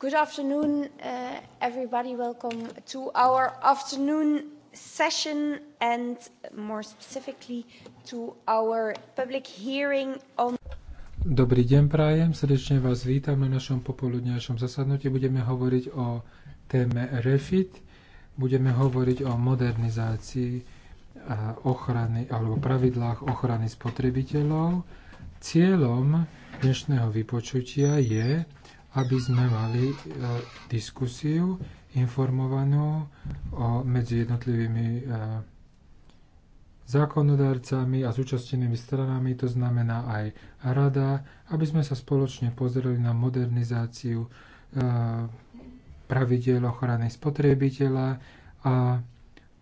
Good afternoon, uh, everybody. Welcome to our afternoon session and more specifically to our public hearing on Dobrý deň prajem, srdečne vás vítam na našom popoludňajšom zasadnutí. Budeme hovoriť o téme REFIT, budeme hovoriť o modernizácii ochrany alebo pravidlách ochrany spotrebiteľov. Cieľom dnešného vypočutia je aby sme mali e, diskusiu informovanú e, medzi jednotlivými e, zákonodárcami a zúčastnenými stranami, to znamená aj rada, aby sme sa spoločne pozreli na modernizáciu pravidiel ochrany spotrebiteľa a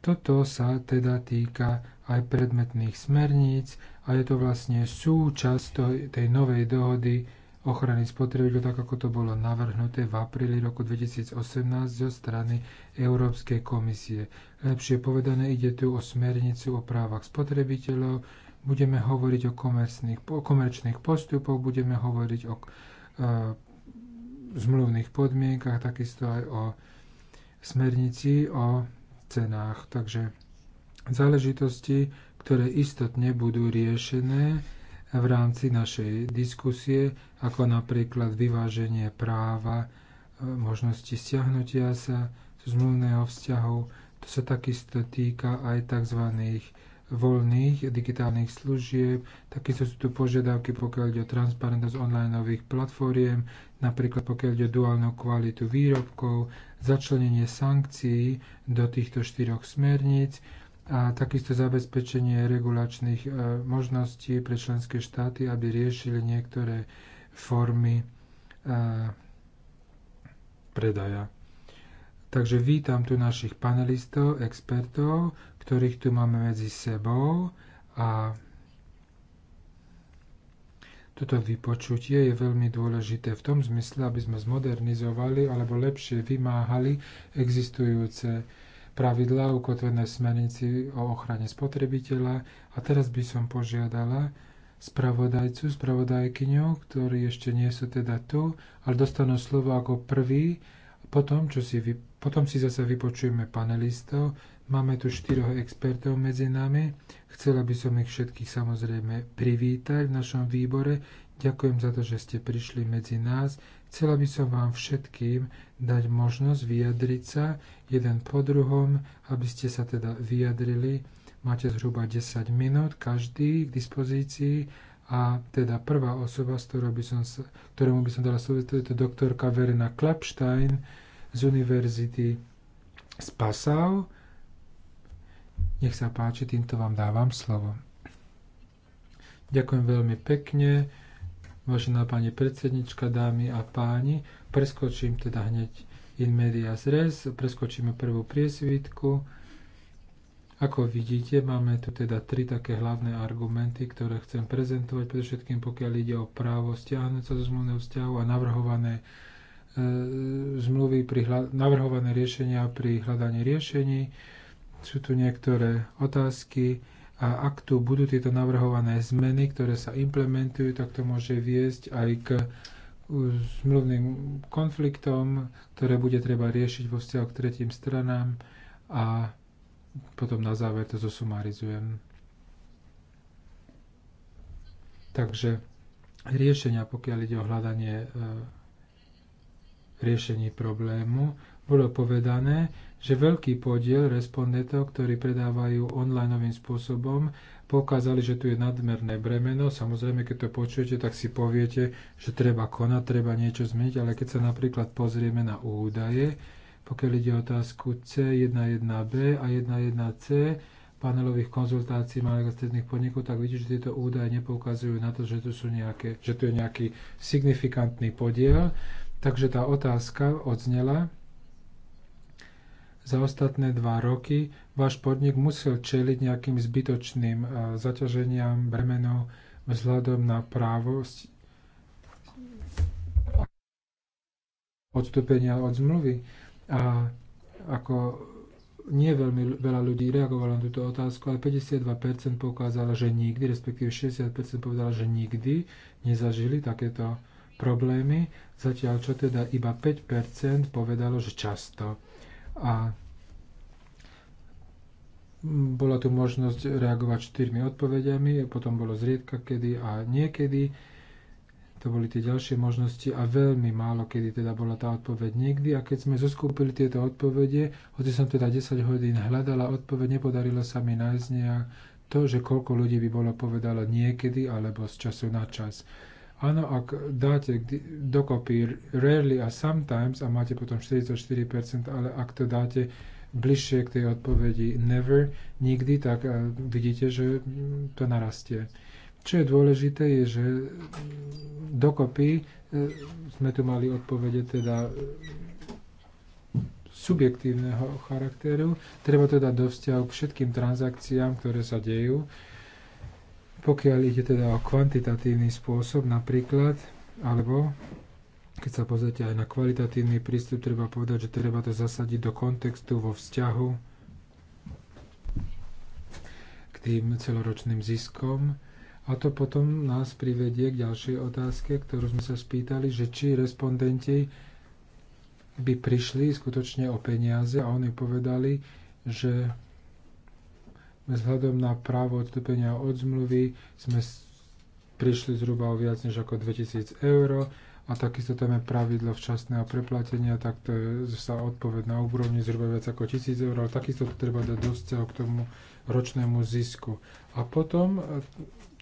toto sa teda týka aj predmetných smerníc a je to vlastne súčasť tej novej dohody ochrany spotrebiteľov, tak ako to bolo navrhnuté v apríli roku 2018 zo strany Európskej komisie. Lepšie povedané, ide tu o smernicu o právach spotrebiteľov, budeme hovoriť o komerčných, o komerčných postupoch, budeme hovoriť o e, zmluvných podmienkach, takisto aj o smernici o cenách. Takže záležitosti, ktoré istotne budú riešené v rámci našej diskusie, ako napríklad vyváženie práva, e, možnosti stiahnutia sa zmluvného vzťahu. To sa takisto týka aj tzv. voľných digitálnych služieb. Takisto sú tu požiadavky, pokiaľ ide o transparentnosť onlineových platformiem, napríklad pokiaľ ide o duálnu kvalitu výrobkov, začlenenie sankcií do týchto štyroch smerníc, a takisto zabezpečenie regulačných e, možností pre členské štáty, aby riešili niektoré formy e, predaja. Takže vítam tu našich panelistov, expertov, ktorých tu máme medzi sebou a toto vypočutie je veľmi dôležité v tom zmysle, aby sme zmodernizovali alebo lepšie vymáhali existujúce pravidlá ukotvené v smernici o ochrane spotrebiteľa. A teraz by som požiadala spravodajcu, spravodajkyňu, ktorí ešte nie sú teda tu, ale dostanú slovo ako prvý. Potom, čo si vy, potom si zase vypočujeme panelistov. Máme tu štyroch expertov medzi nami. Chcela by som ich všetkých samozrejme privítať v našom výbore. Ďakujem za to, že ste prišli medzi nás Chcela by som vám všetkým dať možnosť vyjadriť sa jeden po druhom, aby ste sa teda vyjadrili. Máte zhruba 10 minút každý k dispozícii a teda prvá osoba, s ktorou by som ktorému by som dala slovo, to je to doktorka Verena Klapstein z Univerzity z Passau. Nech sa páči, týmto vám dávam slovo. Ďakujem veľmi pekne. Vážená pani predsednička, dámy a páni, preskočím teda hneď in medias res, preskočíme prvú priesvitku. Ako vidíte, máme tu teda tri také hlavné argumenty, ktoré chcem prezentovať, predovšetkým pokiaľ ide o právo stiahnuť sa zo zmluvného vzťahu a navrhované e, zmluvy pri navrhované riešenia pri hľadaní riešení. Sú tu niektoré otázky, a ak tu budú tieto navrhované zmeny, ktoré sa implementujú, tak to môže viesť aj k uh, zmluvným konfliktom, ktoré bude treba riešiť vo vzťahu k tretím stranám a potom na záver to zosumarizujem. Takže riešenia, pokiaľ ide o hľadanie uh, riešení problému, bolo povedané, že veľký podiel respondentov, ktorí predávajú online spôsobom, pokázali, že tu je nadmerné bremeno. Samozrejme, keď to počujete, tak si poviete, že treba konať, treba niečo zmeniť, ale keď sa napríklad pozrieme na údaje, pokiaľ ide o otázku C11B a 11C panelových konzultácií malých a stredných podnikov, tak vidíte, že tieto údaje nepoukazujú na to, že tu, sú nejaké, že tu je nejaký signifikantný podiel. Takže tá otázka odznela, za ostatné dva roky váš podnik musel čeliť nejakým zbytočným e, zaťaženiam, bremenom vzhľadom na právo odstúpenia od zmluvy. A ako nie veľmi veľa ľudí reagovalo na túto otázku, ale 52% pokázalo, že nikdy, respektíve 60% povedalo, že nikdy nezažili takéto problémy, zatiaľ čo teda iba 5% povedalo, že často a bola tu možnosť reagovať štyrmi odpovediami, potom bolo zriedka kedy a niekedy. To boli tie ďalšie možnosti a veľmi málo kedy teda bola tá odpoveď niekdy. A keď sme zoskúpili tieto odpovede, hoci som teda 10 hodín hľadala odpoveď, nepodarilo sa mi nájsť nejak to, že koľko ľudí by bolo povedalo niekedy alebo z času na čas. Áno, ak dáte dokopy rarely a sometimes a máte potom 44%, ale ak to dáte bližšie k tej odpovedi never, nikdy, tak eh, vidíte, že to narastie. Čo je dôležité, je, že dokopy eh, sme tu mali odpovede teda subjektívneho charakteru. Treba to dať do vzťahu k všetkým transakciám, ktoré sa dejú pokiaľ ide teda o kvantitatívny spôsob napríklad, alebo keď sa pozrite aj na kvalitatívny prístup, treba povedať, že treba to zasadiť do kontextu vo vzťahu k tým celoročným ziskom. A to potom nás privedie k ďalšej otázke, ktorú sme sa spýtali, že či respondenti by prišli skutočne o peniaze a oni povedali, že vzhľadom na právo odstúpenia od zmluvy sme prišli zhruba o viac než ako 2000 eur a takisto tam je pravidlo včasného preplatenia, tak to je, sa odpoveď na úrovni zhruba viac ako 1000 eur, ale takisto to treba dať do vzťahu k tomu ročnému zisku. A potom e,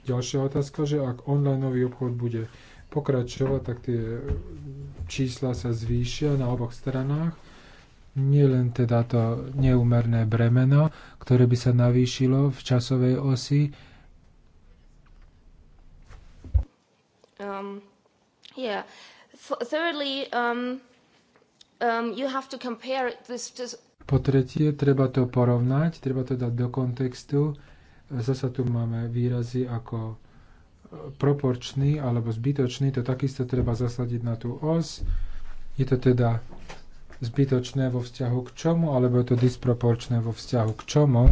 ďalšia otázka, že ak online obchod bude pokračovať, tak tie e, čísla sa zvýšia na oboch stranách nielen teda to neúmerné bremeno, ktoré by sa navýšilo v časovej osi. Um, yeah. Thirdly, um, um, you have to compare this to... Po tretie, treba to porovnať, treba to dať do kontextu. Zasa tu máme výrazy ako e, proporčný alebo zbytočný, to takisto treba zasadiť na tú os. Je to teda zbytočné vo vzťahu k čomu, alebo je to disproporčné vo vzťahu k čomu.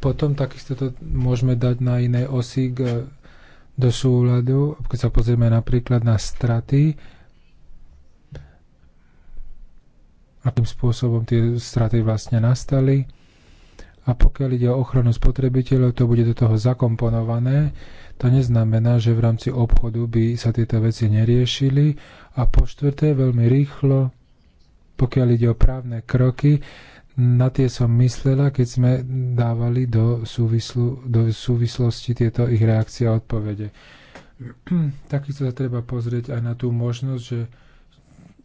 Potom takisto to môžeme dať na iné osi k, do súladu, keď sa pozrieme napríklad na straty, akým spôsobom tie straty vlastne nastali a pokiaľ ide o ochranu spotrebiteľov, to bude do toho zakomponované. To neznamená, že v rámci obchodu by sa tieto veci neriešili. A po štvrté, veľmi rýchlo, pokiaľ ide o právne kroky, na tie som myslela, keď sme dávali do, súvislu, do súvislosti tieto ich reakcie a odpovede. Takisto sa treba pozrieť aj na tú možnosť, že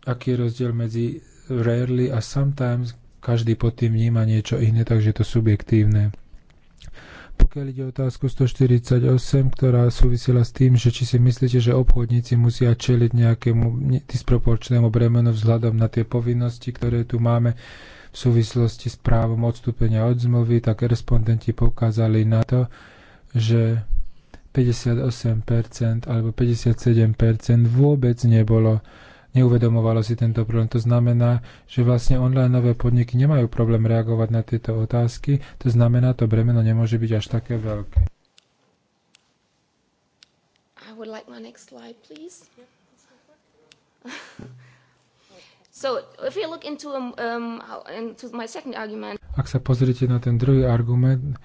aký je rozdiel medzi rarely a sometimes, každý pod tým vníma niečo iné, takže je to subjektívne. Pokiaľ ide o otázku 148, ktorá súvisela s tým, že či si myslíte, že obchodníci musia čeliť nejakému disproporčnému bremenu vzhľadom na tie povinnosti, ktoré tu máme v súvislosti s právom odstúpenia od zmluvy, tak respondenti poukázali na to, že 58% alebo 57% vôbec nebolo neuvedomovalo si tento problém. To znamená, že vlastne onlineové podniky nemajú problém reagovať na tieto otázky, to znamená, to bremeno nemôže byť až také veľké. I would like my next slide, please. So, if you look into, um, um into my second argument... Ak sa pozrite na ten druhý argument,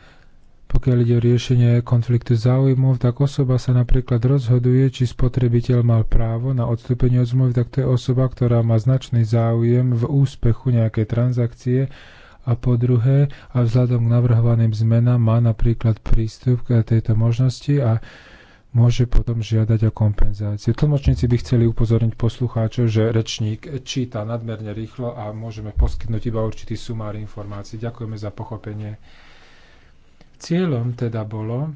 pokiaľ ide o riešenie konfliktu záujmov, tak osoba sa napríklad rozhoduje, či spotrebiteľ mal právo na odstúpenie od zmluvy, tak to je osoba, ktorá má značný záujem v úspechu nejakej transakcie a po druhé, a vzhľadom k navrhovaným zmenám má napríklad prístup k tejto možnosti a môže potom žiadať o kompenzáciu. Tlmočníci by chceli upozorniť poslucháčov, že rečník číta nadmerne rýchlo a môžeme poskytnúť iba určitý sumár informácií. Ďakujeme za pochopenie. Cieľom teda bolo,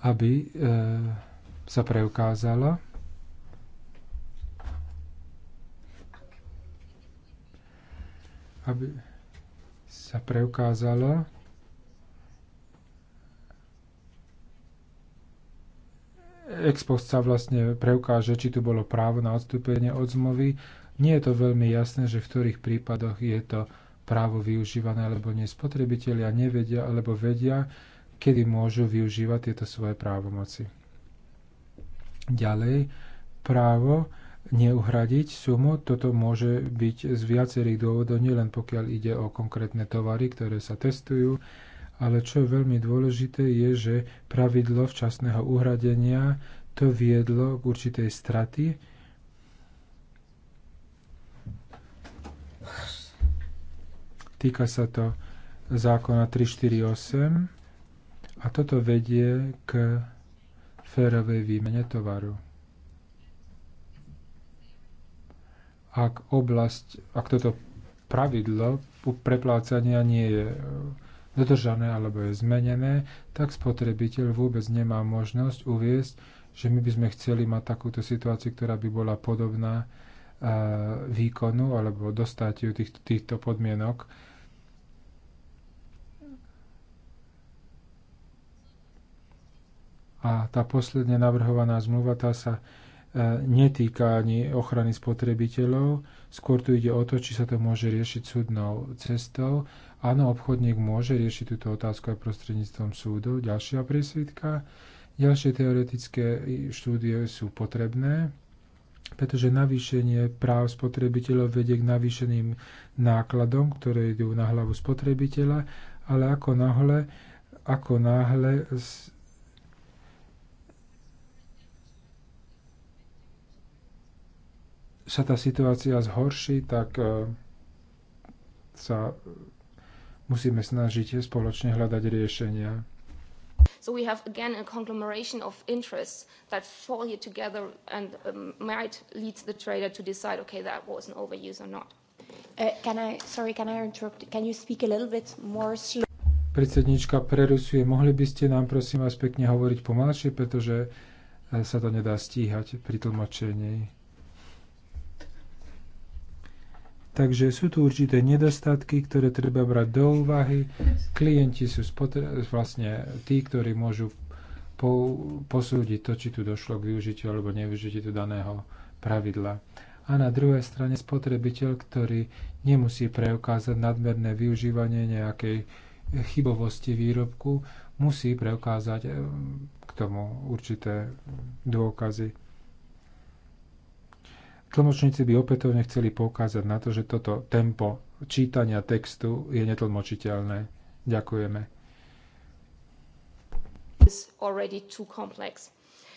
aby e, sa preukázala aby sa preukázalo, Expost sa vlastne preukáže, či tu bolo právo na odstúpenie od zmluvy. Nie je to veľmi jasné, že v ktorých prípadoch je to právo využívané alebo nie. Spotrebitelia nevedia alebo vedia, kedy môžu využívať tieto svoje právomoci. Ďalej, právo neuhradiť sumu, toto môže byť z viacerých dôvodov, nielen pokiaľ ide o konkrétne tovary, ktoré sa testujú, ale čo je veľmi dôležité je, že pravidlo včasného uhradenia to viedlo k určitej straty, Týka sa to zákona 348 a toto vedie k férovej výmene tovaru. Ak oblasť, ak toto pravidlo preplácania nie je dodržané alebo je zmenené, tak spotrebiteľ vôbec nemá možnosť uviesť, že my by sme chceli mať takúto situáciu, ktorá by bola podobná eh, výkonu alebo dostať ju týchto, týchto podmienok A tá posledne navrhovaná zmluva, tá sa e, netýka ani ochrany spotrebiteľov, skôr tu ide o to, či sa to môže riešiť súdnou cestou. Áno, obchodník môže riešiť túto otázku aj prostredníctvom súdu. Ďalšia prísvitka. Ďalšie teoretické štúdie sú potrebné, pretože navýšenie práv spotrebiteľov vedie k navýšeným nákladom, ktoré idú na hlavu spotrebiteľa, ale ako náhle, ako náhle sa tá situácia zhorší, tak e, sa musíme snažiť spoločne hľadať riešenia. So we have again a conglomeration of interests that fall here together and um, might lead the trader to decide, okay, that was an overuse or not. Uh, can I, sorry, can I interrupt? Can you speak a little bit more slow? Predsednička prerusuje, mohli by ste nám prosím vás pekne hovoriť pomalšie, pretože e, sa to nedá stíhať pri tlmočení. Takže sú tu určité nedostatky, ktoré treba brať do úvahy. Klienti sú vlastne tí, ktorí môžu posúdiť to, či tu došlo k využitiu alebo nevyužitiu daného pravidla. A na druhej strane spotrebiteľ, ktorý nemusí preukázať nadmerné využívanie nejakej chybovosti výrobku, musí preukázať eh, k tomu určité dôkazy. Tlmočníci by opätovne chceli poukázať na to, že toto tempo čítania textu je netlmočiteľné. Ďakujeme. Is already too complex.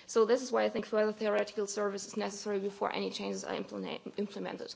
So this is why I think further theoretical service is necessary before any changes are implement implemented.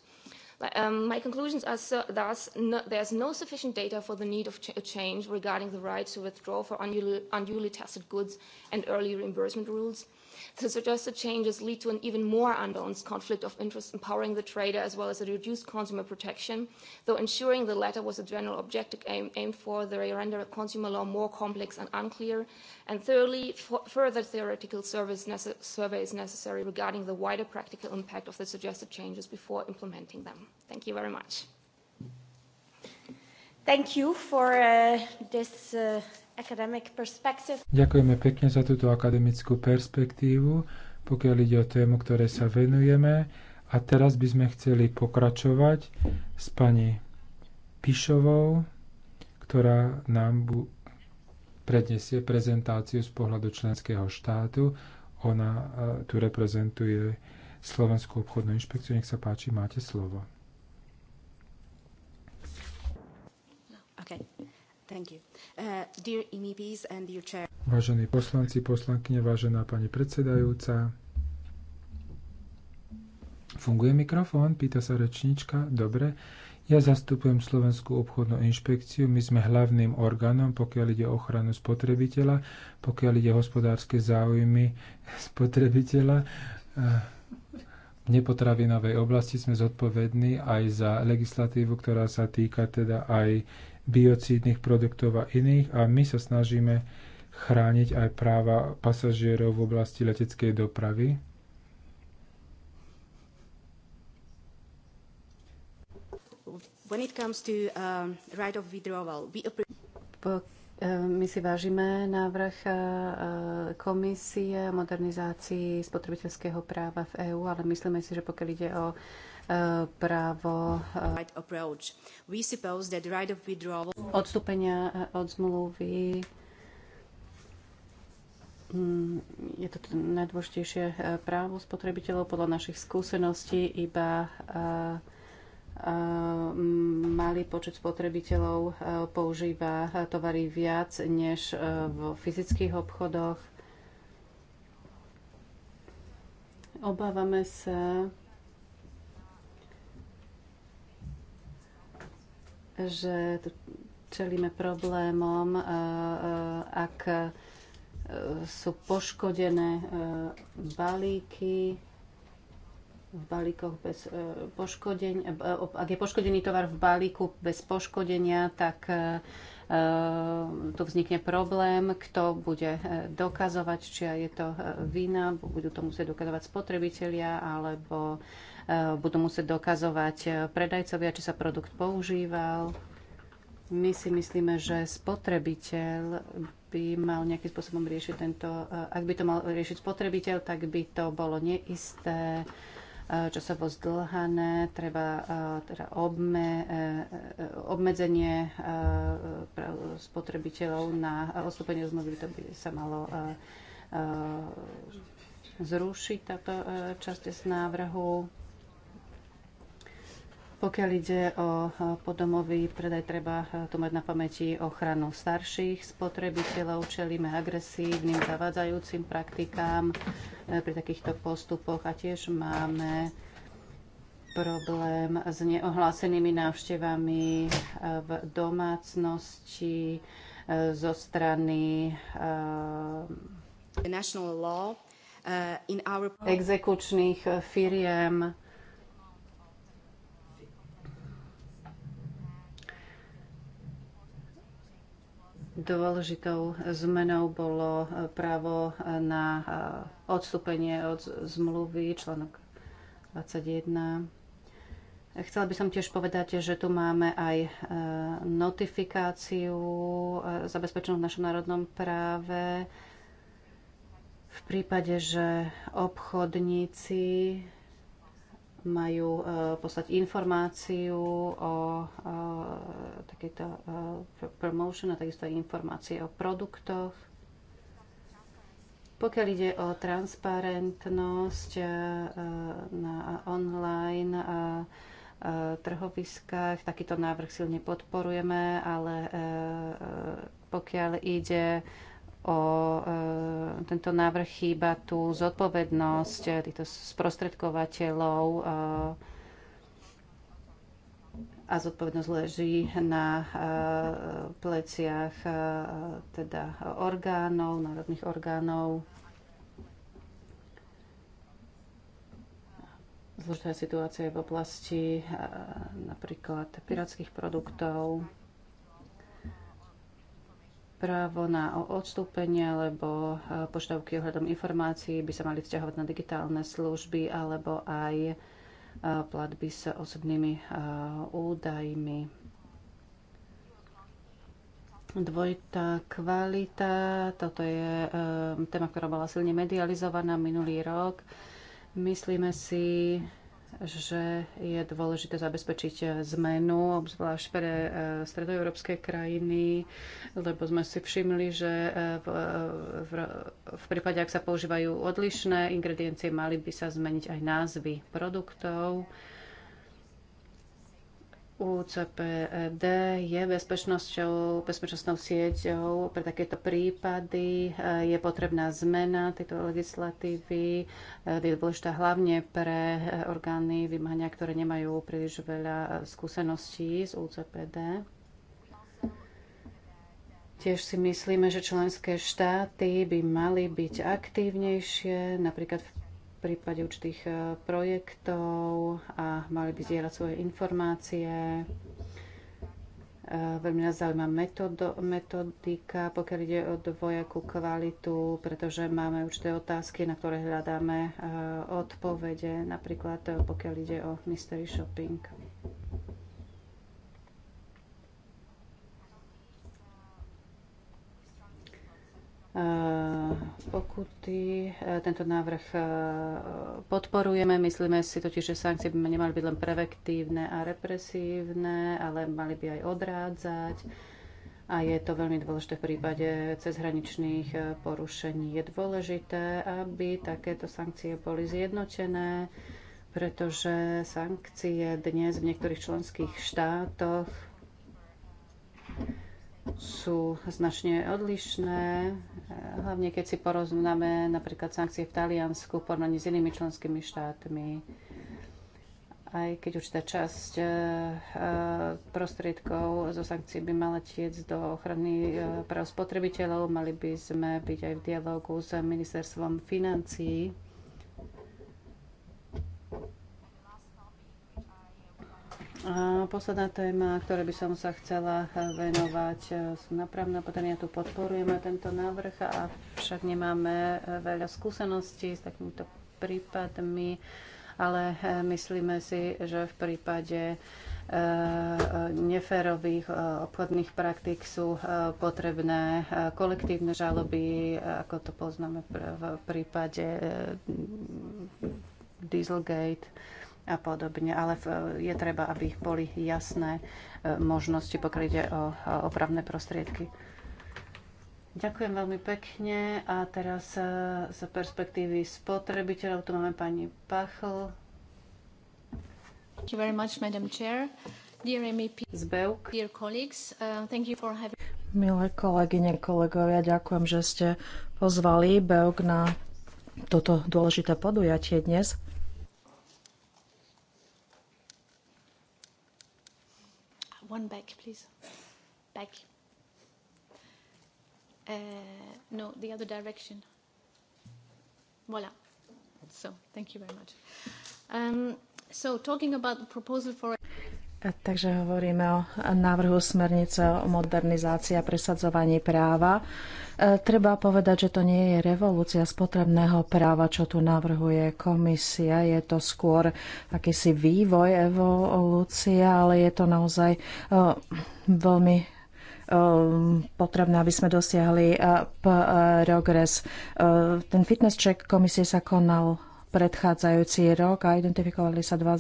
Um, my conclusions are so, thus no, there's no sufficient data for the need of ch- change regarding the right to withdraw for unduly, unduly tested goods and early reimbursement rules – The suggested changes lead to an even more unbalanced conflict of interest empowering the trader as well as a reduced consumer protection, though ensuring the latter was a general objective aim, aimed for, the render consumer law more complex and unclear, and thirdly, further theoretical service survey is necessary regarding the wider practical impact of the suggested changes before implementing them. Thank you very much. Thank you for uh, this uh, Ďakujeme pekne za túto akademickú perspektívu, pokiaľ ide o tému, ktoré sa venujeme. A teraz by sme chceli pokračovať s pani Pišovou, ktorá nám bu- predniesie prezentáciu z pohľadu členského štátu. Ona eh, tu reprezentuje Slovenskú obchodnú inšpekciu. Nech sa páči, máte slovo. Thank you. Uh, dear MEPs and chair. Vážení poslanci, poslankyne, vážená pani predsedajúca. Funguje mikrofón? Pýta sa rečnička. Dobre. Ja zastupujem Slovenskú obchodnú inšpekciu. My sme hlavným orgánom, pokiaľ ide o ochranu spotrebiteľa, pokiaľ ide o hospodárske záujmy spotrebiteľa. Eh, v nepotravinovej oblasti sme zodpovední aj za legislatívu, ktorá sa týka teda aj biocídnych produktov a iných a my sa snažíme chrániť aj práva pasažierov v oblasti leteckej dopravy. When it comes to um, right of withdrawal, we eh, my si vážime návrh eh, eh, komisie o modernizácii spotrebiteľského práva v EÚ, ale myslíme si, že pokiaľ ide o právo eh, odstúpenia eh, od zmluvy hm, je to najdôležitejšie eh, právo spotrebiteľov podľa našich skúseností iba malý počet spotrebiteľov používa tovary viac než v fyzických obchodoch. Obávame sa, že tu čelíme problémom, eh, eh, ak eh, sú poškodené balíky, v balíkoch bez poškodenia, ak je poškodený tovar v balíku bez poškodenia, tak tu vznikne problém, kto bude dokazovať, či je to vina, budú to musieť dokazovať spotrebitelia alebo Eh, budú musieť dokazovať eh, predajcovia, či sa produkt používal. My si myslíme, že spotrebiteľ by mal nejakým spôsobom riešiť tento, eh, ak by to mal riešiť spotrebiteľ, tak by to bolo neisté, časovo zdlhané, treba teda obme, obmedzenie spotrebiteľov na odstúpenie zmluvy, to by sa malo zrušiť táto časť z návrhu pokiaľ ide o podomový predaj, treba tu mať na pamäti ochranu starších spotrebiteľov, čelíme agresívnym, zavádzajúcim praktikám e, pri takýchto postupoch a tiež máme problém s neohlásenými návštevami e, v domácnosti e, zo strany exekučných firiem Dôležitou zmenou bolo právo na eh, odstúpenie od zmluvy, článok 21. Chcela by som tiež povedať, že tu máme aj eh, notifikáciu eh, zabezpečenú v našom národnom práve v prípade, že obchodníci majú e, poslať informáciu o e, takejto e, promotion a takisto aj informácie o produktoch. Pokiaľ ide o transparentnosť na online trhoviskách, takýto návrh silne podporujeme, ale pokiaľ ide o e, tento návrh chýba tu zodpovednosť e, týchto sprostredkovateľov e, a zodpovednosť leží na pleciach teda orgánov, národných orgánov. Zložitá situácia je v oblasti napríklad pirátskych produktov právo na odstúpenie alebo e, požiadavky ohľadom informácií by sa mali vzťahovať na digitálne služby alebo aj e, platby s osobnými e, údajmi. Dvojitá kvalita, toto je téma, ktorá bola silne medializovaná minulý rok. Myslíme si, že je dôležité zabezpečiť zmenu, obzvlášť pre e, stredoeurópske krajiny, lebo sme si všimli, že e, v, e, v, v prípade, ak sa používajú odlišné ingrediencie, mali by sa zmeniť aj názvy produktov. UCPD e je bezpečnosťou, bezpečnostnou sieťou. Pre takéto prípady je potrebná zmena tejto legislatívy. E, je dôležitá hlavne pre orgány vymáhania, ktoré nemajú príliš veľa e, skúseností z UCPD. Tiež si myslíme, že členské štáty by mali byť aktívnejšie, napríklad v prípade určitých e, projektov a mali by zdieľať svoje informácie. E, veľmi nás zaujíma metodo, metodika, pokiaľ ide o dvojakú kvalitu, pretože máme určité otázky, na ktoré hľadáme e, odpovede, napríklad pokiaľ ide o mystery shopping. Eh, pokuty. Eh, tento návrh eh, podporujeme. Myslíme si totiž, že sankcie by nemali byť len prevektívne a represívne, ale mali by aj odrádzať. A je to veľmi dôležité v prípade cezhraničných porušení. Je dôležité, aby takéto sankcie boli zjednotené, pretože sankcie dnes v niektorých členských štátoch sú značne odlišné, eh, hlavne keď si porozumáme napríklad sankcie v Taliansku v porovnaní s inými členskými štátmi. Aj keď určitá časť eh, eh, prostriedkov zo sankcií by mala tiec do ochrany práv spotrebiteľov, mali by sme byť aj v dialogu s ministerstvom financií A posledná téma, ktoré by som sa chcela venovať, e, sú napravné opatrenia. Tu podporujeme tento návrh, a však nemáme e, veľa skúseností s takýmito prípadmi, ale e, myslíme si, že v prípade neférových obchodných praktík sú potrebné kolektívne žaloby, ako to poznáme v prípade Dieselgate a podobne, ale je treba, aby boli jasné e, možnosti, pokiaľ ide o opravné prostriedky. Ďakujem veľmi pekne a teraz e, z perspektívy spotrebiteľov tu máme pani Pachl. Thank you very much, Madam Chair. Dear MEP, dear colleagues, uh, thank you for having... Milé kolegyne, kolegovia, ďakujem, že ste pozvali BEUK na toto dôležité podujatie dnes. One back, please. Back. Uh, no, the other direction. Voila. So, thank you very much. Um, so, talking about the proposal for... Takže hovoríme o návrhu smernice o modernizácii a presadzovaní práva. E, treba povedať, že to nie je revolúcia spotrebného práva, čo tu navrhuje komisia. Je to skôr akýsi vývoj, evolúcia, ale je to naozaj e, veľmi e, potrebné, aby sme dosiahli progres. Ten fitness check komisie sa konal predchádzajúci rok a identifikovali sa dva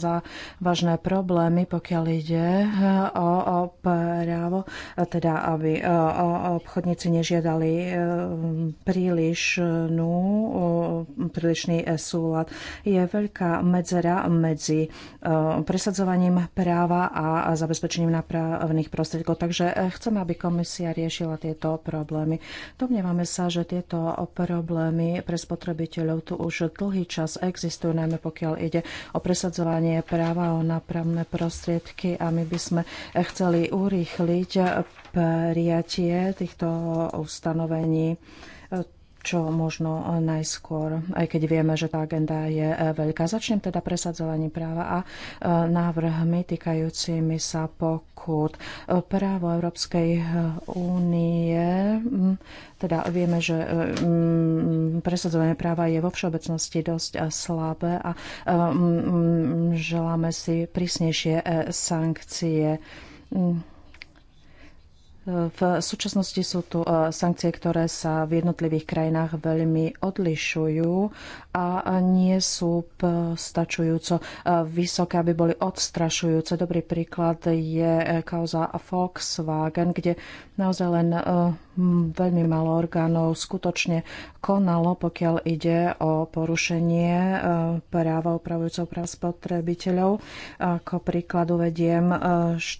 vážne problémy, pokiaľ ide eh, o, o právo, teda aby eh, o, obchodníci nežiadali eh, prílišnú, prílišný súlad. Je veľká medzera medzi presadzovaním práva a zabezpečením napravných prostriedkov, takže chceme, aby komisia riešila tieto problémy. Domnievame sa, že tieto problémy pre spotrebiteľov tu už dlhý čas existujú, najmä pokiaľ ide o presadzovanie práva o napravné prostriedky a my by sme chceli urýchliť prijatie týchto ustanovení čo možno e, najskôr, aj keď vieme, že tá agenda je e, veľká. Začnem teda presadzovaním práva a e, návrhmi týkajúcimi sa pokut. Právo Európskej únie, teda vieme, že presadzovanie práva je vo všeobecnosti dosť slabé a želáme si prísnejšie sankcie. V súčasnosti sú tu e, sankcie, ktoré sa v jednotlivých krajinách veľmi odlišujú a nie sú stačujúco e, vysoké, aby boli odstrašujúce. Dobrý príklad je e, kauza Volkswagen, kde naozaj len veľmi málo orgánov skutočne konalo, pokiaľ ide o porušenie e, práva upravujúceho práv spotrebiteľov. Ako príkladu vediem, 450 e,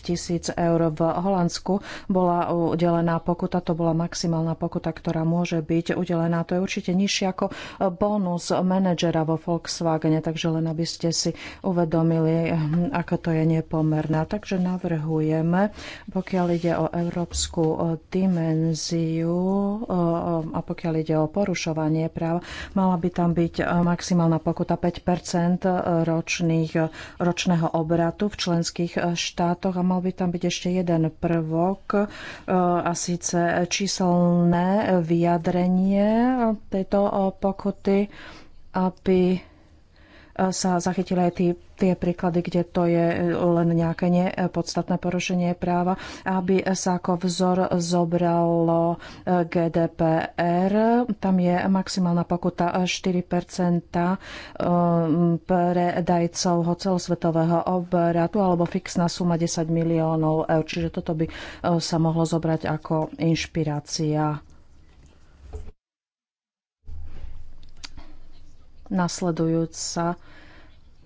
tisíc eur v Holandsku bola udelená pokuta, to bola maximálna pokuta, ktorá môže byť udelená. To je určite nižšie ako bonus manažera vo Volkswagene, takže len aby ste si uvedomili, hm, ako to je nepomerná. Takže navrhujeme, pokiaľ ide o Európsku dimenziu a pokiaľ ide o porušovanie práv, mala by tam byť e, maximálna pokuta 5 e, ročných, e, ročného obratu v členských štátoch a mal by tam byť ešte jeden prvok a síce číselné vyjadrenie tejto pokuty, aby sa zachytili aj tie, tie príklady, kde to je len nejaké nepodstatné porušenie práva, aby sa ako vzor zobralo eh, GDPR. Tam je maximálna pokuta 4 eh, eh, pre dajcov celosvetového obratu alebo fixná suma 10 miliónov eur. Čiže toto by sa mohlo zobrať ako inšpirácia. nasledujúca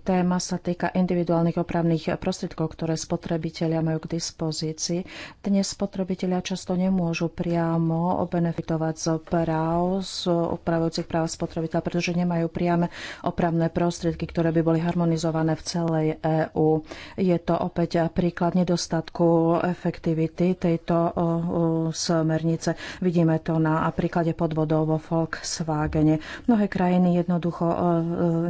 Téma sa týka individuálnych opravných prostriedkov, ktoré spotrebitelia majú k dispozícii. Dnes spotrebitelia často nemôžu priamo benefitovať z práv, z upravujúcich práv spotrebiteľa, pretože nemajú priame opravné prostriedky, ktoré by boli harmonizované v celej EÚ. Je to opäť príklad nedostatku efektivity tejto smernice. Vidíme to na príklade podvodov vo Volkswagene. Mnohé krajiny jednoducho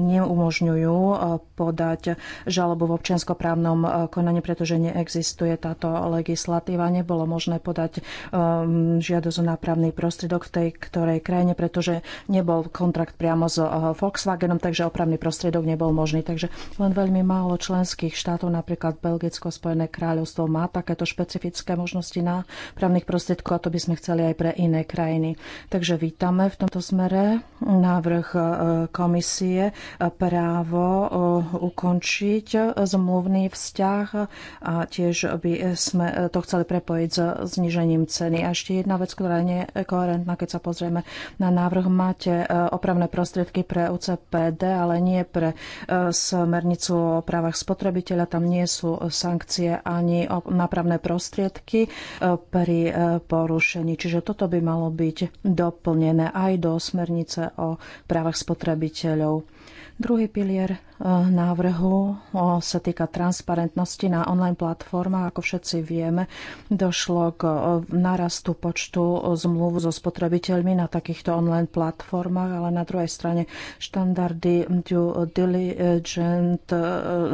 neumožňujú podať žalobu v občianskoprávnom e, konaní, pretože neexistuje táto legislatíva. Nebolo možné podať um, žiadosť o nápravný prostriedok v tej ktorej krajine, pretože nebol kontrakt priamo s e, Volkswagenom, takže opravný prostriedok nebol možný. Takže len veľmi málo členských štátov, napríklad Belgicko, Spojené kráľovstvo, má takéto špecifické možnosti na právnych prostriedkov a to by sme chceli aj pre iné krajiny. Takže vítame v tomto smere návrh e, komisie právo ukončiť zmluvný vzťah a tiež by sme to chceli prepojiť s znižením ceny. A ešte jedna vec, ktorá nie je koherentná, keď sa pozrieme na návrh. Máte e, opravné prostriedky pre UCPD, ale nie pre e, smernicu o právach spotrebiteľa. Tam nie sú sankcie ani napravné prostriedky e, pri porušení. Čiže toto by malo byť doplnené aj do smernice o právach spotrebiteľov. Druhý pilier E, návrhu e, sa týka transparentnosti na online platformách. Ako všetci vieme, došlo k e, narastu počtu zmluv so spotrebiteľmi na takýchto online platformách, ale na druhej strane štandardy due diligent,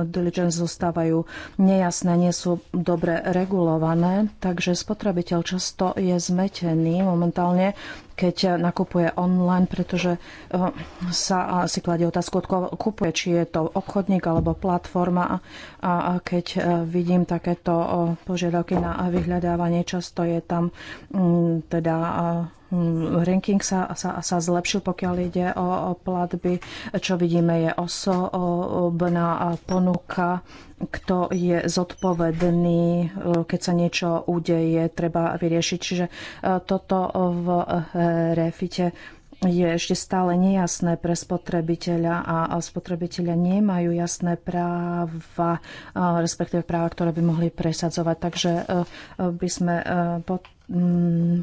diligence zostávajú nejasné, nie sú dobre regulované, takže spotrebiteľ často je zmetený momentálne keď nakupuje online, pretože sa si kladie otázku, odkiaľ kupuje, či je to obchodník alebo platforma. A keď e, vidím takéto e, požiadavky na vyhľadávanie, často je tam mm, teda e, mm, ranking sa, sa, sa zlepšil, pokiaľ ide o, o platby. Čo vidíme je osobná ponuka, kto je zodpovedný, keď sa niečo udeje, treba vyriešiť. Čiže toto v refite je ešte stále nejasné pre spotrebiteľa a spotrebiteľa nemajú jasné práva, respektíve práva, ktoré by mohli presadzovať. Takže e, e, by sme e,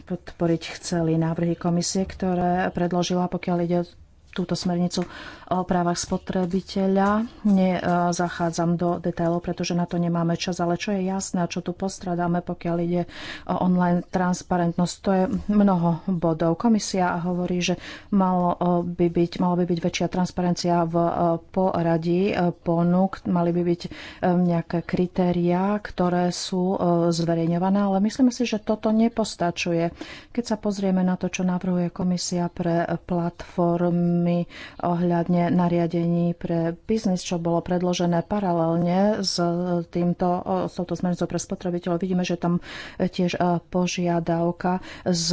podporiť chceli návrhy komisie, ktoré predložila, pokiaľ ide túto smernicu o právach spotrebiteľa. Nezachádzam do detailov, pretože na to nemáme čas, ale čo je jasné a čo tu postradáme, pokiaľ ide o online transparentnosť, to je mnoho bodov. Komisia hovorí, že malo by byť, malo by byť väčšia transparencia v poradí ponúk, mali by byť ehm, nejaké kritériá, ktoré sú ehm, zverejňované, ale myslíme si, že toto nepostačuje. Keď sa pozrieme na to, čo navrhuje komisia pre platformy, problémy ohľadne nariadení pre biznis, čo bolo predložené paralelne s e, týmto, s touto smernicou pre spotrebiteľov. Vidíme, že tam e, tiež e, požiadavka z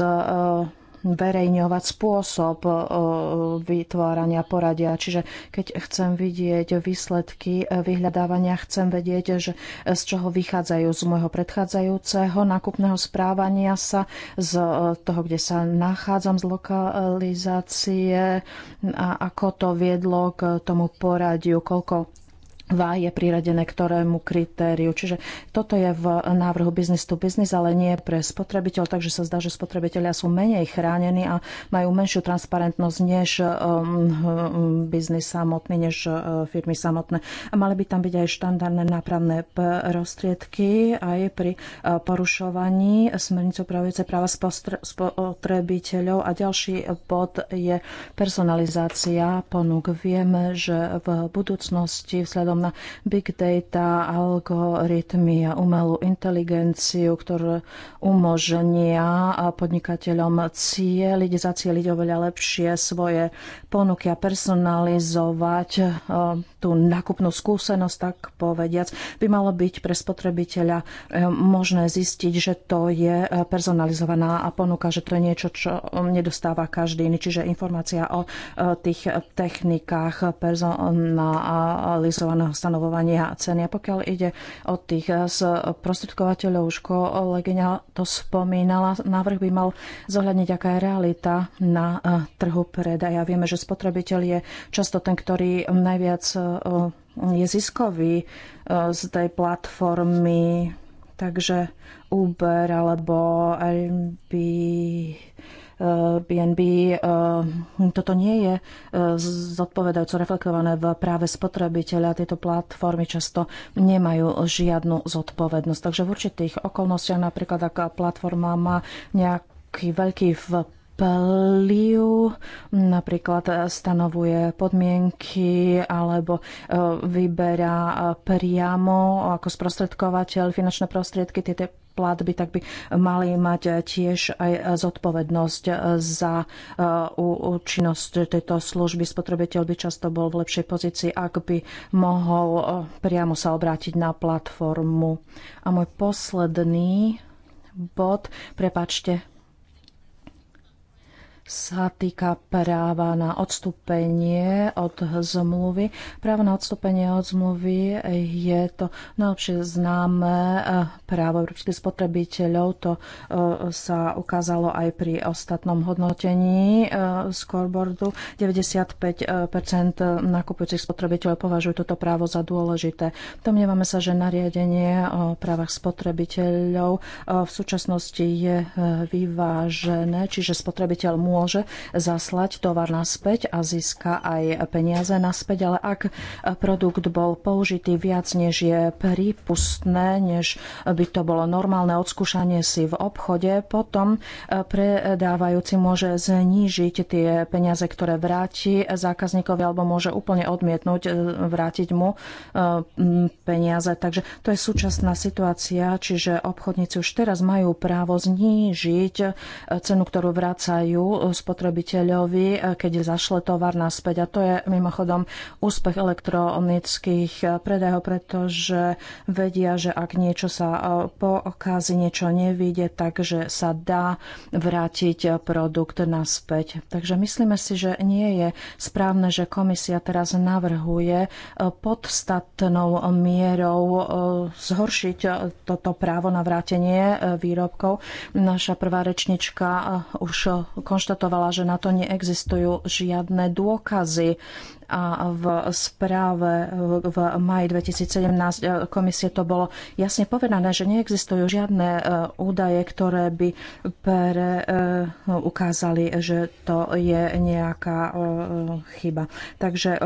zverejňovať spôsob e, vytvárania poradia. Čiže keď chcem vidieť výsledky e, vyhľadávania, chcem vedieť, že e, z čoho vychádzajú z môjho predchádzajúceho nákupného správania sa, z toho, kde sa nachádzam, z lokalizácie a ako to viedlo k tomu poradiu, koľko váhy je priradené ktorému kritériu. Čiže toto je v návrhu business to business, ale nie pre spotrebiteľ, takže sa zdá, že spotrebitelia sú menej chránení a majú menšiu transparentnosť než um, um, biznis samotný, než uh, firmy samotné. A mali by tam byť aj štandardné nápravné prostriedky aj pri uh, porušovaní smernicu pravujúce práva spotrebiteľov. A ďalší bod je personalizácia ponúk. Vieme, že v budúcnosti vzhľadom big data, algoritmy a umelú inteligenciu, ktoré umožnia podnikateľom cieliť, zacieliť oveľa lepšie svoje ponuky a personalizovať eh, tú nákupnú skúsenosť, tak povediac, by malo byť pre spotrebiteľa e, možné zistiť, že to je e, personalizovaná a ponuka, že to je niečo, čo um, nedostáva každý iný. Čiže informácia o e, tých technikách personalizovaného stanovovania ceny. A pokiaľ ide o tých prostredkovateľov, už kolegyňa to spomínala, návrh by mal zohľadniť, aká je realita na trhu predaja. Vieme, že spotrebiteľ je často ten, ktorý najviac je ziskový e, z tej platformy. Takže Uber alebo Airbnb, e, e, toto nie je zodpovedajúco reflektované v práve spotrebiteľa. Tieto platformy často nemajú žiadnu zodpovednosť. Takže v určitých okolnostiach, napríklad ak platforma má nejaký veľký vplyv liu, napríklad stanovuje podmienky alebo e, vyberá e, priamo ako sprostredkovateľ finančné prostriedky, tieto platby, tak by mali mať tiež aj zodpovednosť za e, účinnosť tejto služby. Spotrebiteľ by často bol v lepšej pozícii, ak by mohol priamo sa obrátiť na platformu. A môj posledný bod, prepačte, sa týka práva na odstúpenie od zmluvy. Právo na odstúpenie od zmluvy je to najlepšie známe eh, právo európskych spotrebiteľov. To eh, sa ukázalo aj pri ostatnom hodnotení eh, scoreboardu. 95 nakupujúcich spotrebiteľov považujú toto právo za dôležité. Domnievame sa, že nariadenie o právach spotrebiteľov v súčasnosti je vyvážené, čiže spotrebiteľ môže môže zaslať tovar naspäť a získa aj peniaze naspäť, ale ak produkt bol použitý viac než je prípustné, než by to bolo normálne odskúšanie si v obchode, potom predávajúci môže znížiť tie peniaze, ktoré vráti zákazníkovi alebo môže úplne odmietnúť e, vrátiť mu e, peniaze. Takže to je súčasná situácia, čiže obchodníci už teraz majú právo znížiť e, cenu, ktorú vracajú spotrebiteľovi, e, keď zašle tovar naspäť. A to je mimochodom úspech elektronických predajov, pretože vedia, že ak niečo sa e, pokazí, niečo nevíde, takže sa dá vrátiť produkt naspäť. Takže myslíme si, že nie je správne, že komisia teraz navrhuje e, podstatnou mierou zhoršiť toto právo na vrátenie výrobkov. Naša prvá rečnička už konštatovala, konštatovala, že na to neexistujú žiadne dôkazy a v správe v maji 2017 e, komisie to bolo jasne povedané, že neexistujú žiadne e, údaje, ktoré by pre, e, ukázali, že to je nejaká chyba. Takže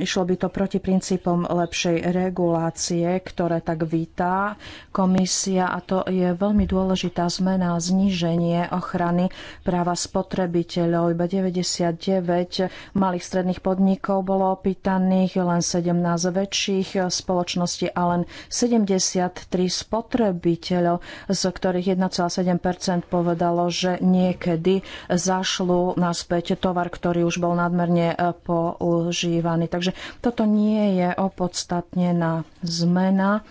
išlo by to proti princípom lepšej regulácie, ktoré tak vítá komisia a to je veľmi dôležitá zmena, zníženie ochrany práva spotrebiteľov. Iba 99 malých stredných podnikov bolo opýtaných, len 17 väčších spoločností a len 73 spotrebiteľov, z ktorých 1,7 povedalo, že niekedy zašlu naspäť tovar, ktorý už bol nadmerne e, používaný. Takže toto nie je opodstatnená zmena.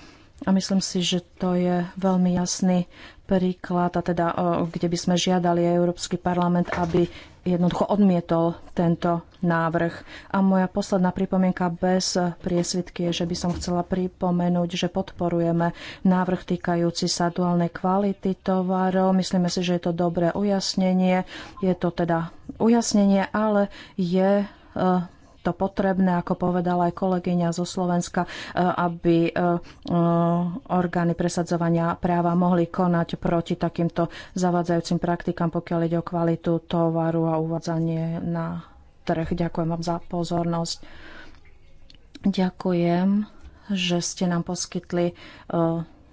A myslím si, že to je veľmi jasný príklad, a teda, e, kde by sme žiadali Európsky parlament, aby jednoducho odmietol tento návrh. A moja posledná pripomienka bez priesvitky je, že by som chcela pripomenúť, že podporujeme návrh týkajúci sa duálnej kvality tovarov. Myslíme si, že je to dobré ujasnenie. Je to teda ujasnenie, ale je e, to potrebné, ako povedala aj kolegyňa zo Slovenska, eh, aby eh, eh, orgány presadzovania práva mohli konať proti takýmto zavadzajúcim praktikám, pokiaľ ide o kvalitu tovaru a uvádzanie na trh. Ďakujem vám za pozornosť. Ďakujem, že ste nám poskytli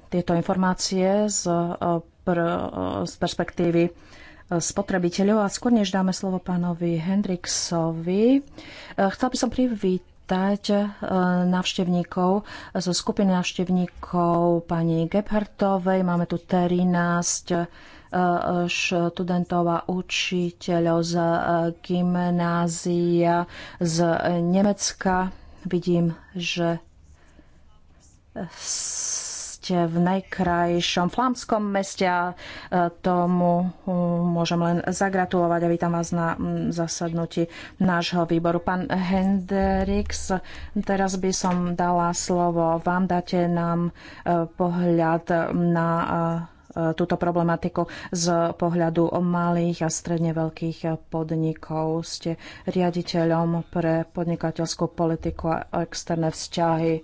tieto informácie z, z perspektívy spotrebiteľov. A skôr než dáme slovo pánovi Hendriksovi, eh, chcel by som privítať dať eh, návštevníkov zo skupiny návštevníkov pani Gebhartovej. Máme tu 13 eh, študentov a učiteľov z gymnázia z Nemecka. Vidím, že v najkrajšom flámskom meste a e, tomu hm, môžem len zagratulovať a vítam vás na hm, zasadnutí nášho výboru. Pán Hendrix, teraz by som dala slovo vám, dáte nám e, pohľad na e, túto problematiku z pohľadu malých a stredne veľkých podnikov. Ste riaditeľom pre podnikateľskú politiku a externé vzťahy.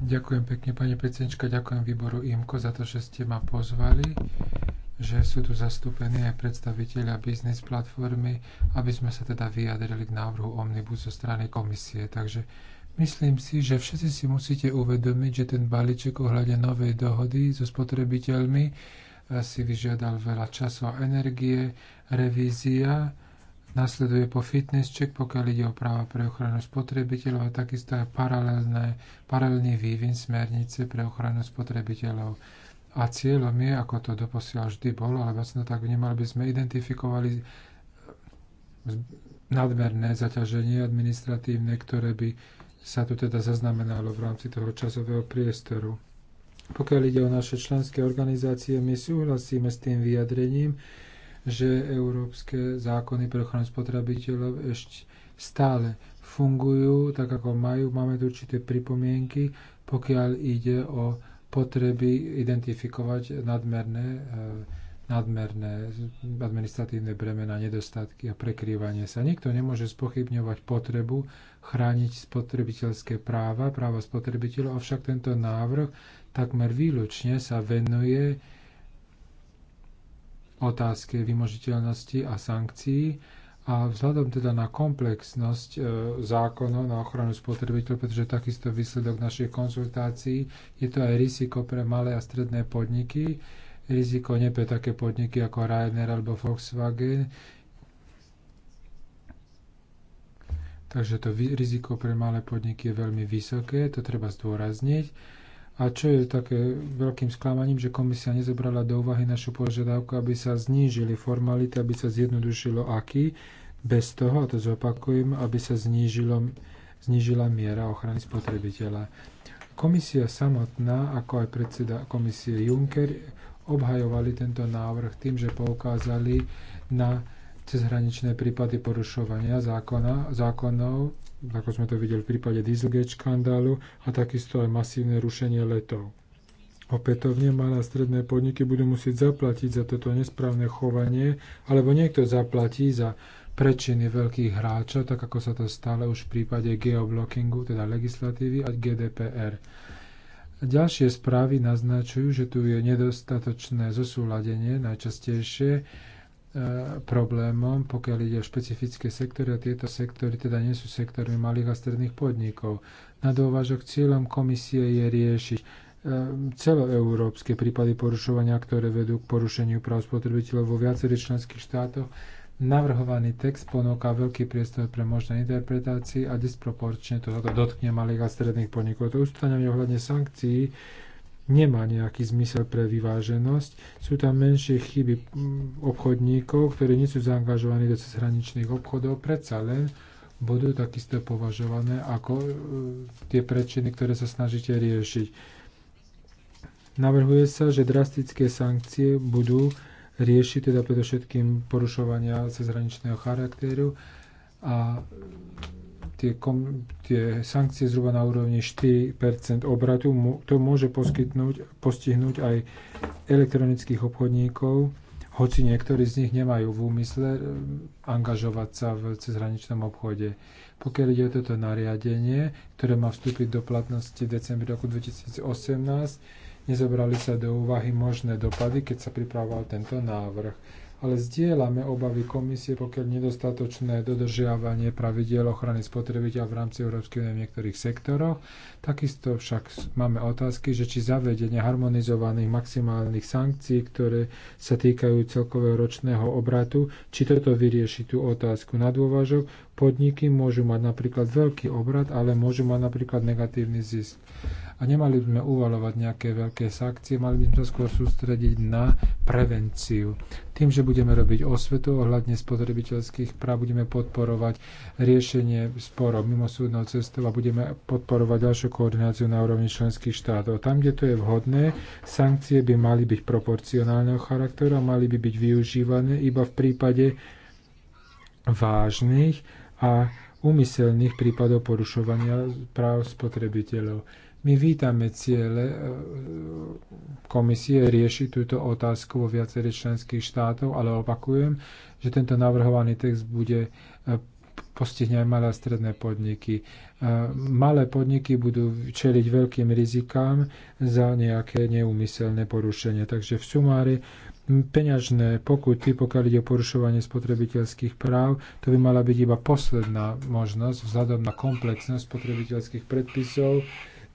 Ďakujem pekne, pani predsednička, ďakujem výboru IMKO za to, že ste ma pozvali, že sú tu zastúpení aj predstaviteľia biznis platformy, aby sme sa teda vyjadrili k návrhu Omnibus zo strany komisie. Takže myslím si, že všetci si musíte uvedomiť, že ten balíček ohľadne novej dohody so spotrebiteľmi eh, si vyžiadal veľa času a energie, revízia Nasleduje po fitness check, pokiaľ ide o práva pre ochranu spotrebiteľov a takisto aj paralelný vývin smernice pre ochranu spotrebiteľov. A cieľom je, ako to doposiaľ vždy bolo, ale vlastne tak vnímal, aby sme identifikovali nadmerné zaťaženie administratívne, ktoré by sa tu teda zaznamenalo v rámci toho časového priestoru. Pokiaľ ide o naše členské organizácie, my súhlasíme s tým vyjadrením, že európske zákony pre ochranu spotrebiteľov ešte stále fungujú tak, ako majú. Máme tu určité pripomienky, pokiaľ ide o potreby identifikovať nadmerné, eh, nadmerné administratívne bremena, nedostatky a prekrývanie sa. Nikto nemôže spochybňovať potrebu chrániť spotrebiteľské práva, práva spotrebiteľov, avšak tento návrh takmer výlučne sa venuje otázke vymožiteľnosti a sankcií. A vzhľadom teda na komplexnosť e, zákonov na ochranu spotrebiteľov, pretože takisto výsledok našej konzultácií je to aj riziko pre malé a stredné podniky, riziko nie pre také podniky ako Ryanair alebo Volkswagen. Takže to riziko pre malé podniky je veľmi vysoké, to treba zdôrazniť. A čo je také veľkým sklamaním, že komisia nezobrala do úvahy našu požiadavku, aby sa znížili formality, aby sa zjednodušilo aký, bez toho, a to zopakujem, aby sa znížilo, znížila miera ochrany spotrebiteľa. Komisia samotná, ako aj predseda komisie Juncker, obhajovali tento návrh tým, že poukázali na cezhraničné prípady porušovania zákona, zákonov ako sme to videli v prípade Dieselgate škandálu a takisto aj masívne rušenie letov. Opätovne malé a stredné podniky budú musieť zaplatiť za toto nesprávne chovanie, alebo niekto zaplatí za prečiny veľkých hráčov, tak ako sa to stále už v prípade geoblockingu, teda legislatívy a GDPR. Ďalšie správy naznačujú, že tu je nedostatočné zosúladenie najčastejšie E, problémom, pokiaľ ide o špecifické sektory a tieto sektory teda nie sú sektormi malých a stredných podnikov. Na dôvažok cieľom komisie je riešiť e, celoeurópske prípady porušovania, ktoré vedú k porušeniu práv spotrebiteľov vo viacerých členských štátoch. Navrhovaný text ponúka veľký priestor pre možné interpretácie a disproporčne to dotkne malých a stredných podnikov. To ustanovenie ohľadne sankcií nemá nejaký zmysel pre vyváženosť. Sú tam menšie chyby obchodníkov, ktorí nie sú zaangažovaní do cezhraničných obchodov, predsa len budú takisto považované ako e, tie prečiny, ktoré sa snažíte riešiť. Navrhuje sa, že drastické sankcie budú riešiť teda predovšetkým porušovania cezhraničného charakteru a tie, kom, tie sankcie zhruba na úrovni 4 obratu. To môže poskytnúť, postihnúť aj elektronických obchodníkov, hoci niektorí z nich nemajú v úmysle eh, angažovať sa v cezhraničnom obchode. Pokiaľ ide o toto nariadenie, ktoré má vstúpiť do platnosti v decembri roku 2018, nezobrali sa do úvahy možné dopady, keď sa pripravoval tento návrh ale zdieľame obavy komisie, pokiaľ nedostatočné dodržiavanie pravidiel ochrany spotrebiteľa v rámci Európskej únie v niektorých sektoroch. Takisto však máme otázky, že či zavedenie harmonizovaných maximálnych sankcií, ktoré sa týkajú celkového ročného obratu, či toto vyrieši tú otázku na dôvažok. Podniky môžu mať napríklad veľký obrat, ale môžu mať napríklad negatívny zisk a nemali by sme uvalovať nejaké veľké sankcie, mali by sme skôr sústrediť na prevenciu. Tým, že budeme robiť osvetu ohľadne spotrebiteľských práv, budeme podporovať riešenie sporov súdnou cestou a budeme podporovať ďalšiu koordináciu na úrovni členských štátov. Tam, kde to je vhodné, sankcie by mali byť proporcionálneho charakteru a mali by byť využívané iba v prípade vážnych a úmyselných prípadov porušovania práv spotrebiteľov my vítame ciele e, komisie riešiť túto otázku vo viacerých členských štátov, ale opakujem, že tento navrhovaný text bude e, postihne aj malé a stredné podniky. E, malé podniky budú čeliť veľkým rizikám za nejaké neúmyselné porušenie. Takže v sumári peňažné pokuty, pokiaľ ide o porušovanie spotrebiteľských práv, to by mala byť iba posledná možnosť vzhľadom na komplexnosť spotrebiteľských predpisov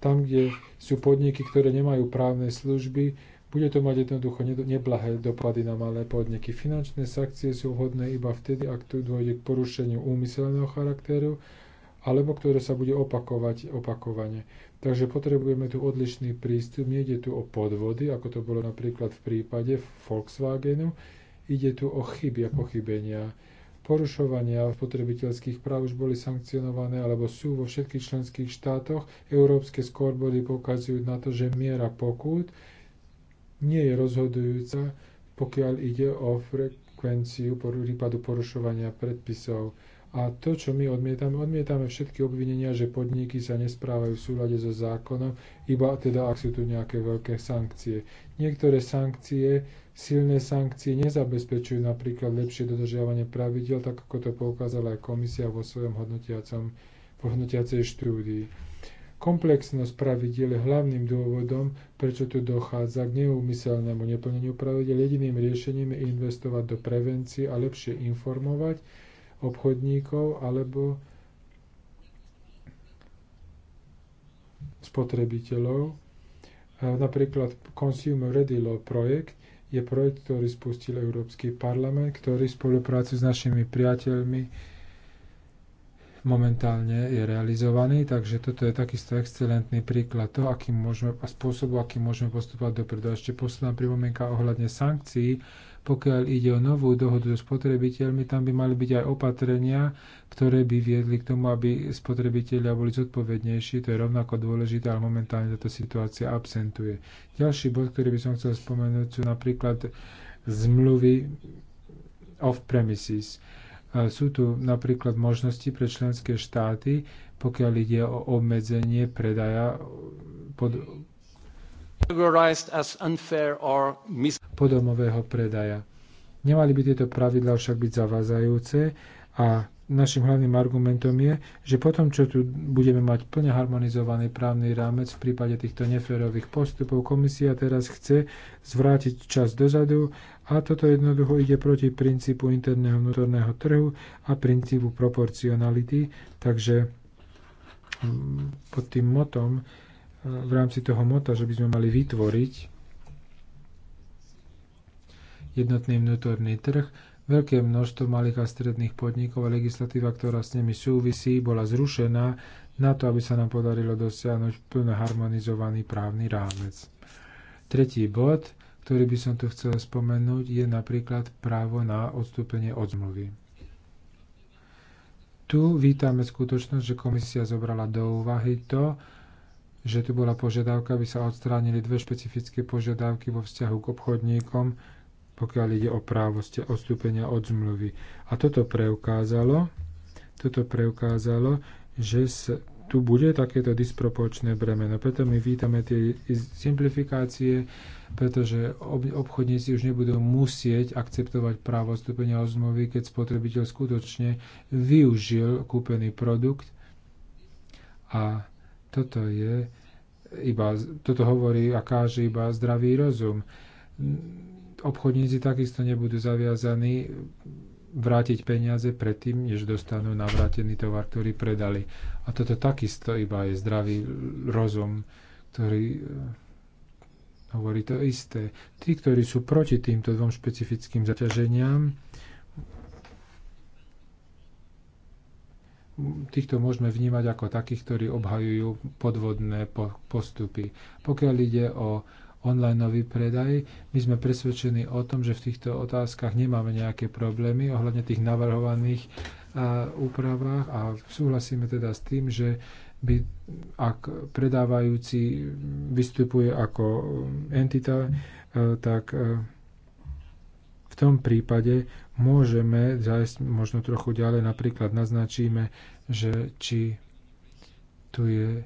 tam, kde sú podniky, ktoré nemajú právne služby, bude to mať jednoducho neblahé dopady na malé podniky. Finančné sankcie sú vhodné iba vtedy, ak tu dôjde k porušeniu úmyselného charakteru, alebo ktoré sa bude opakovať opakovane. Takže potrebujeme tu odlišný prístup. Nejde tu o podvody, ako to bolo napríklad v prípade Volkswagenu. Ide tu o chyby a pochybenia porušovania spotrebiteľských práv už boli sankcionované alebo sú vo všetkých členských štátoch. Európske skorbody pokazujú na to, že miera pokút nie je rozhodujúca, pokiaľ ide o frekvenciu prípadu porušovania predpisov. A to, čo my odmietame, odmietame všetky obvinenia, že podniky sa nesprávajú v súlade so zákonom, iba teda ak sú tu nejaké veľké sankcie. Niektoré sankcie, silné sankcie nezabezpečujú napríklad lepšie dodržiavanie pravidel, tak ako to poukázala aj komisia vo svojom hodnotiacom, vo hodnotiacej štúdii. Komplexnosť pravidel je hlavným dôvodom, prečo tu dochádza k neúmyselnému neplneniu pravidel. Jediným riešením je investovať do prevencie a lepšie informovať obchodníkov alebo spotrebiteľov. Napríklad Consumer Ready Law projekt je projekt, ktorý spustil Európsky parlament, ktorý v spolupráci s našimi priateľmi momentálne je realizovaný, takže toto je takisto excelentný príklad toho, akým môžeme, a spôsobu, akým môžeme postupovať dopredu. A ešte posledná pripomienka ohľadne sankcií. Pokiaľ ide o novú dohodu so spotrebiteľmi, tam by mali byť aj opatrenia, ktoré by viedli k tomu, aby spotrebitelia boli zodpovednejší. To je rovnako dôležité, ale momentálne táto situácia absentuje. Ďalší bod, ktorý by som chcel spomenúť, sú napríklad zmluvy off-premises. Sú tu napríklad možnosti pre členské štáty, pokiaľ ide o obmedzenie predaja pod podomového predaja. Nemali by tieto pravidlá však byť zavádzajúce a našim hlavným argumentom je, že potom, čo tu budeme mať plne harmonizovaný právny rámec v prípade týchto neférových postupov, komisia teraz chce zvrátiť čas dozadu a toto jednoducho ide proti princípu interného vnútorného trhu a princípu proporcionality. Takže mm, pod tým motom v rámci toho mota, že by sme mali vytvoriť jednotný vnútorný trh. Veľké množstvo malých a stredných podnikov a legislatíva, ktorá s nimi súvisí, bola zrušená na to, aby sa nám podarilo dosiahnuť plne harmonizovaný právny rámec. Tretí bod, ktorý by som tu chcel spomenúť, je napríklad právo na odstúpenie od zmluvy. Tu vítame skutočnosť, že komisia zobrala do úvahy to, že tu bola požiadavka, aby sa odstránili dve špecifické požiadavky vo vzťahu k obchodníkom, pokiaľ ide o právo odstúpenia od zmluvy. A toto preukázalo, toto preukázalo, že tu bude takéto disproporčné bremeno. Preto my vítame tie simplifikácie, pretože obchodníci už nebudú musieť akceptovať právo odstúpenia od zmluvy, keď spotrebiteľ skutočne využil kúpený produkt a toto je iba, toto hovorí a káže iba zdravý rozum. Obchodníci takisto nebudú zaviazaní vrátiť peniaze predtým, než dostanú navrátený tovar, ktorý predali. A toto takisto iba je zdravý rozum, ktorý eh, hovorí to isté. Tí, ktorí sú proti týmto dvom špecifickým zaťaženiam, týchto môžeme vnímať ako takých, ktorí obhajujú podvodné postupy. Pokiaľ ide o online predaj, my sme presvedčení o tom, že v týchto otázkach nemáme nejaké problémy ohľadne tých navrhovaných úpravách a súhlasíme teda s tým, že by, ak predávajúci vystupuje ako entita, e, tak e, v tom prípade môžeme zájsť možno trochu ďalej, napríklad naznačíme, že či tu je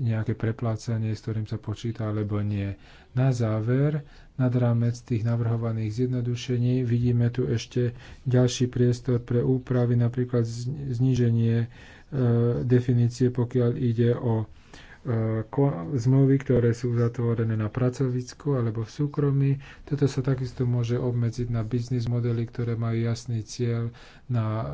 nejaké preplácanie, s ktorým sa počíta, alebo nie. Na záver, nad rámec tých navrhovaných zjednodušení, vidíme tu ešte ďalší priestor pre úpravy, napríklad zníženie e, definície, pokiaľ ide o Eh, zmluvy, ktoré sú zatvorené na pracovisku alebo v súkromí. Toto sa takisto môže obmedziť na biznis modely, ktoré majú jasný cieľ na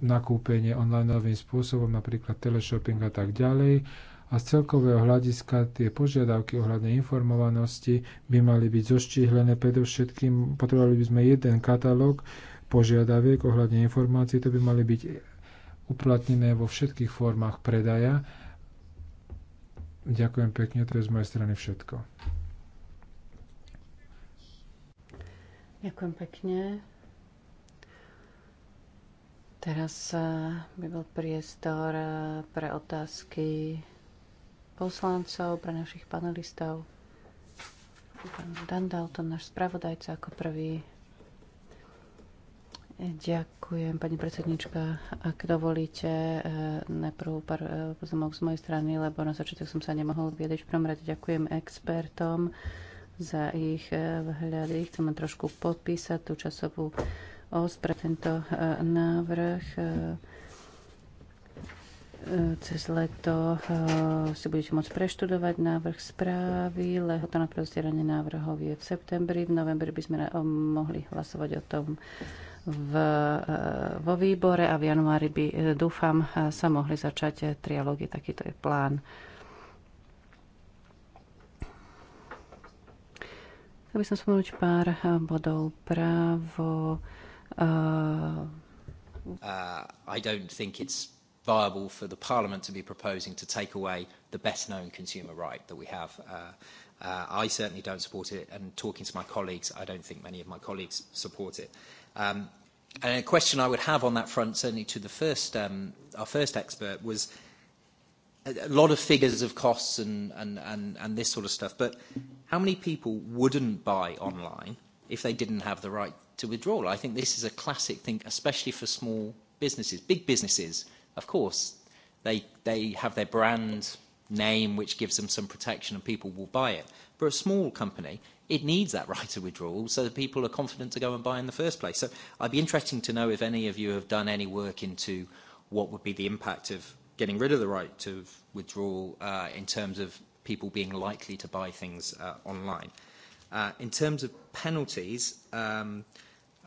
nakúpenie online spôsobom, napríklad teleshopping a tak ďalej. A z celkového hľadiska tie požiadavky ohľadne informovanosti by mali byť zoštíhlené predovšetkým, potrebovali by sme jeden katalóg požiadaviek ohľadne informácií, to by mali byť uplatnené vo všetkých formách predaja Ďakujem pekne, to je z mojej strany všetko. Ďakujem pekne. Teraz eh, by bol priestor eh, pre otázky poslancov, pre našich panelistov. Pán Dandal, náš spravodajca ako prvý. Ďakujem, pani predsednička. Ak dovolíte, e, najprv pár e, poznámok z mojej strany, lebo na začiatok som sa nemohol viedeť v prvom rade. Ďakujem expertom za ich e, vhľady. Chcem len trošku podpísať tú časovú os pre tento návrh. Cez leto si budete môcť preštudovať návrh správy. Lehota na prostieranie návrhov je v septembri. V novembri by sme mohli hlasovať o tom v, e, vo výbore a v januári by, e, dúfam, e, sa mohli začať trialógy. Takýto je plán. Chcel by som spomenúť pár bodov právo. Uh, uh, I don't think it's viable for the Parliament to be proposing to take away the best known consumer right that we have. Uh, uh, I certainly don't support it, and talking to my colleagues, I don't think many of my colleagues support it. Um, and a question I would have on that front, certainly to the first, um, our first expert, was a lot of figures of costs and, and, and, and this sort of stuff, but how many people wouldn't buy online if they didn't have the right to withdraw? I think this is a classic thing, especially for small businesses. Big businesses, of course, they, they have their brand name, which gives them some protection and people will buy it. For a small company, it needs that right of withdrawal so that people are confident to go and buy in the first place. So I'd be interesting to know if any of you have done any work into what would be the impact of getting rid of the right to withdrawal uh, in terms of people being likely to buy things uh, online. Uh, in terms of penalties, um,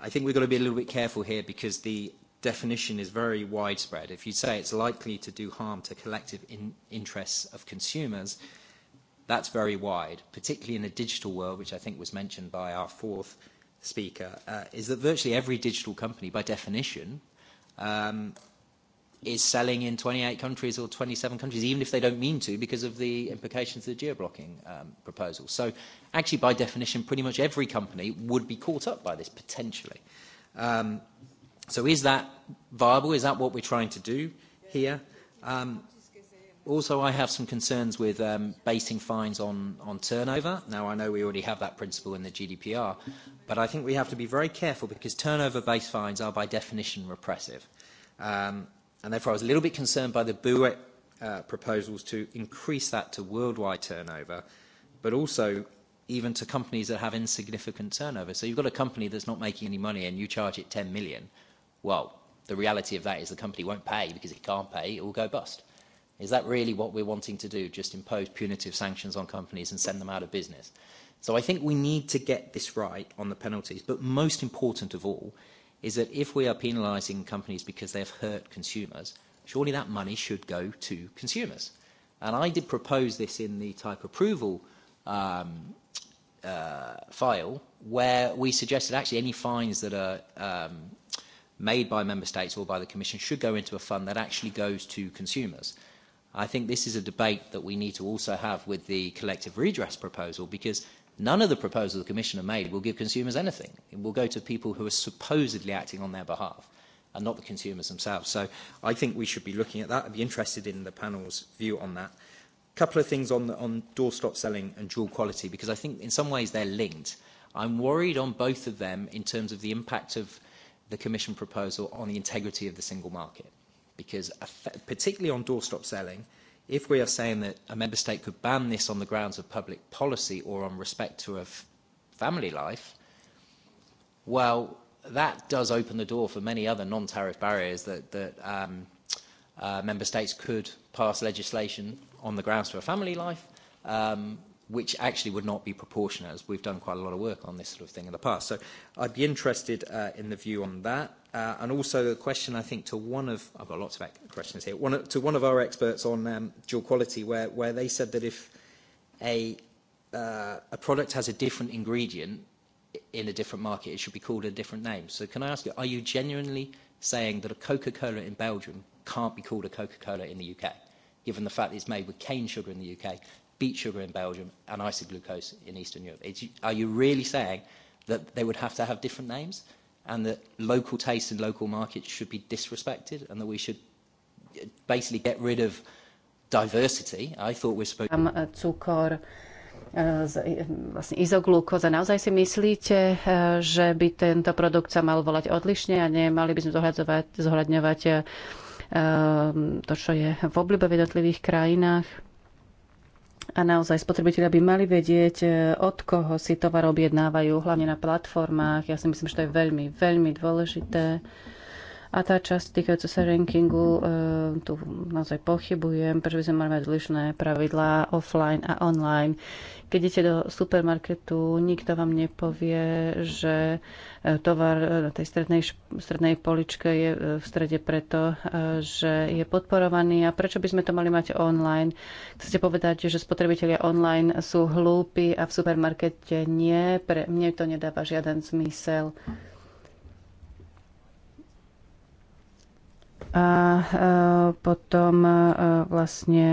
I think we've got to be a little bit careful here because the definition is very widespread. If you say it's likely to do harm to collective in interests of consumers, uh, That's very wide, particularly in a digital world, which I think was mentioned by our fourth speaker, uh, is that virtually every digital company, by definition, um, is selling in 28 countries or 27 countries, even if they don't mean to, because of the implications of the geo-blocking um, proposal. So actually, by definition, pretty much every company would be caught up by this, potentially. Um, so is that viable? Is that what we're trying to do here? Um, Also, I have some concerns with um, basing fines on, on turnover. Now, I know we already have that principle in the GDPR, but I think we have to be very careful because turnover-based fines are by definition repressive. Um, and therefore, I was a little bit concerned by the Buet uh, proposals to increase that to worldwide turnover, but also even to companies that have insignificant turnover. So you've got a company that's not making any money and you charge it 10 million. Well, the reality of that is the company won't pay because it can't pay, it will go bust. Is that really what we're wanting to do, just impose punitive sanctions on companies and send them out of business? So I think we need to get this right on the penalties. But most important of all is that if we are penalising companies because they've hurt consumers, surely that money should go to consumers. And I did propose this in the type approval um, uh, file where we suggested actually any fines that are um, made by member states or by the commission should go into a fund that actually goes to consumers. I think this is a debate that we need to also have with the collective redress proposal because none of the proposals the Commission have made will give consumers anything. It will go to people who are supposedly acting on their behalf and not the consumers themselves. So I think we should be looking at that. I'd be interested in the panel's view on that. A couple of things on, the, on doorstop selling and dual quality because I think in some ways they're linked. I'm worried on both of them in terms of the impact of the Commission proposal on the integrity of the single market because particularly on doorstop selling, if we are saying that a member state could ban this on the grounds of public policy or on respect to a family life, well, that does open the door for many other non-tariff barriers that, that um, uh, member states could pass legislation on the grounds for a family life, um, which actually would not be proportionate, as we've done quite a lot of work on this sort of thing in the past. So I'd be interested uh, in the view on that. Uh, and also a question, I think, to one of, I've got lots of questions here, one, to one of our experts on um, dual quality, where, where they said that if a, uh, a product has a different ingredient in a different market, it should be called a different name. So can I ask you, are you genuinely saying that a Coca-Cola in Belgium can't be called a Coca-Cola in the UK, given the fact that it's made with cane sugar in the UK beet sugar in Belgium and isoglucose in Eastern Europe? It's, are you really saying that they would have to have different names and that local tastes and local markets should be disrespected and that we should uh, basically get rid of diversity? I thought we're supposed to uh, uh, vlastne izoglúkoza. Naozaj si myslíte, že by tento produkt sa mal volať odlišne a nemali by sme zohľadňovať um, to, čo je v obľúbe v jednotlivých krajinách? A naozaj spotrebitelia by mali vedieť, e, od koho si tovar objednávajú, hlavne na platformách. Ja si myslím, že to je veľmi, veľmi dôležité. A tá časť týkajúca sa rankingu, e, tu naozaj pochybujem, prečo by sme mali mať odlišné pravidlá offline a online. Keď idete do supermarketu, nikto vám nepovie, že e, tovar e, na tej strednej, strednej poličke je e, v strede preto, že je podporovaný. A prečo by sme to mali mať online? Chcete povedať, že spotrebitelia online sú hlúpi a v supermarkete nie? Pre mne to nedáva žiaden zmysel. a e, potom e, vlastne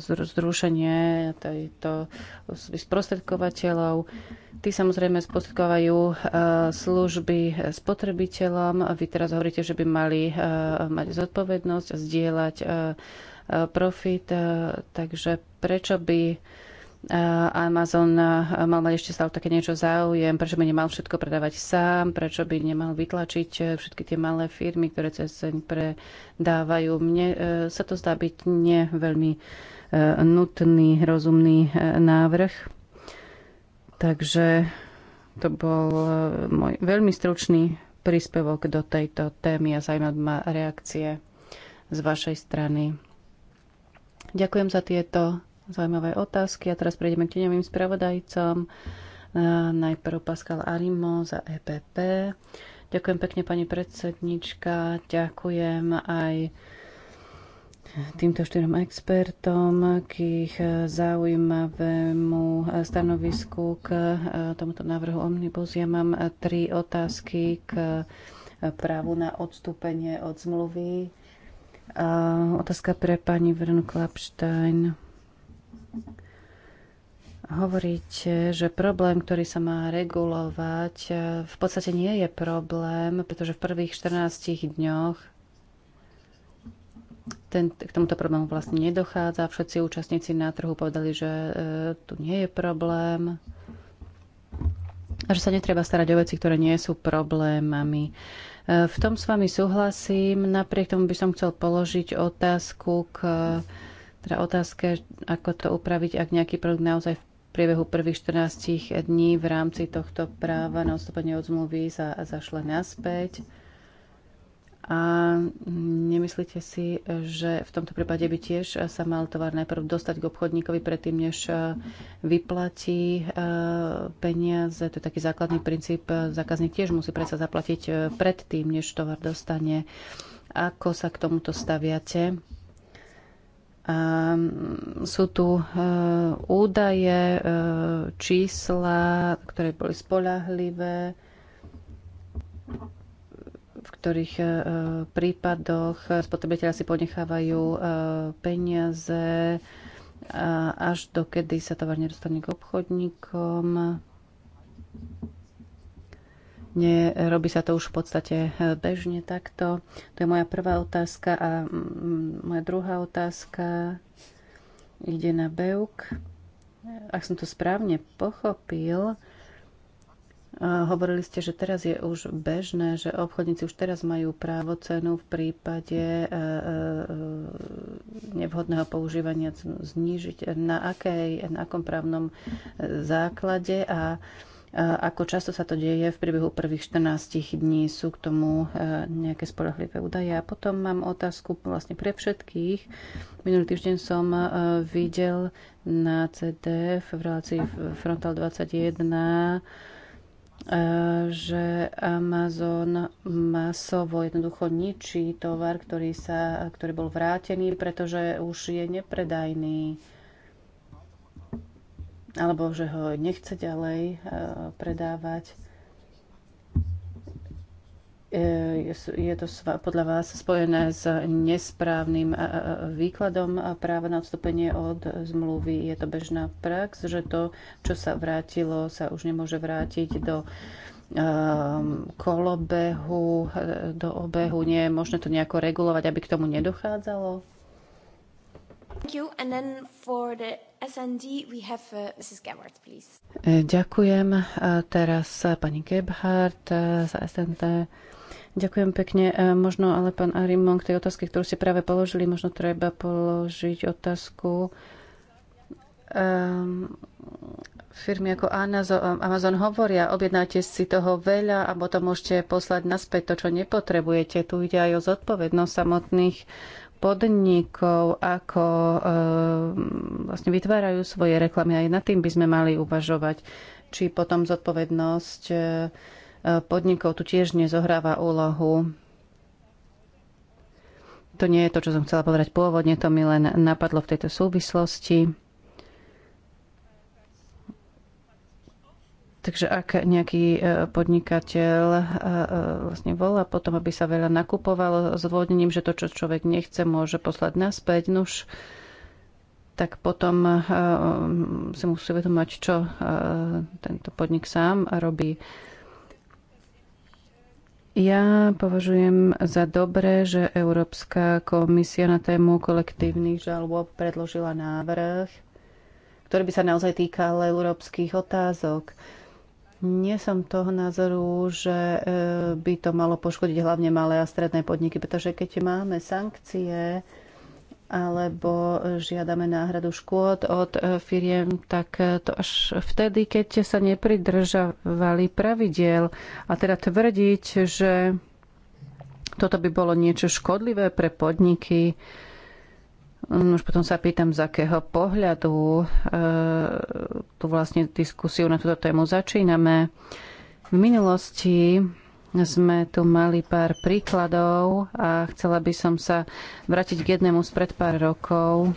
e, zrušenie tejto sprostredkovateľov. Tí samozrejme sprostredkovajú služby spotrebiteľom. Vy teraz hovoríte, že by mali mať zodpovednosť a zdieľať profit, takže prečo by Amazon mal mať ešte stále také niečo záujem, prečo by nemal všetko predávať sám, prečo by nemal vytlačiť e, všetky tie malé firmy, ktoré cez zeň predávajú. Mne e, sa to zdá byť nie veľmi e, nutný, rozumný návrh. Takže to bol môj veľmi stručný príspevok do tejto témy a zaujímavé ma reakcie z vašej strany. Ďakujem za tieto zaujímavé otázky a teraz prejdeme k teňovým spravodajcom. Najprv Pascal Arimo za EPP. Ďakujem pekne, pani predsednička. Ďakujem aj týmto štyrom expertom k ich zaujímavému stanovisku k e, tomuto návrhu Omnibus. Ja mám tri otázky k právu na odstúpenie od zmluvy. Otázka pre pani Vrnu Klapštajn hovoríte, že problém, ktorý sa má regulovať, e, v podstate nie je problém, pretože v prvých 14 dňoch ten, k tomuto problému vlastne nedochádza. Všetci účastníci na trhu povedali, že e, tu nie je problém a že sa netreba starať o veci, ktoré nie sú problémami. E, v tom s vami súhlasím. Napriek tomu by som chcel položiť otázku k e, teda otázka, ako to upraviť, ak nejaký produkt naozaj v priebehu prvých 14 dní v rámci tohto práva na odstúpenie od zmluvy za, zašle naspäť. A nemyslíte si, že v tomto prípade by tiež sa mal tovar najprv dostať k obchodníkovi predtým, než e, vyplatí e, peniaze? To je taký základný princíp. Zákazník tiež musí predsa zaplatiť e, predtým, než tovar dostane. Ako sa k tomuto staviate? Ehm, sú tu eh, údaje, eh, čísla, ktoré boli spolahlivé, v ktorých eh, prípadoch spotrebitelia si ponechávajú peniaze až dokedy sa tovar nedostane k obchodníkom. Nerobí sa to už v podstate eh, bežne takto. To je moja prvá otázka. A mm, moja druhá otázka ide na Beuk. Ak som to správne pochopil, eh, Hovorili ste, že teraz je už bežné, že obchodníci už teraz majú právo cenu v prípade eh, nevhodného používania znížiť. Na, akej, na akom právnom základe a ako často sa to deje v priebehu prvých 14 dní? Sú k tomu e, nejaké spolahlivé údaje? A potom mám otázku vlastne pre všetkých. Minulý týždeň som e, videl na CDF v relácii Frontal 21 e, že Amazon masovo jednoducho ničí tovar, ktorý, sa, ktorý bol vrátený, pretože už je nepredajný alebo že ho nechce ďalej eh, predávať. Eh, je to podľa vás spojené s nesprávnym eh, výkladom práva na odstúpenie od zmluvy. Je to bežná prax, že to, čo sa vrátilo, sa už nemôže vrátiť do ehm, kolobehu, do obehu. Nie je možné to nejako regulovať, aby k tomu nedochádzalo? Thank you. And then for the SND, we have uh, Mrs. Gebhardt, please. E, ďakujem. E, teraz e, pani Gebhardt za SND. Ďakujem pekne. Možno ale pán Arimon, k tej otázke, ktorú ste práve položili, možno treba položiť otázku. Um, firmy ako Amazon hovoria, objednáte si toho veľa a potom môžete poslať naspäť to, čo nepotrebujete. Tu ide aj o zodpovednosť samotných podnikov, ako eh, vlastne vytvárajú svoje reklamy. Aj nad tým by sme mali uvažovať, či potom zodpovednosť eh, podnikov tu tiež nezohráva úlohu. To nie je to, čo som chcela povedať pôvodne, to mi len napadlo v tejto súvislosti. Takže ak nejaký e, podnikateľ e, e, vlastne volá potom, aby sa veľa nakupovalo s vodením, že to, čo človek nechce, môže poslať naspäť, nuž tak potom mm, si musí uvedomať, čo tento podnik sám robí. Ja považujem za dobré, že Európska komisia na tému kolektívnych žalôb predložila návrh, ktorý by sa naozaj týkal európskych otázok. Nie som toho názoru, že e, by to malo poškodiť hlavne malé a stredné podniky, pretože keď máme sankcie alebo žiadame náhradu škôd od e, firiem, tak e, to až vtedy, keď sa nepridržavali pravidiel. A teda tvrdiť, že toto by bolo niečo škodlivé pre podniky, Hm, už potom sa pýtam, z akého pohľadu e, tú vlastne diskusiu na túto tému začíname. V minulosti sme tu mali pár príkladov a chcela by som sa vrátiť k jednému spred pár rokov.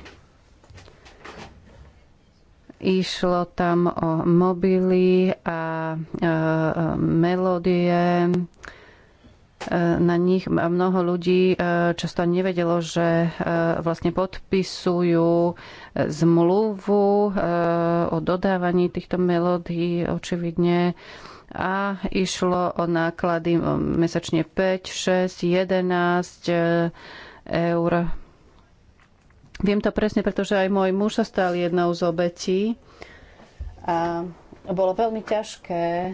Išlo tam o mobily a e, e melódie. E, na nich mnoho ľudí e, často nevedelo, že e, vlastne podpisujú e, zmluvu o dodávaní týchto melódií očividne a išlo o náklady mesačne 5, 6, 11 eur. Viem to presne, pretože aj môj muž sa stal jednou z obetí. A bolo veľmi ťažké e,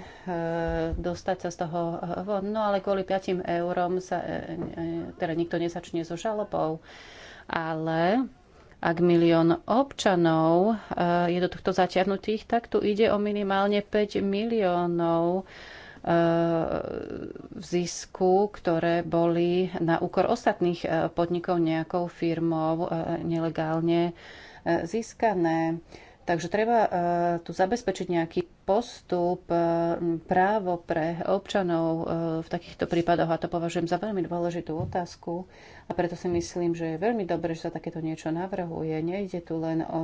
dostať sa z toho e, von, no ale kvôli 5 eurom sa e, teda nikto nezačne so žalobou. Ale ak milión občanov je do tohto zaťahnutých, tak tu ide o minimálne 5 miliónov v zisku, ktoré boli na úkor ostatných podnikov nejakou firmou nelegálne získané. Takže treba e, tu zabezpečiť nejaký postup, e, právo pre občanov e, v takýchto prípadoch a to považujem za veľmi dôležitú otázku a preto si myslím, že je veľmi dobré, že sa takéto niečo navrhuje. Nejde tu len o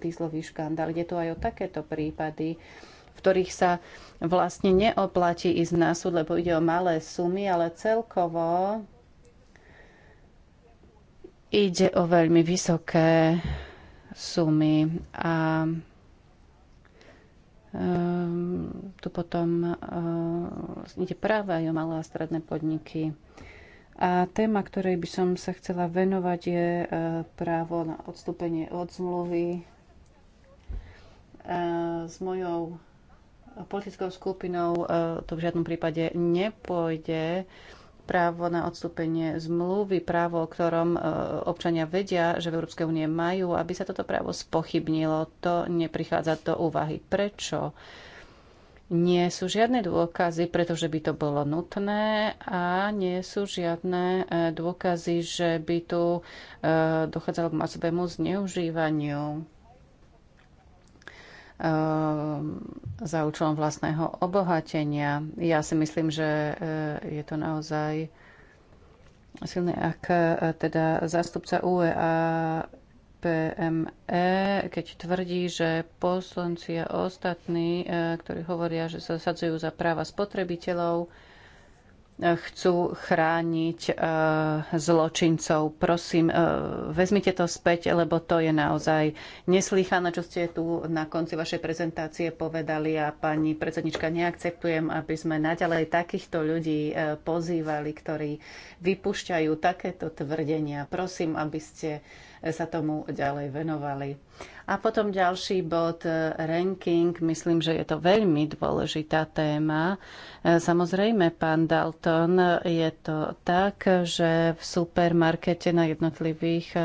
dýzlový škandál, ide tu aj o takéto prípady, v ktorých sa vlastne neoplatí ísť na súd, lebo ide o malé sumy, ale celkovo ide o veľmi vysoké sumy. A ehm, tu potom ehm, ide práve aj o malé a stredné podniky. A téma, ktorej by som sa chcela venovať, je ehm, právo na odstúpenie od zmluvy. S mojou politickou skupinou to v žiadnom prípade nepôjde právo na odstúpenie zmluvy, právo, o ktorom e, občania vedia, že v Európskej únie majú, aby sa toto právo spochybnilo. To neprichádza do úvahy. Prečo? Nie sú žiadne dôkazy, pretože by to bolo nutné a nie sú žiadne e, dôkazy, že by tu e, dochádzalo k masovému zneužívaniu Ehm, za účelom vlastného obohatenia. Ja si myslím, že eh, je to naozaj silné, ak eh, teda zástupca UEA PME, keď tvrdí, že poslanci a ostatní, eh, ktorí hovoria, že sa sadzujú za práva spotrebiteľov, chcú chrániť eh, zločincov. Prosím, eh, vezmite to späť, lebo to je naozaj neslýchané, čo ste tu na konci vašej prezentácie povedali a pani predsednička, neakceptujem, aby sme naďalej takýchto ľudí eh, pozývali, ktorí vypúšťajú takéto tvrdenia. Prosím, aby ste sa tomu ďalej venovali. A potom ďalší bod, e, ranking. Myslím, že je to veľmi dôležitá téma. E, samozrejme, pán Dalton, je to tak, že v supermarkete na jednotlivých e,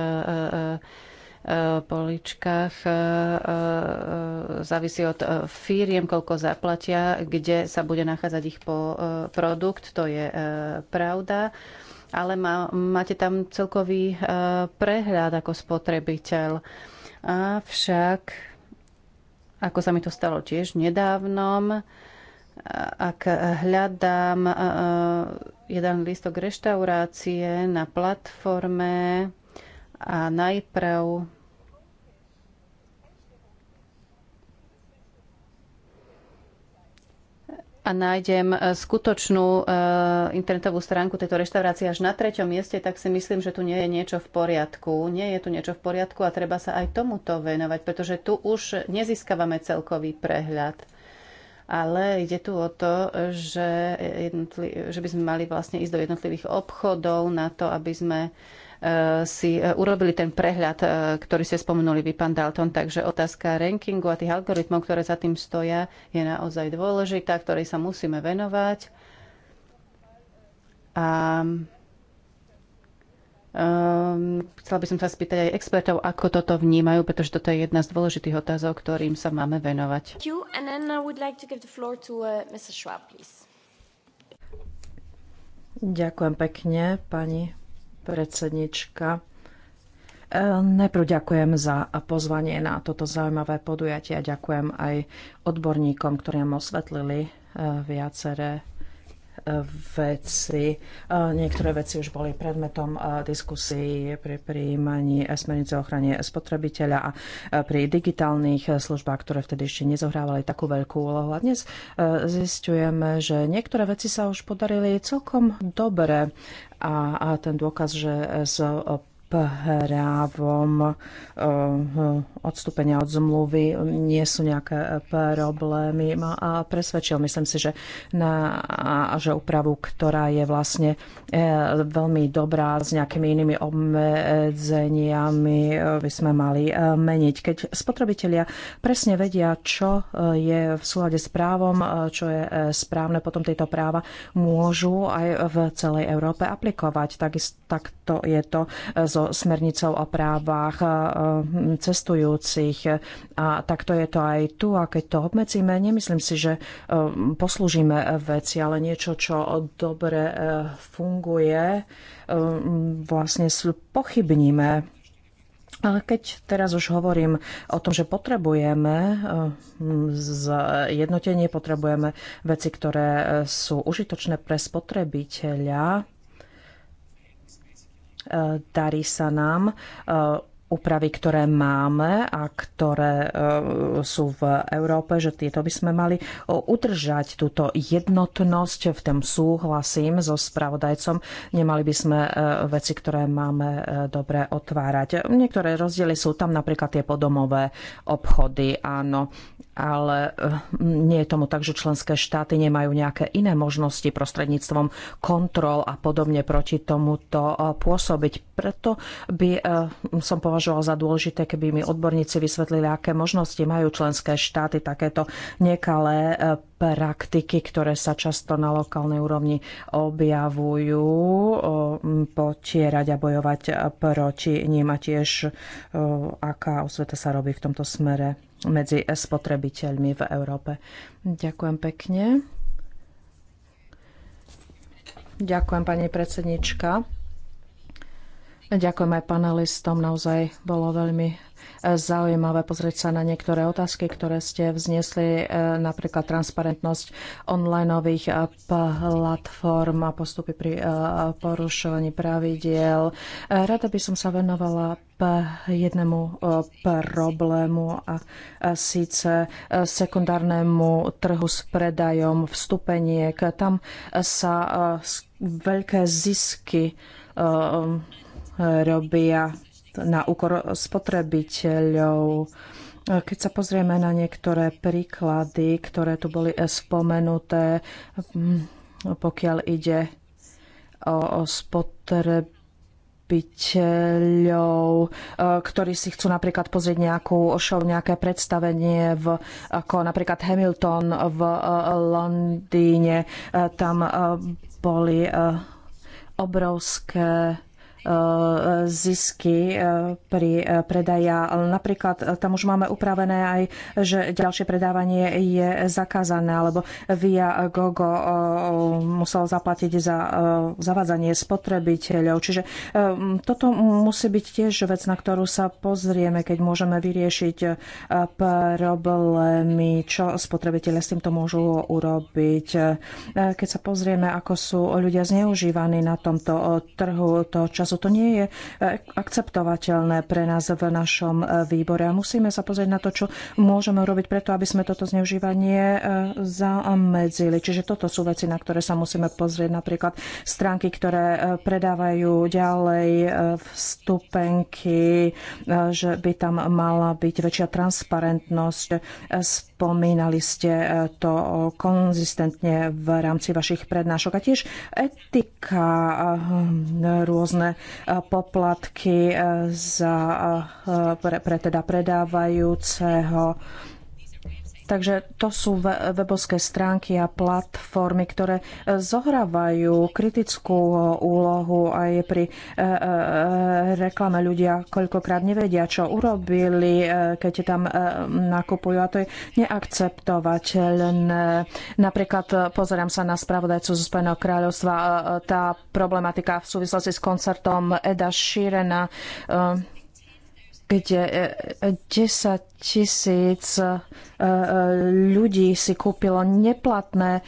poličkách závisí od firiem, koľko zaplatia, kde sa bude nachádzať ich produkt. To je pravda ale má, máte tam celkový e, prehľad ako spotrebiteľ. Avšak, ako sa mi to stalo tiež nedávnom, e, ak hľadám e, jeden listok reštaurácie na platforme a najprv a nájdem e, skutočnú e, internetovú stránku tejto reštaurácie až na treťom mieste, tak si myslím, že tu nie je niečo v poriadku. Nie je tu niečo v poriadku a treba sa aj tomuto venovať, pretože tu už nezískavame celkový prehľad. Ale ide tu o to, že, že by sme mali vlastne ísť do jednotlivých obchodov na to, aby sme uh, Eh, si eh, urobili ten prehľad, eh, ktorý ste spomenuli vy, pán Dalton. Takže otázka rankingu a tých algoritmov, ktoré za tým stoja, je naozaj dôležitá, ktorej sa musíme venovať. A Um, chcela by som sa spýtať aj expertov, ako toto vnímajú, pretože toto je jedna z dôležitých otázok, ktorým sa máme venovať. Uh, uh, Ďakujem pekne, pani predsednička. E, najprv ďakujem za pozvanie na toto zaujímavé podujatie a ďakujem aj odborníkom, ktorí nám osvetlili e, viaceré veci. Niektoré veci už boli predmetom diskusí pri prijímaní e, smernice o ochrane spotrebiteľa a pri digitálnych e, službách, ktoré vtedy ešte nezohrávali takú veľkú úlohu. A dnes e, zistujeme, že niektoré veci sa už podarili celkom dobre a, a ten dôkaz, že z právom eh, odstúpenia od zmluvy nie sú nejaké problémy. No a presvedčil, myslím si, že, na, že úpravu, ktorá je vlastne eh, veľmi dobrá s nejakými inými obmedzeniami, eh, by sme mali meniť. Keď spotrebitelia presne vedia, čo je v súlade s právom, čo je správne, potom tieto práva môžu aj v celej Európe aplikovať. Takisto takto je to zo so smernicou o právach e, cestujúcich. A takto je to aj tu. A keď to obmedzíme, nemyslím si, že e, poslúžime veci, ale niečo, čo dobre e, funguje, vlastne pochybníme. Ale keď teraz už hovorím o tom, že potrebujeme zjednotenie, potrebujeme veci, ktoré sú užitočné pre spotrebiteľa, E, darí sa nám e, úpravy, ktoré máme a ktoré e, sú v Európe, že tieto by sme mali udržať túto jednotnosť. V tom súhlasím so spravodajcom. Nemali by sme veci, ktoré máme dobre otvárať. Niektoré rozdiely sú tam napríklad tie podomové obchody. Áno, ale eh, nie je tomu tak, že členské štáty nemajú nejaké iné možnosti prostredníctvom kontrol a podobne proti tomuto eh, pôsobiť. Preto by eh, som považoval za dôležité, keby mi odborníci vysvetlili, aké možnosti majú členské štáty takéto nekalé praktiky, ktoré sa často na lokálnej úrovni objavujú, potierať a bojovať proti nim a tiež aká osveta sa robí v tomto smere medzi spotrebiteľmi v Európe. Ďakujem pekne. Ďakujem, pani predsednička. Ďakujem aj panelistom, naozaj bolo veľmi zaujímavé pozrieť sa na niektoré otázky, ktoré ste vznesli, e, napríklad transparentnosť onlineových e, platform a postupy pri e, porušovaní pravidiel. Rada by som sa venovala jednému problému a síce sekundárnemu trhu s predajom vstupeniek. Tam sa veľké zisky robia na úkor spotrebiteľov. Keď sa pozrieme na niektoré príklady, ktoré tu boli spomenuté, mm, pokiaľ ide o spotrebiteľov, e, ktorí si chcú napríklad pozrieť nejakú show, nejaké predstavenie v, ako napríklad Hamilton v e, Londýne. E, tam boli obrovské zisky e, pri e, predaja. Napríklad e, tam už máme upravené aj, že ďalšie predávanie je zakázané, alebo Via Gogo musel zaplatiť za zavádzanie spotrebiteľov. Čiže toto musí byť tiež vec, na ktorú sa pozrieme, keď môžeme vyriešiť problémy, čo spotrebitelia s týmto môžu urobiť. Keď sa pozrieme, ako sú ľudia zneužívaní na tomto trhu, to čas obrazu. To nie je e, akceptovateľné pre nás v našom e, výbore a musíme sa pozrieť na to, čo môžeme urobiť preto, aby sme toto zneužívanie e, zamedzili. Čiže toto sú veci, na ktoré sa musíme pozrieť. Napríklad stránky, ktoré predávajú ďalej vstupenky, že by tam mala byť väčšia transparentnosť Spomínali ste e, to konzistentne v rámci vašich prednášok a tiež etika, e, rôzne e, poplatky za, pre, pre teda predávajúceho Takže to sú webovské stránky a platformy, ktoré e, zohrávajú kritickú úlohu aj pri e, e, reklame. Ľudia koľkokrát nevedia, čo urobili, keď tam nakupujú a to je neakceptovateľné. Napríklad pozerám sa na spravodajcu zo Spojeného kráľovstva. Tá problematika v súvislosti s koncertom Eda Šírena keď 10 e, e, tisíc e, ľudí si kúpilo neplatné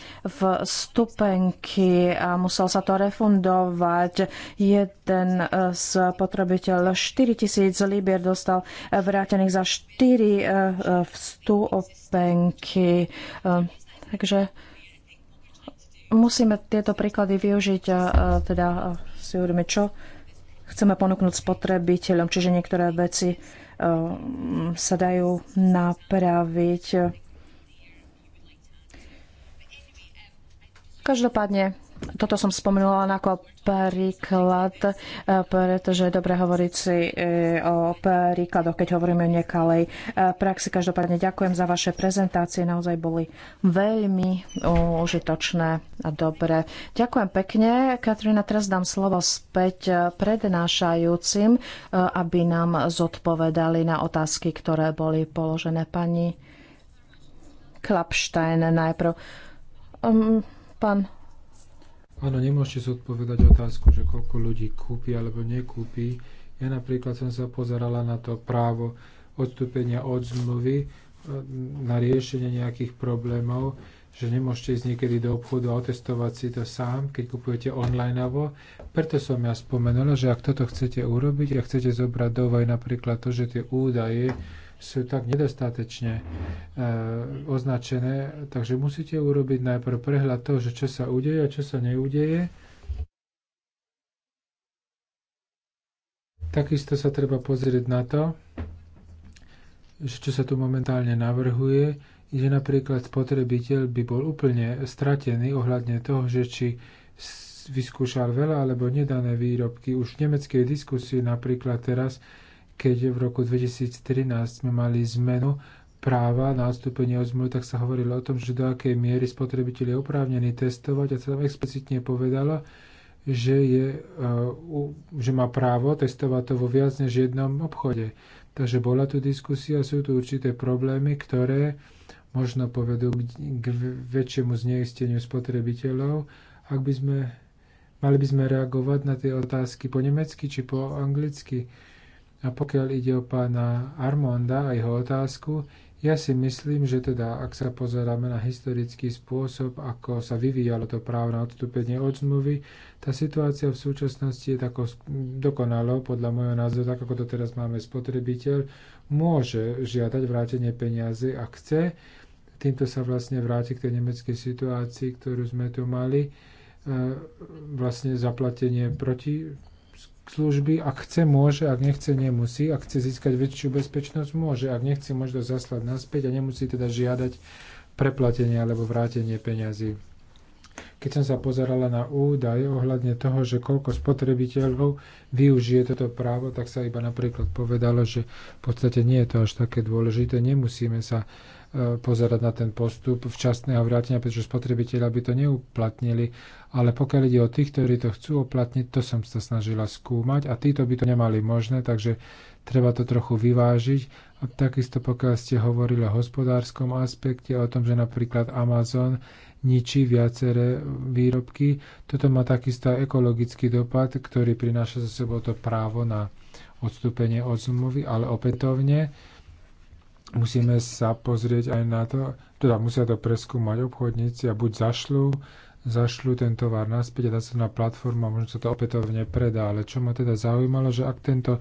vstupenky a musel sa to refundovať. Jeden z potrebiteľ 4 tisíc libier dostal vrátených za 4 vstupenky. Takže musíme tieto príklady využiť a teda si uvedomiť, čo chceme ponúknuť spotrebiteľom, čiže niektoré veci eh, sa dajú napraviť. Každopádne toto som spomenula ako príklad, e, pretože je dobre hovoriť si e, o príkladoch, keď hovoríme o nekalej e, praxi. Každopádne ďakujem za vaše prezentácie, naozaj boli veľmi užitočné a dobré. Ďakujem pekne. Katrina, teraz dám slovo späť prednášajúcim, aby nám zodpovedali na otázky, ktoré boli položené pani Klapštajn najprv. Um, pán Áno, nemôžete zodpovedať otázku, že koľko ľudí kúpi alebo nekúpi. Ja napríklad som sa pozerala na to právo odstúpenia od zmluvy eh, na riešenie nejakých problémov, že nemôžete ísť niekedy do obchodu a otestovať si to sám, keď kupujete online. alebo. Preto som ja spomenula, že ak toto chcete urobiť a chcete zobrať do napríklad to, že tie údaje, sú tak nedostatečne e, označené, takže musíte urobiť najprv prehľad toho, že čo sa udeje a čo sa neudeje. Takisto sa treba pozrieť na to, že čo sa tu momentálne navrhuje, že napríklad spotrebiteľ by bol úplne stratený ohľadne toho, že či vyskúšal veľa alebo nedané výrobky. Už v nemeckej diskusii napríklad teraz keď v roku 2013 sme mali zmenu práva na odstúpenie od zmluvy, tak sa hovorilo o tom, že do akej miery spotrebiteľ je oprávnený testovať a sa tam explicitne povedalo, že, je, e, že má právo testovať to vo viac než jednom obchode. Takže bola tu diskusia, sú tu určité problémy, ktoré možno povedú k väčšiemu zneisteniu spotrebiteľov. Ak by sme, mali by sme reagovať na tie otázky po nemecky či po anglicky, a pokiaľ ide o pána Armonda a jeho otázku, ja si myslím, že teda ak sa pozeráme na historický spôsob, ako sa vyvíjalo to právo na odstúpenie od zmluvy, tá situácia v súčasnosti je tako dokonalo, podľa môjho názoru, tak ako to teraz máme spotrebiteľ, môže žiadať vrátenie peniazy, ak chce. Týmto sa vlastne vráti k tej nemeckej situácii, ktorú sme tu mali, e, vlastne zaplatenie proti služby, ak chce, môže, ak nechce, nemusí. Ak chce získať väčšiu bezpečnosť, môže. Ak nechce, môže to zaslať naspäť a nemusí teda žiadať preplatenie alebo vrátenie peňazí. Keď som sa pozerala na údaje ohľadne toho, že koľko spotrebiteľov využije toto právo, tak sa iba napríklad povedalo, že v podstate nie je to až také dôležité, nemusíme sa e, pozerať na ten postup včasného vrátenia, pretože spotrebiteľa by to neuplatnili ale pokiaľ ide o tých, ktorí to chcú oplatniť, to som sa snažila skúmať a títo by to nemali možné, takže treba to trochu vyvážiť. A takisto pokiaľ ste hovorili o hospodárskom aspekte, o tom, že napríklad Amazon ničí viaceré výrobky, toto má takisto ekologický dopad, ktorý prináša za sebou to právo na odstúpenie od zmluvy, ale opätovne musíme sa pozrieť aj na to, teda musia to preskúmať obchodníci a buď zašlú zašľú ten tovar naspäť a dá sa na platformu a možno sa to opätovne predá. Ale čo ma teda zaujímalo, že ak tento,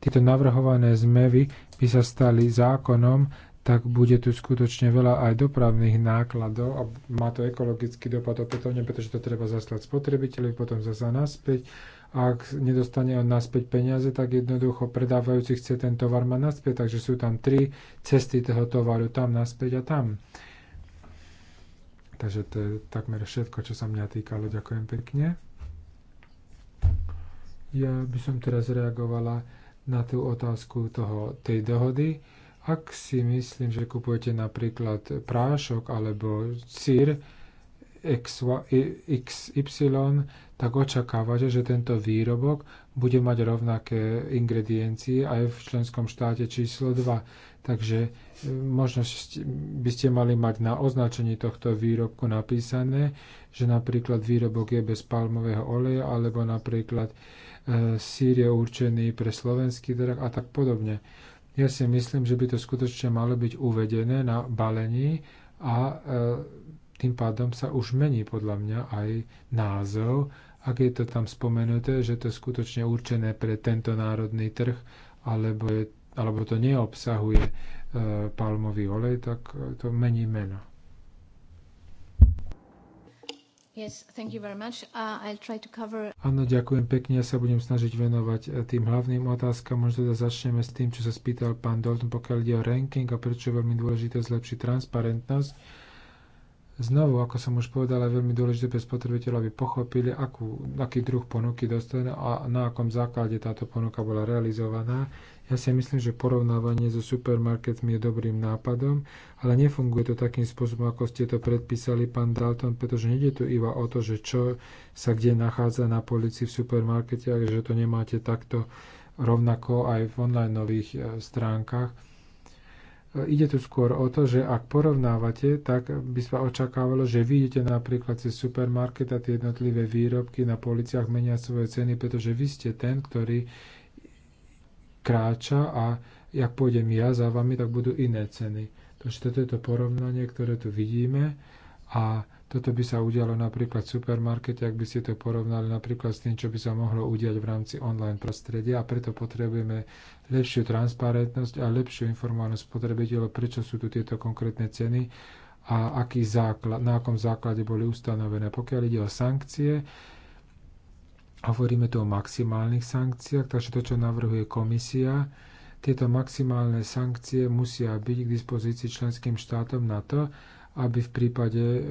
tieto navrhované zmevy by sa stali zákonom, tak bude tu skutočne veľa aj dopravných nákladov a má to ekologický dopad opätovne, pretože to treba zaslať spotrebiteľovi, potom zasa naspäť. ak nedostane on naspäť peniaze, tak jednoducho predávajúci chce ten tovar mať naspäť, takže sú tam tri cesty toho tovaru, tam naspäť a tam. Takže to je takmer všetko, čo sa mňa týkalo. Ďakujem pekne. Ja by som teraz reagovala na tú otázku toho, tej dohody. Ak si myslím, že kupujete napríklad prášok alebo sír, XY, tak očakávate, že tento výrobok bude mať rovnaké ingrediencie aj v členskom štáte číslo 2. Takže e, možno by ste mali mať na označení tohto výrobku napísané, že napríklad výrobok je bez palmového oleja alebo napríklad e, sír je určený pre slovenský trh a tak podobne. Ja si myslím, že by to skutočne malo byť uvedené na balení a e, tým pádom sa už mení podľa mňa aj názov, ak je to tam spomenuté, že to je skutočne určené pre tento národný trh, alebo, je, alebo to neobsahuje e, palmový olej, tak e, to mení meno. Yes, thank you very much. Uh, I'll try to cover... Áno, ďakujem pekne. Ja sa budem snažiť venovať e, tým hlavným otázkam. Možno teda začneme s tým, čo sa spýtal pán Dalton, pokiaľ ide o ranking a prečo je veľmi dôležité zlepšiť transparentnosť Znovu, ako som už povedala, je veľmi dôležité pre spotrebiteľov, aby pochopili, akú, aký druh ponuky dostane a na akom základe táto ponuka bola realizovaná. Ja si myslím, že porovnávanie so supermarketmi je dobrým nápadom, ale nefunguje to takým spôsobom, ako ste to predpísali, pán Dalton, pretože nejde tu iba o to, že čo sa kde nachádza na polici v supermarkete, a že to nemáte takto rovnako aj v online nových e, stránkach Ide tu skôr o to, že ak porovnávate, tak by sa očakávalo, že vidíte napríklad cez supermarket a tie jednotlivé výrobky na policiach menia svoje ceny, pretože vy ste ten, ktorý kráča a ak pôjdem ja za vami, tak budú iné ceny. Takže toto je to porovnanie, ktoré tu vidíme a toto by sa udialo napríklad v supermarkete, ak by ste to porovnali napríklad s tým, čo by sa mohlo udiať v rámci online prostredia a preto potrebujeme lepšiu transparentnosť a lepšiu informovanosť spotrebiteľov, prečo sú tu tieto konkrétne ceny a aký základ, na akom základe boli ustanovené. Pokiaľ ide o sankcie, hovoríme tu o maximálnych sankciách, takže to, čo navrhuje komisia, tieto maximálne sankcie musia byť k dispozícii členským štátom na to, aby v prípade eh,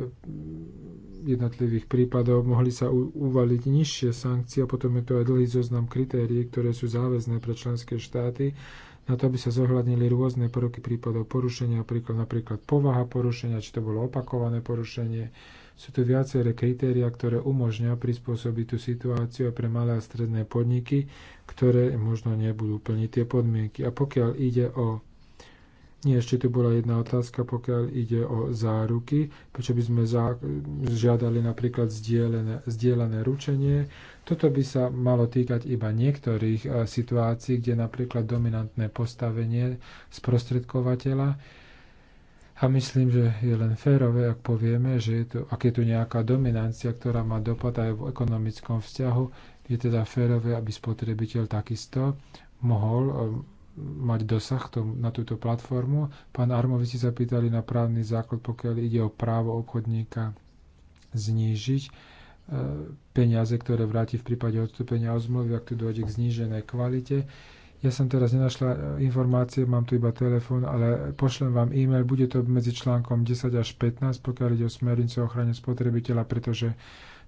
jednotlivých prípadov mohli sa uvaliť nižšie sankcie a potom je to aj dlhý zoznam kritérií, ktoré sú záväzné pre členské štáty, na to, aby sa zohľadnili rôzne prvky prípadov porušenia, napríklad, napríklad povaha porušenia, či to bolo opakované porušenie. Sú tu viaceré kritéria, ktoré umožňujú prispôsobiť tú situáciu aj pre malé a stredné podniky, ktoré možno nebudú plniť tie podmienky. A pokiaľ ide o nie, ešte tu bola jedna otázka, pokiaľ ide o záruky, prečo by sme za, žiadali napríklad zdieľané, ručenie. Toto by sa malo týkať iba niektorých eh, situácií, kde napríklad dominantné postavenie sprostredkovateľa a myslím, že je len férové, ak povieme, že je to, ak je tu nejaká dominancia, ktorá má dopad aj v ekonomickom vzťahu, je teda férové, aby spotrebiteľ takisto mohol eh, mať dosah to, na túto platformu. Pán Armovi si zapýtali na právny základ, pokiaľ ide o právo obchodníka znížiť e, peniaze, ktoré vráti v prípade odstúpenia od zmluvy, ak tu dojde k zníženej kvalite. Ja som teraz nenašla e, informácie, mám tu iba telefón, ale pošlem vám e-mail, bude to medzi článkom 10 až 15, pokiaľ ide o smernicu o ochrane spotrebiteľa, pretože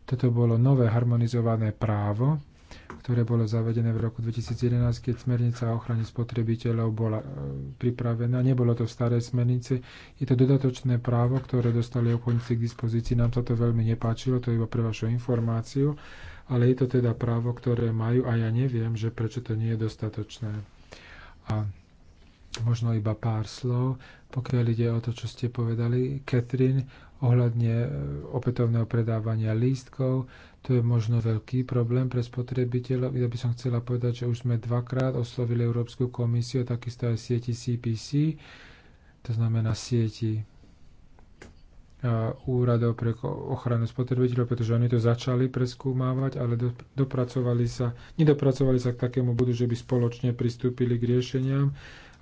toto bolo nové harmonizované právo, ktoré bolo zavedené v roku 2011, keď smernica o ochrane spotrebiteľov bola e, pripravená. Nebolo to v starej smernici. Je to dodatočné právo, ktoré dostali obchodníci k dispozícii. Nám sa to veľmi nepáčilo, to je iba pre vašu informáciu, ale je to teda právo, ktoré majú a ja neviem, že prečo to nie je dostatočné. A možno iba pár slov, pokiaľ ide o to, čo ste povedali, Catherine, ohľadne e, opätovného predávania lístkov. To je možno veľký problém pre spotrebiteľov. Ja by som chcela povedať, že už sme dvakrát oslovili Európsku komisiu, takisto aj sieti CPC, to znamená sieti e, úradov pre ochranu spotrebiteľov, pretože oni to začali preskúmávať, ale dopracovali sa, nedopracovali sa k takému bodu, že by spoločne pristúpili k riešeniam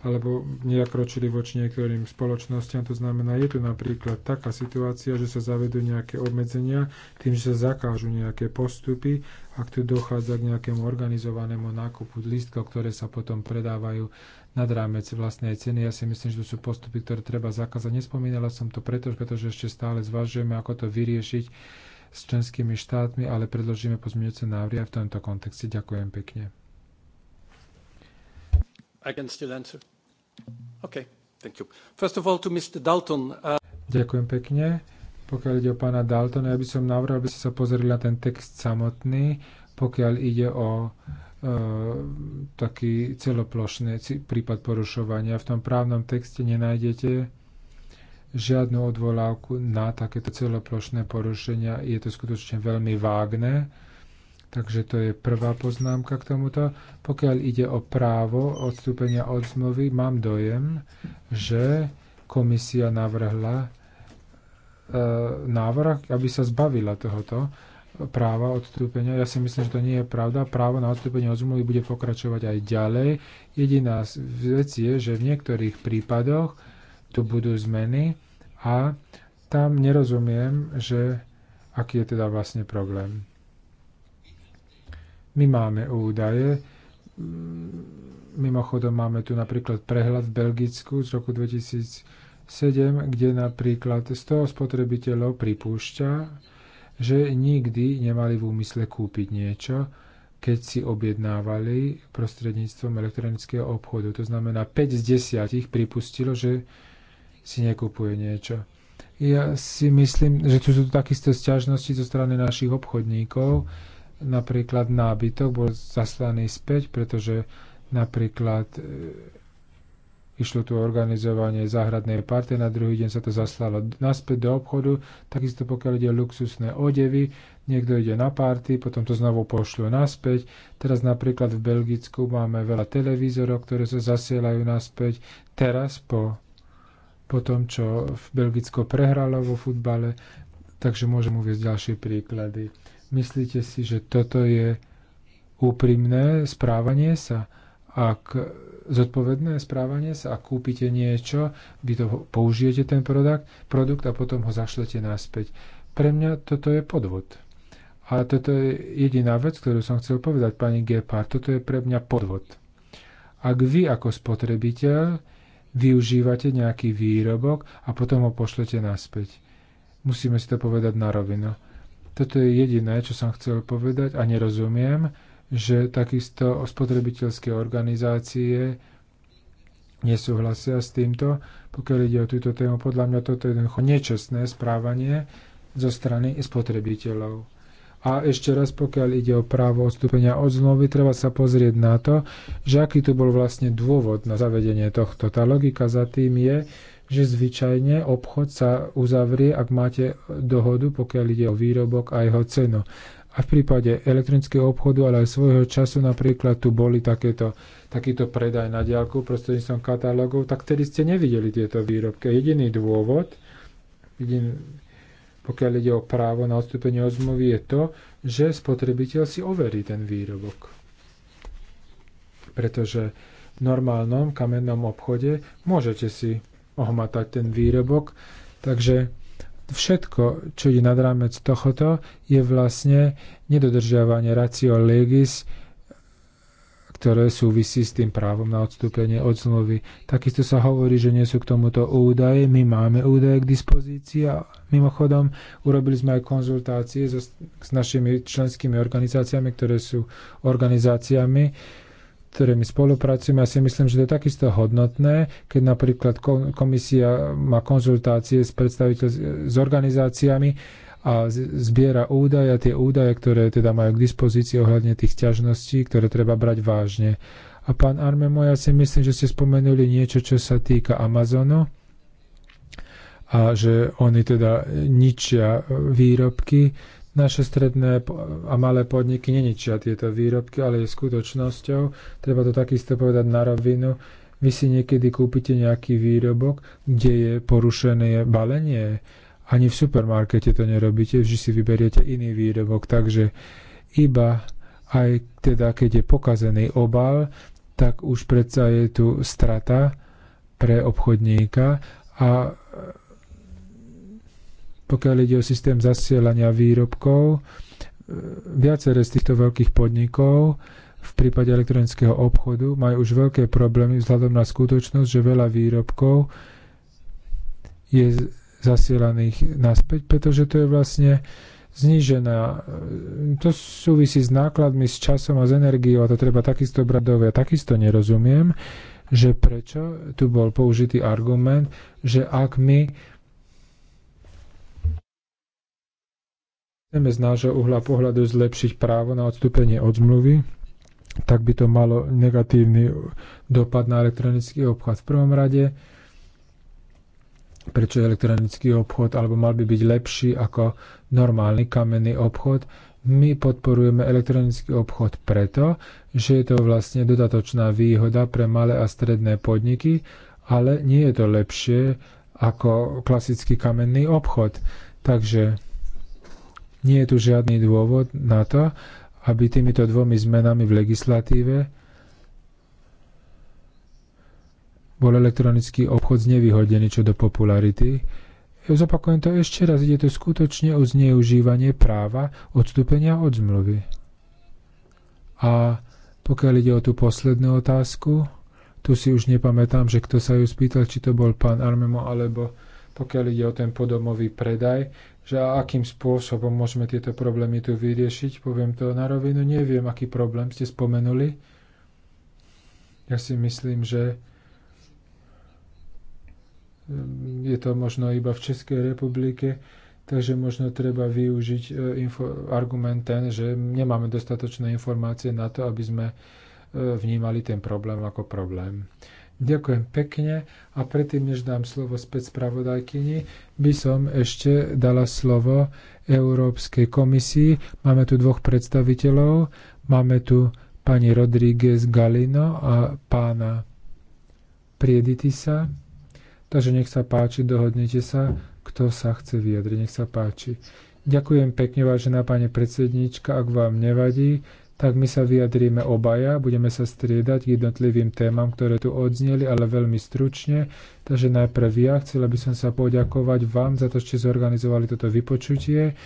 alebo nejakročili voči niektorým spoločnostiam. To znamená, je tu napríklad taká situácia, že sa zavedú nejaké obmedzenia tým, že sa zakážu nejaké postupy, ak tu dochádza k nejakému organizovanému nákupu lístkov, ktoré sa potom predávajú nad rámec vlastnej ceny. Ja si myslím, že to sú postupy, ktoré treba zakázať. Nespomínala som to preto, pretože ešte stále zvažujeme, ako to vyriešiť s členskými štátmi, ale predložíme pozmeňujúce návrhy aj v tomto kontexte. Ďakujem pekne. I can still answer. thank you. First of all to Mr. Dalton. Uh... Ďakujem pekne. Pokiaľ ide o pána Daltona, ja by som navrhol, aby ste sa pozreli na ten text samotný, pokiaľ ide o e, taký celoplošný prípad porušovania. V tom právnom texte nenájdete žiadnu odvolávku na takéto celoplošné porušenia. Je to skutočne veľmi vágne Takže to je prvá poznámka k tomuto. Pokiaľ ide o právo odstúpenia od zmluvy, mám dojem, že komisia navrhla e, návrh, aby sa zbavila tohoto práva odstúpenia. Ja si myslím, že to nie je pravda. Právo na odstúpenie od zmluvy bude pokračovať aj ďalej. Jediná vec je, že v niektorých prípadoch tu budú zmeny a tam nerozumiem, že aký je teda vlastne problém. My máme údaje, mimochodom máme tu napríklad prehľad v Belgicku z roku 2007, kde napríklad 100 spotrebiteľov pripúšťa, že nikdy nemali v úmysle kúpiť niečo, keď si objednávali prostredníctvom elektronického obchodu. To znamená, 5 z 10 pripustilo, že si nekupuje niečo. Ja si myslím, že tu sú takisto sťažnosti zo strany našich obchodníkov, napríklad nábytok bol zaslaný späť, pretože napríklad e, išlo tu organizovanie záhradnej party, na druhý deň sa to zaslalo naspäť do obchodu, takisto pokiaľ ide o luxusné odevy, niekto ide na party, potom to znovu pošlo naspäť. Teraz napríklad v Belgicku máme veľa televízorov, ktoré sa zasielajú naspäť. Teraz po, po tom, čo v Belgicko prehralo vo futbale, takže môžem uvieť ďalšie príklady. Myslíte si, že toto je úprimné správanie sa? Ak zodpovedné správanie sa, ak kúpite niečo, vy to použijete ten produkt, produkt a potom ho zašlete naspäť. Pre mňa toto je podvod. A toto je jediná vec, ktorú som chcel povedať pani Gepard. Toto je pre mňa podvod. Ak vy ako spotrebiteľ využívate nejaký výrobok a potom ho pošlete naspäť. Musíme si to povedať na rovinu. Toto je jediné, čo som chcel povedať a nerozumiem, že takisto spotrebiteľské organizácie nesúhlasia s týmto. Pokiaľ ide o túto tému, podľa mňa toto je jednoducho nečestné správanie zo strany spotrebiteľov. A ešte raz, pokiaľ ide o právo odstúpenia od zmluvy, treba sa pozrieť na to, že aký tu bol vlastne dôvod na zavedenie tohto. Tá logika za tým je, že zvyčajne obchod sa uzavrie, ak máte dohodu, pokiaľ ide o výrobok a jeho cenu. A v prípade elektronického obchodu, ale aj svojho času napríklad tu boli takéto, takýto predaj na diálku prostredníctvom katalógov, tak tedy ste nevideli tieto výrobky. Jediný dôvod, jediný, pokiaľ ide o právo na odstúpenie od zmluvy, je to, že spotrebiteľ si overí ten výrobok. Pretože v normálnom kamennom obchode môžete si ohmatať ten výrobok. Takže všetko, čo je nad rámec tohoto, je vlastne nedodržiavanie ratio legis, ktoré súvisí s tým právom na odstúpenie od zmluvy. Takisto sa hovorí, že nie sú k tomuto údaje. My máme údaje k dispozícii a mimochodom urobili sme aj konzultácie so, s našimi členskými organizáciami, ktoré sú organizáciami, ktorými spolupracujeme. Ja si myslím, že to je takisto hodnotné, keď napríklad komisia má konzultácie s predstaviteľ s organizáciami a zbiera údaje, tie údaje, ktoré teda majú k dispozícii ohľadne tých ťažností, ktoré treba brať vážne. A pán Armemo, ja si myslím, že ste spomenuli niečo, čo sa týka Amazonu a že oni teda ničia výrobky naše stredné a malé podniky neničia tieto výrobky, ale je skutočnosťou, treba to takisto povedať na rovinu, vy si niekedy kúpite nejaký výrobok, kde je porušené balenie. Ani v supermarkete to nerobíte, vždy si vyberiete iný výrobok. Takže iba aj teda, keď je pokazený obal, tak už predsa je tu strata pre obchodníka a pokiaľ ide o systém zasielania výrobkov, e, viaceré z týchto veľkých podnikov v prípade elektronického obchodu majú už veľké problémy vzhľadom na skutočnosť, že veľa výrobkov je zasielaných naspäť, pretože to je vlastne znižená. E, to súvisí s nákladmi, s časom a s energiou a to treba takisto brať do ja takisto nerozumiem, že prečo tu bol použitý argument, že ak my chceme z nášho uhla pohľadu zlepšiť právo na odstúpenie od zmluvy, tak by to malo negatívny dopad na elektronický obchod. V prvom rade, prečo je elektronický obchod, alebo mal by byť lepší ako normálny kamenný obchod. My podporujeme elektronický obchod preto, že je to vlastne dodatočná výhoda pre malé a stredné podniky, ale nie je to lepšie ako klasický kamenný obchod. Takže nie je tu žiadny dôvod na to, aby týmito dvomi zmenami v legislatíve bol elektronický obchod znevýhodený čo do popularity. Zopakujem to ešte raz, ide to skutočne o zneužívanie práva odstúpenia od zmluvy. A pokiaľ ide o tú poslednú otázku, tu si už nepamätám, že kto sa ju spýtal, či to bol pán Armemo alebo pokiaľ ide o ten podomový predaj, že akým spôsobom môžeme tieto problémy tu vyriešiť. Poviem to na rovinu, neviem, aký problém ste spomenuli. Ja si myslím, že mm, je to možno iba v Českej republike, takže možno treba využiť e, info, argument ten, že nemáme dostatočné informácie na to, aby sme e, vnímali ten problém ako problém. Ďakujem pekne a predtým, než dám slovo späť spravodajkyni, by som ešte dala slovo Európskej komisii. Máme tu dvoch predstaviteľov. Máme tu pani Rodríguez Galino a pána Prieditisa. Takže nech sa páči, dohodnete sa, kto sa chce vyjadriť. Nech sa páči. Ďakujem pekne, vážená pani predsednička, ak vám nevadí tak my sa vyjadríme obaja, budeme sa striedať k jednotlivým témam, ktoré tu odzneli, ale veľmi stručne. Takže najprv ja chcela by som sa poďakovať vám za to, že ste zorganizovali toto vypočutie.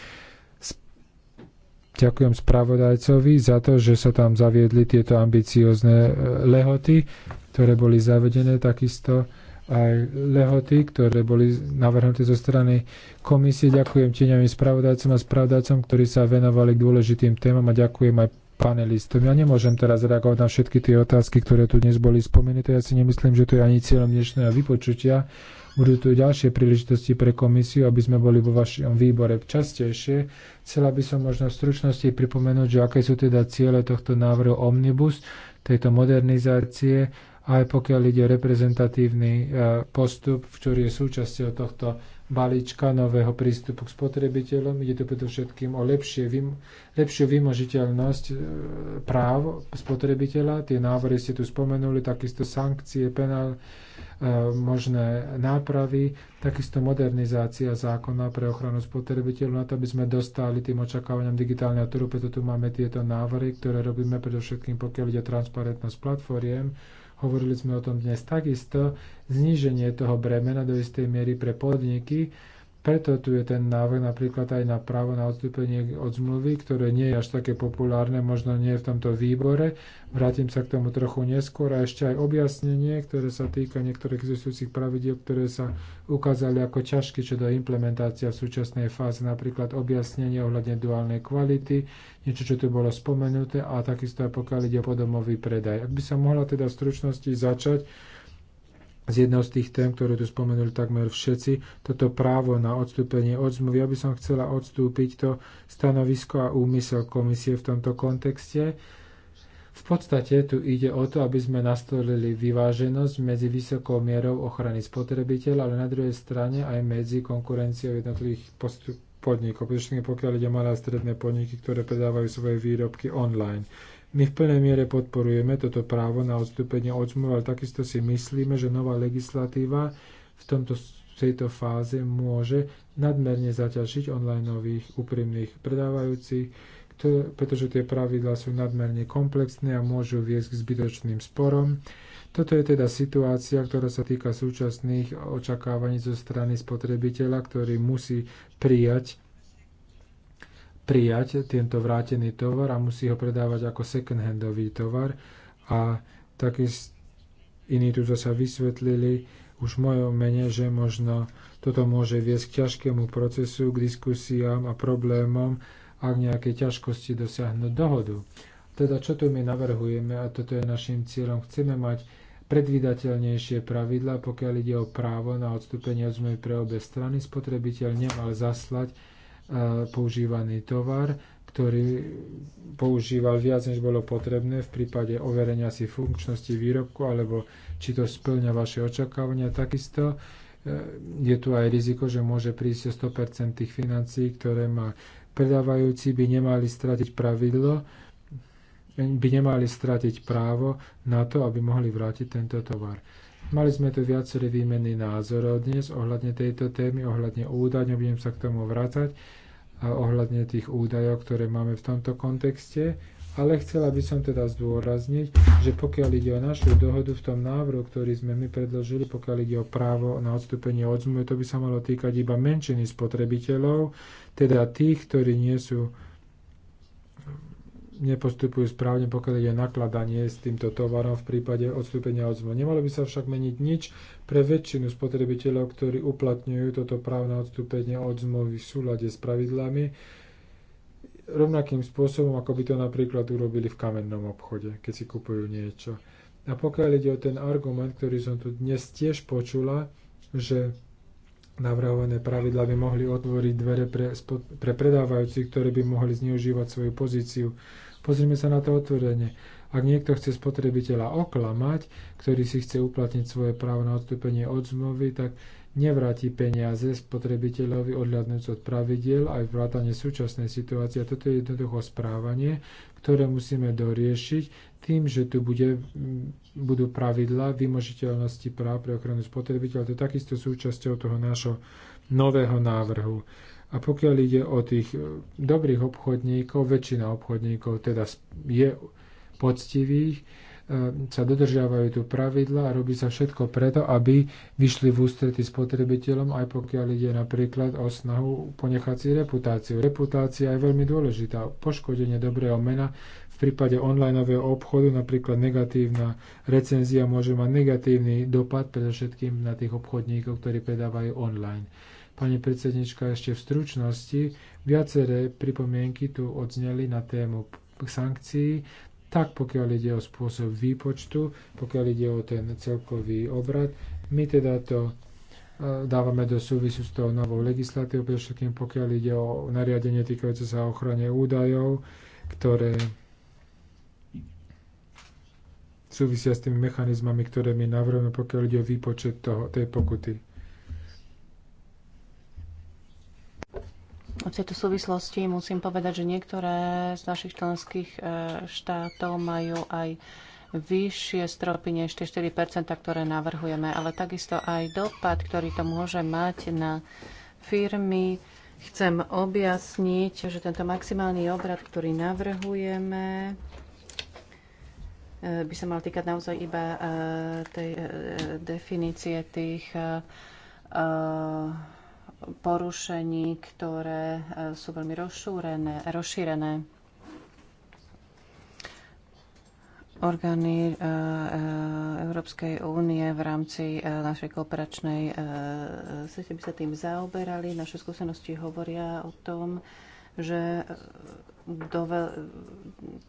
Ďakujem spravodajcovi za to, že sa tam zaviedli tieto ambiciozne e, lehoty, ktoré boli zavedené takisto aj lehoty, ktoré boli navrhnuté zo strany komisie. Ďakujem tieňovým spravodajcom a spravodajcom, ktorí sa venovali k dôležitým témam a ďakujem aj panelistom. Ja nemôžem teraz reagovať na všetky tie otázky, ktoré tu dnes boli spomenuté. Ja si nemyslím, že to je ani cieľom dnešného vypočutia. Budú tu ďalšie príležitosti pre komisiu, aby sme boli vo vašom výbore častejšie. Chcela by som možno v stručnosti pripomenúť, že aké sú teda ciele tohto návrhu Omnibus, tejto modernizácie aj pokiaľ ide o reprezentatívny e, postup, ktorý je súčasťou tohto balíčka nového prístupu k spotrebiteľom. Ide tu predovšetkým o lepšie, lepšiu vymožiteľnosť e, práv spotrebiteľa. Tie návory ste tu spomenuli, takisto sankcie, penál, e, možné nápravy, takisto modernizácia zákona pre ochranu spotrebiteľov, na to, aby sme dostali tým očakávaniam digitálneho trhu, preto tu máme tieto návory, ktoré robíme predovšetkým, pokiaľ ide o transparentnosť platformiem hovorili sme o tom dnes takisto, zníženie toho bremena do istej miery pre podniky, preto tu je ten návrh napríklad aj na právo na odstúpenie od zmluvy, ktoré nie je až také populárne, možno nie v tomto výbore. Vrátim sa k tomu trochu neskôr a ešte aj objasnenie, ktoré sa týka niektorých existujúcich pravidiel, ktoré sa ukázali ako ťažké čo do implementácia v súčasnej fáze, napríklad objasnenie ohľadne duálnej kvality, niečo, čo tu bolo spomenuté a takisto aj pokiaľ ide o podomový predaj. Ak by sa mohla teda v stručnosti začať, z jednou z tých tém, ktoré tu spomenuli takmer všetci, toto právo na odstúpenie od zmluvy. Ja by som chcela odstúpiť to stanovisko a úmysel komisie v tomto kontexte. V podstate tu ide o to, aby sme nastolili vyváženosť medzi vysokou mierou ochrany spotrebiteľa, ale na druhej strane aj medzi konkurenciou jednotlivých podnikov, predovšetkým pokiaľ ide malé a stredné podniky, ktoré predávajú svoje výrobky online. My v plnej miere podporujeme toto právo na odstúpenie od zmluv, ale takisto si myslíme, že nová legislatíva v tomto, tejto fáze môže nadmerne zaťažiť onlineových úprimných predávajúcich, pretože tie pravidlá sú nadmerne komplexné a môžu viesť k zbytočným sporom. Toto je teda situácia, ktorá sa týka súčasných očakávaní zo strany spotrebiteľa, ktorý musí prijať prijať tento vrátený tovar a musí ho predávať ako second-handový tovar. A takisto iní tu zase vysvetlili už v mojom mene, že možno toto môže viesť k ťažkému procesu, k diskusiám a problémom a k nejakej ťažkosti dosiahnuť dohodu. Teda čo tu my navrhujeme a toto je našim cieľom? Chceme mať predvydateľnejšie pravidla, pokiaľ ide o právo na odstúpenie od zmluvy pre obe strany. Spotrebiteľ nemal zaslať používaný tovar, ktorý používal viac, než bolo potrebné v prípade overenia si funkčnosti výrobku, alebo či to splňa vaše očakávania. Takisto e, je tu aj riziko, že môže prísť o 100% tých financií, ktoré má predávajúci, by nemali stratiť pravidlo, by nemali stratiť právo na to, aby mohli vrátiť tento tovar. Mali sme tu viaceré výmeny názorov dnes ohľadne tejto témy, ohľadne údajne, budem sa k tomu vrácať ohľadne tých údajov, ktoré máme v tomto kontexte. Ale chcela by som teda zdôrazniť, že pokiaľ ide o našu dohodu v tom návrhu, ktorý sme my predložili, pokiaľ ide o právo na odstúpenie od zmluvy, to by sa malo týkať iba menšiny spotrebiteľov, teda tých, ktorí nie sú nepostupujú správne, pokiaľ ide nakladanie s týmto tovarom v prípade odstúpenia od zmluvy. Nemalo by sa však meniť nič pre väčšinu spotrebiteľov, ktorí uplatňujú toto právne odstúpenie od zmluvy v súlade s pravidlami, rovnakým spôsobom, ako by to napríklad urobili v kamennom obchode, keď si kupujú niečo. A pokiaľ ide o ten argument, ktorý som tu dnes tiež počula, že navrhované pravidlá by mohli otvoriť dvere pre, pre predávajúcich, ktorí by mohli zneužívať svoju pozíciu Pozrime sa na to otvorenie. Ak niekto chce spotrebiteľa oklamať, ktorý si chce uplatniť svoje právo na odstúpenie od zmluvy, tak nevráti peniaze spotrebiteľovi odhľadnúť od pravidiel aj vrátane súčasnej situácie. A toto je jednoducho správanie, ktoré musíme doriešiť tým, že tu bude, mm, budú pravidla vymožiteľnosti práv pre ochranu spotrebiteľa. To je takisto súčasťou toho nášho nového návrhu. A pokiaľ ide o tých e, dobrých obchodníkov, väčšina obchodníkov teda je poctivých, e, sa dodržiavajú tu pravidla a robí sa všetko preto, aby vyšli v ústrety spotrebiteľom, aj pokiaľ ide napríklad o snahu ponechať si reputáciu. Reputácia je veľmi dôležitá. Poškodenie dobrého mena v prípade online obchodu, napríklad negatívna recenzia môže mať negatívny dopad predovšetkým na tých obchodníkov, ktorí predávajú online. Pani predsednička, ešte v stručnosti, viaceré pripomienky tu odzneli na tému sankcií, tak pokiaľ ide o spôsob výpočtu, pokiaľ ide o ten celkový obrad. My teda to e, dávame do súvisu s tou novou legislatívou, všetkým pokiaľ ide o nariadenie týkajúce sa ochrane údajov, ktoré súvisia s tými mechanizmami, ktoré my navrhujeme, pokiaľ ide o výpočet toho, tej pokuty. V tejto súvislosti musím povedať, že niektoré z našich členských e, štátov majú aj vyššie stropy než tie 4 ktoré navrhujeme, ale takisto aj dopad, ktorý to môže mať na firmy. Chcem objasniť, že tento maximálny obrad, ktorý navrhujeme, e, by sa mal týkať naozaj iba e, tej definície tých porušení, ktoré e, sú veľmi rozšúrené, rozšírené. Orgány e, e, Európskej únie v rámci našej kooperačnej siete by sa tým zaoberali. Naše skúsenosti hovoria o tom, že do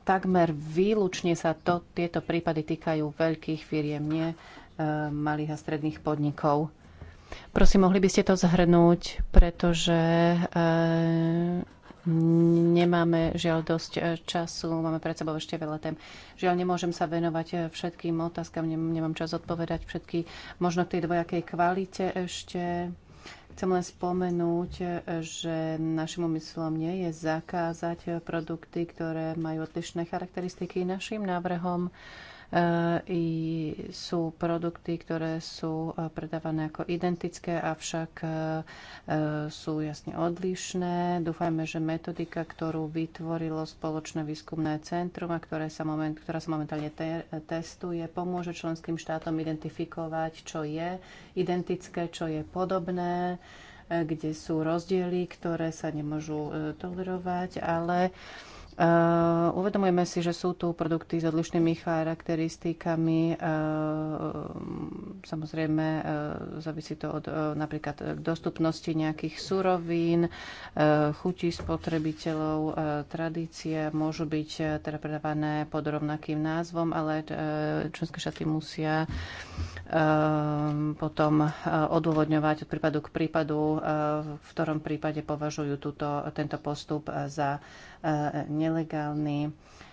takmer výlučne sa to, tieto prípady týkajú veľkých firiem, nie malých a stredných podnikov. Prosím, mohli by ste to zhrnúť, pretože e, nemáme žiaľ dosť e, času, máme pred sebou ešte veľa tém. Žiaľ, nemôžem sa venovať e, všetkým otázkam, nemám čas odpovedať všetky, možno k tej dvojakej kvalite ešte. Chcem len spomenúť, že našim úmyslom nie je zakázať produkty, ktoré majú odlišné charakteristiky. Našim návrhom sú produkty, ktoré sú eh, predávané ako identické, avšak eh, eh, sú jasne odlišné. Dúfajme, že metodika, ktorú vytvorilo spoločné výskumné centrum a ktoré sa moment, ktorá sa momentálne te- testuje, pomôže členským štátom identifikovať, čo je identické, čo je podobné kde sú rozdiely, ktoré sa nemôžu tolerovať, ale uh, Eh, uvedomujeme si, že sú tu produkty s odlišnými charakteristikami. Uh, samozrejme, uh, závisí to od uh, napríklad dostupnosti nejakých surovín, uh, chutí spotrebiteľov, uh, tradície môžu byť uh, teda predávané pod rovnakým názvom, ale uh, členské šaty musia potom odôvodňovať od prípadu k prípadu, v ktorom prípade považujú túto, tento postup za uh, nelegálny.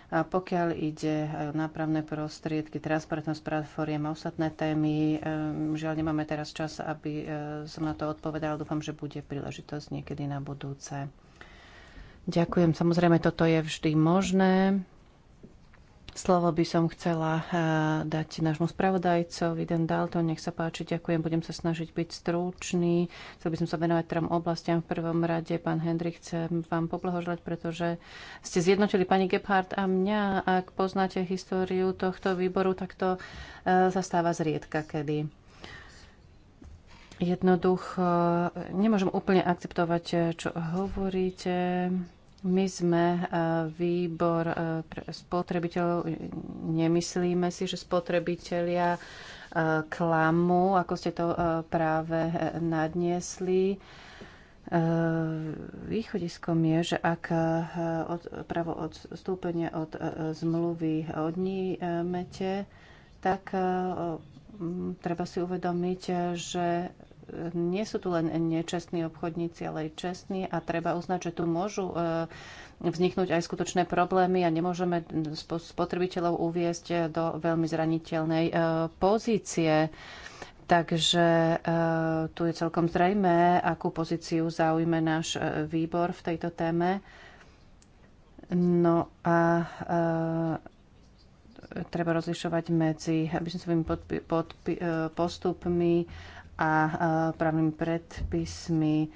A pokiaľ ide aj e, o nápravné prostriedky, transparentnosť platformiem a ostatné témy, e, žiaľ nemáme teraz čas, aby e, som na to odpovedal. Dúfam, že bude príležitosť niekedy na budúce. Ďakujem. Samozrejme, toto je vždy možné. Slovo by som chcela eh, dať nášmu spravodajcovi, Den Dalton, nech sa páči, ďakujem, budem sa snažiť byť stručný. Chcel by som sa venovať trom oblastiam. V prvom rade, pán Hendrik, chcem vám poblahoželať, pretože ste zjednotili pani Gebhardt a mňa. Ak poznáte históriu tohto výboru, tak to sa eh, stáva zriedka kedy. Jednoducho, eh, nemôžem úplne akceptovať, čo hovoríte. My sme e, výbor e, spotrebiteľov, e, nemyslíme si, že spotrebitelia klamu, ako ste to práve nadniesli. Východiskom je, že ak od, právo odstúpenie od zmluvy odnímete, tak treba si uvedomiť, že nie sú tu len nečestní obchodníci, ale aj čestní a treba uznať, že tu môžu e, vzniknúť aj skutočné problémy a nemôžeme spotrebiteľov uviesť e, do veľmi zraniteľnej e, pozície. Takže tu je celkom zrejme, akú pozíciu zaujme náš výbor v tejto téme. No a treba rozlišovať medzi aby sme svojimi postupmi a právnymi predpismi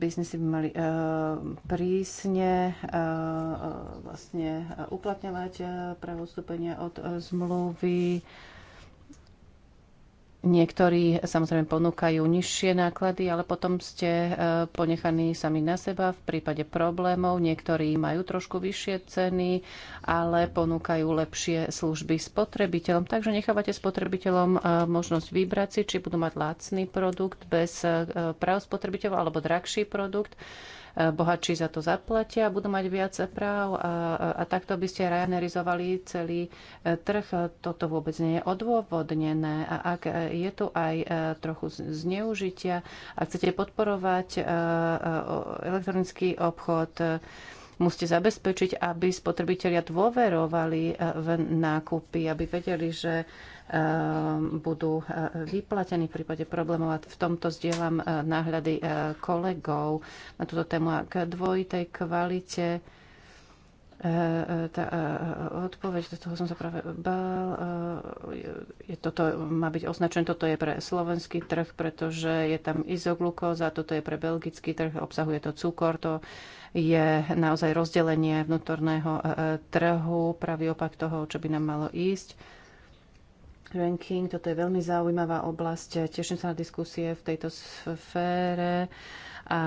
biznesy by mali e, prísne e, e, vlastne uplatňovať právo od zmluvy Niektorí samozrejme ponúkajú nižšie náklady, ale potom ste e, ponechaní sami na seba v prípade problémov. Niektorí majú trošku vyššie ceny, ale ponúkajú lepšie služby spotrebiteľom. Takže nechávate spotrebiteľom e, možnosť vybrať si, či budú mať lacný produkt bez e, práv spotrebiteľov alebo drahší produkt E, bohatší za to zaplatia, budú mať viac práv a, a takto by ste Ryanairizovali celý e, trh. Toto vôbec nie je odôvodnené a ak e, je tu aj trochu zneužitia, ak chcete podporovať elektronický obchod, Musíte zabezpečiť, aby spotrebitelia dôverovali eh, v nákupy, aby vedeli, že eh, budú eh, vyplatení v prípade problémov. A v tomto zdieľam náhľady kolegov na túto tému a k dvojitej kvalite E, e, tá e, odpoveď, do toho som sa práve bál, je, toto má byť označené, toto je pre slovenský trh, pretože je tam izoglukóza, toto je pre belgický trh, obsahuje to cukor, to je naozaj rozdelenie vnútorného trhu, pravý opak toho, čo by nám malo ísť. Ranking, toto je veľmi zaujímavá oblasť, teším sa na diskusie v tejto sfére a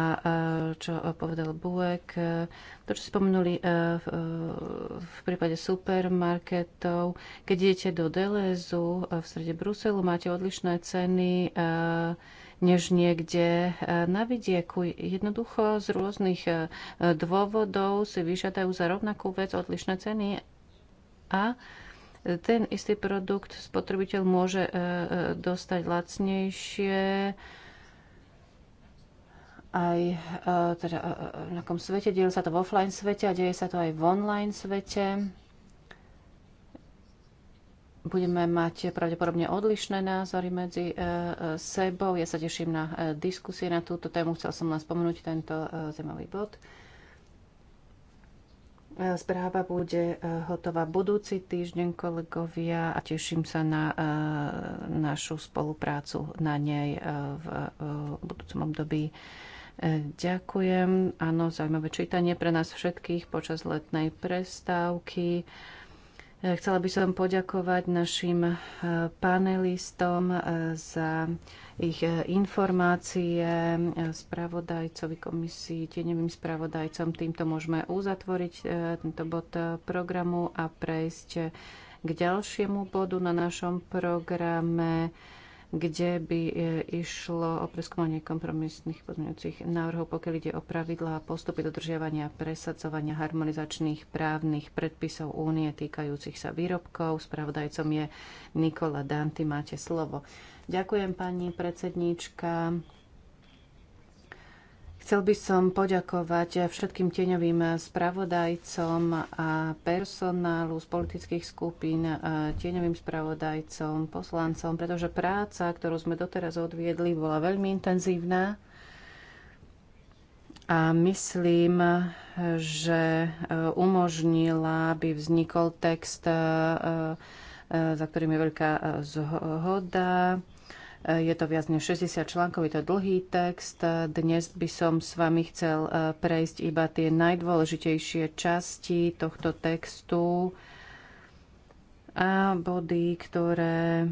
čo povedal Buek. E, to, čo spomenuli e, e, v prípade supermarketov, keď idete do Delezu v strede Bruselu, máte odlišné ceny než niekde na vidieku. Jednoducho z rôznych dôvodov si vyžadajú za rovnakú vec odlišné ceny a ten istý produkt spotrebiteľ môže dostať lacnejšie aj e, teda, e, e, na nejakom svete. Deje sa to v offline svete a deje sa to aj v online svete. Budeme mať pravdepodobne odlišné názory medzi sebou. Ja sa teším na diskusie na túto tému. Chcel som len spomenúť tento zemový bod. Správa bude hotová budúci týždeň, kolegovia, a teším sa na našu spoluprácu na nej v budúcom období. E, ďakujem. Áno, zaujímavé čítanie pre nás všetkých počas letnej prestávky. E, chcela by som poďakovať našim e, panelistom za ich informácie, spravodajcovi komisii, tieňovým spravodajcom. Týmto môžeme uzatvoriť tento bod programu a prejsť k ďalšiemu bodu na našom programe kde by e, išlo o preskúmanie kompromisných podmienujúcich návrhov, pokiaľ ide o pravidlá a postupy dodržiavania a presadzovania harmonizačných právnych predpisov únie týkajúcich sa výrobkov. Spravodajcom je Nikola Danti. Máte slovo. Ďakujem, pani predsedníčka. Chcel by som poďakovať všetkým tieňovým spravodajcom a personálu z politických skupín, tieňovým spravodajcom, poslancom, pretože práca, ktorú sme doteraz odviedli, bola veľmi intenzívna. A myslím, že e, umožnila, aby vznikol text, e, e, za ktorým je veľká zhoda je to viac než 60 článkov, je to dlhý text. Dnes by som s vami chcel e, prejsť iba tie najdôležitejšie časti tohto textu a body, ktoré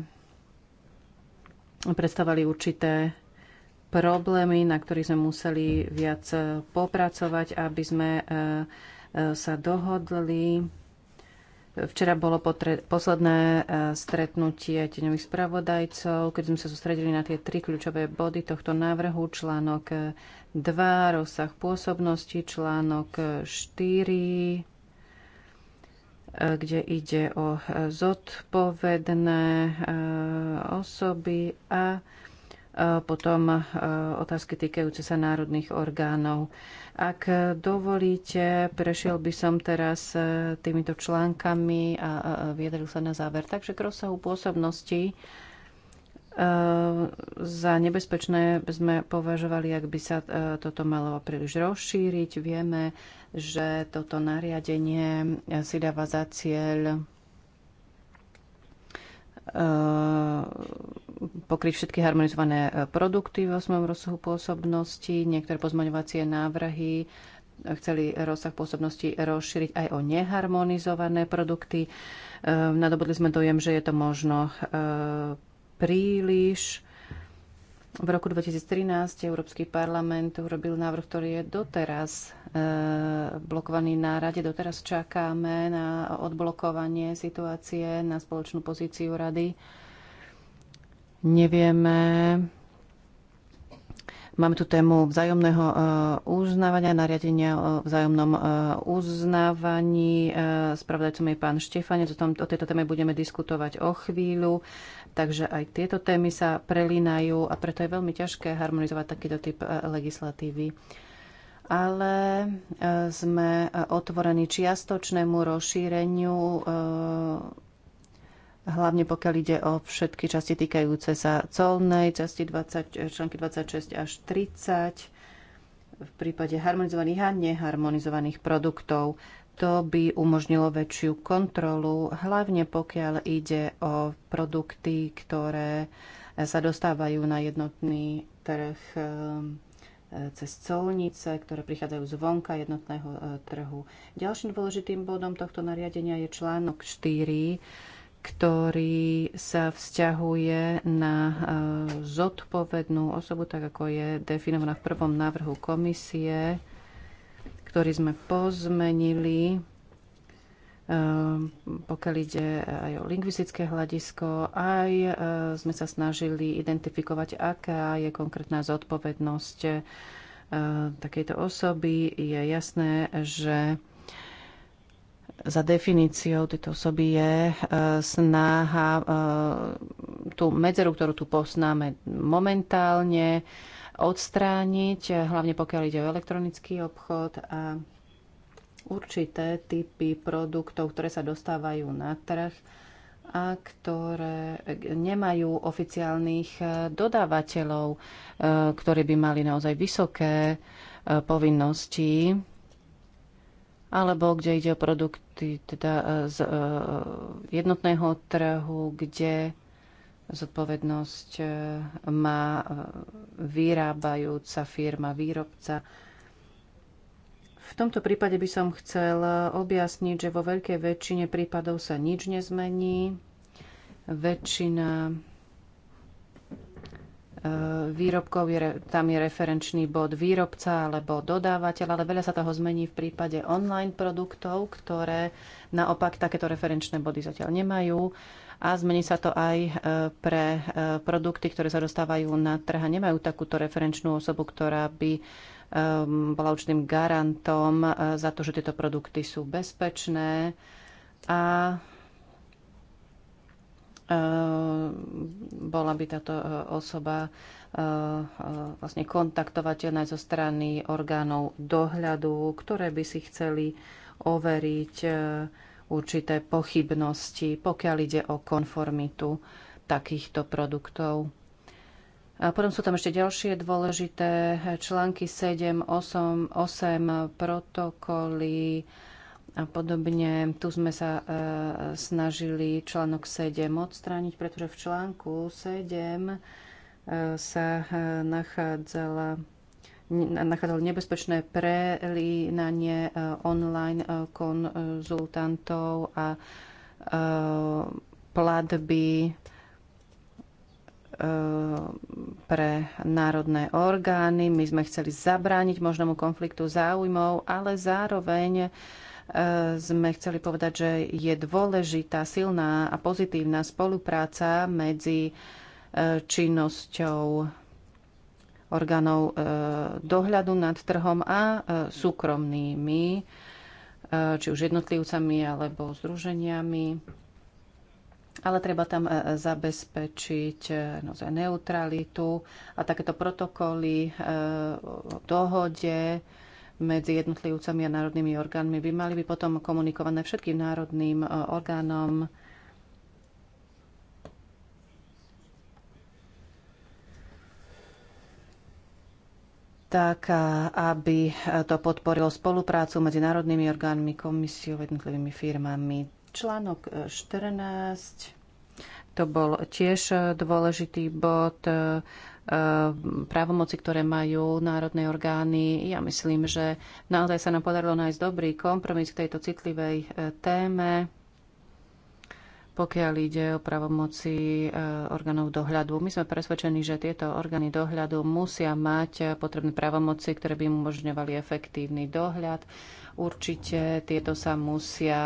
predstavali určité problémy, na ktorých sme museli viac e, popracovať, aby sme e, sa dohodli Včera bolo posledné e, stretnutie tieňových spravodajcov, keď sme sa sústredili na tie tri kľúčové body tohto návrhu. Článok 2, e, rozsah pôsobnosti, článok 4, e, kde ide o zodpovedné osoby a E, potom e, otázky týkajúce sa národných orgánov. Ak dovolíte, prešiel by som teraz e, týmito článkami a vyjadril sa na záver. Takže k rozsahu pôsobnosti za nebezpečné sme považovali, ak by sa toto malo príliš rozšíriť. Vieme, že toto nariadenie si dáva za cieľ E, pokryť všetky harmonizované e, produkty v osmom rozsahu pôsobnosti. Niektoré pozmaňovacie návrhy chceli rozsah pôsobnosti rozšíriť aj o neharmonizované produkty. E, nadobudli sme dojem, že je to možno príliš v roku 2013 Európsky parlament urobil návrh, ktorý je doteraz eh, blokovaný na rade. Doteraz čakáme na odblokovanie situácie, na spoločnú pozíciu rady. Nevieme. Máme tu tému vzájomného eh, uznávania, nariadenia o vzájomnom eh, uznávaní. Spravodajcom je pán Štefane. O tejto téme budeme diskutovať o chvíľu. Takže aj tieto témy sa prelínajú a preto je veľmi ťažké harmonizovať takýto typ e, legislatívy. Ale e, sme e, otvorení čiastočnému rozšíreniu, hlavne pokiaľ ide o všetky časti týkajúce sa colnej, časti 20, články 26 až 30 v prípade harmonizovaných a neharmonizovaných produktov. To by umožnilo väčšiu kontrolu, hlavne pokiaľ ide o produkty, ktoré sa dostávajú na jednotný trh eh, cez colnice, ktoré prichádzajú zvonka jednotného eh, trhu. Ďalším dôležitým bodom tohto nariadenia je článok 4, ktorý sa vzťahuje na eh, zodpovednú osobu, tak ako je definovaná v prvom návrhu komisie ktorý sme pozmenili, eh, pokiaľ ide aj o lingvistické hľadisko, aj eh, sme sa snažili identifikovať, aká je konkrétna zodpovednosť eh, takejto osoby. Je jasné, že za definíciou tejto osoby je snaha tú medzeru, ktorú tu poznáme momentálne, odstrániť, hlavne pokiaľ ide o elektronický obchod a určité typy produktov, ktoré sa dostávajú na trh a ktoré nemajú oficiálnych eh, dodávateľov, eh, ktorí by mali naozaj vysoké eh, povinnosti, alebo kde ide o produkty teda z jednotného trhu, kde Zodpovednosť e, má e, vyrábajúca firma, výrobca. V tomto prípade by som chcel objasniť, že vo veľkej väčšine prípadov sa nič nezmení. Väčšina e, výrobkov, je, tam je referenčný bod výrobca alebo dodávateľ, ale veľa sa toho zmení v prípade online produktov, ktoré naopak takéto referenčné body zatiaľ nemajú a zmení sa to aj e, pre e, produkty, ktoré sa dostávajú na trh a nemajú takúto referenčnú osobu, ktorá by e, bola určitým garantom za to, že tieto produkty sú bezpečné a bola by táto osoba vlastne kontaktovateľná zo strany orgánov dohľadu, ktoré by si chceli overiť určité pochybnosti, pokiaľ ide o konformitu takýchto produktov. A potom sú tam ešte ďalšie dôležité články 7, 8, 8 protokoly a podobne. Tu sme sa e, snažili článok 7 odstrániť, pretože v článku 7 e, sa e, nachádzala nachádzali nebezpečné prelínanie e, online e, konzultantov a e, platby pre národné orgány. My sme chceli zabrániť možnému konfliktu záujmov, ale zároveň sme chceli povedať, že je dôležitá silná a pozitívna spolupráca medzi činnosťou orgánov e, dohľadu nad trhom a e, súkromnými, e, či už jednotlivcami alebo združeniami. Ale treba tam zabezpečiť naozaj neutralitu a takéto protokoly o dohode medzi jednotlivcami a národnými orgánmi by mali by potom komunikované všetkým národným orgánom tak aby to podporilo spoluprácu medzi národnými orgánmi, komisiou, jednotlivými firmami. Článok 14, e, to bol tiež e, dôležitý bod e, právomoci, ktoré majú národné orgány. Ja myslím, že naozaj sa nám podarilo nájsť dobrý kompromis k tejto citlivej téme pokiaľ ide o pravomoci e, orgánov dohľadu. My sme presvedčení, že tieto orgány dohľadu musia mať e, potrebné pravomoci, ktoré by umožňovali efektívny dohľad. Určite tieto sa musia,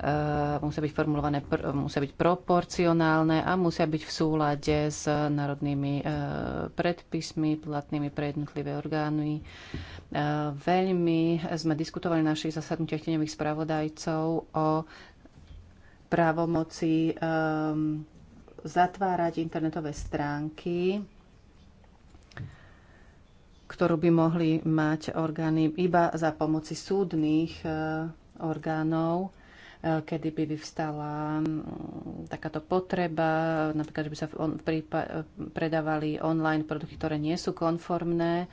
e, musia byť formulované, musia byť proporcionálne a musia byť v súlade s národnými predpismi, platnými pre jednotlivé orgány. Veľmi sme diskutovali na našich zasadnutiach tenových spravodajcov o právomoci um, zatvárať internetové stránky, ktorú by mohli mať orgány iba za pomoci súdnych uh, orgánov, uh, kedy by vyvstala um, takáto potreba, napríklad, že by sa on, prípa- eh, predávali online produkty, ktoré nie sú konformné.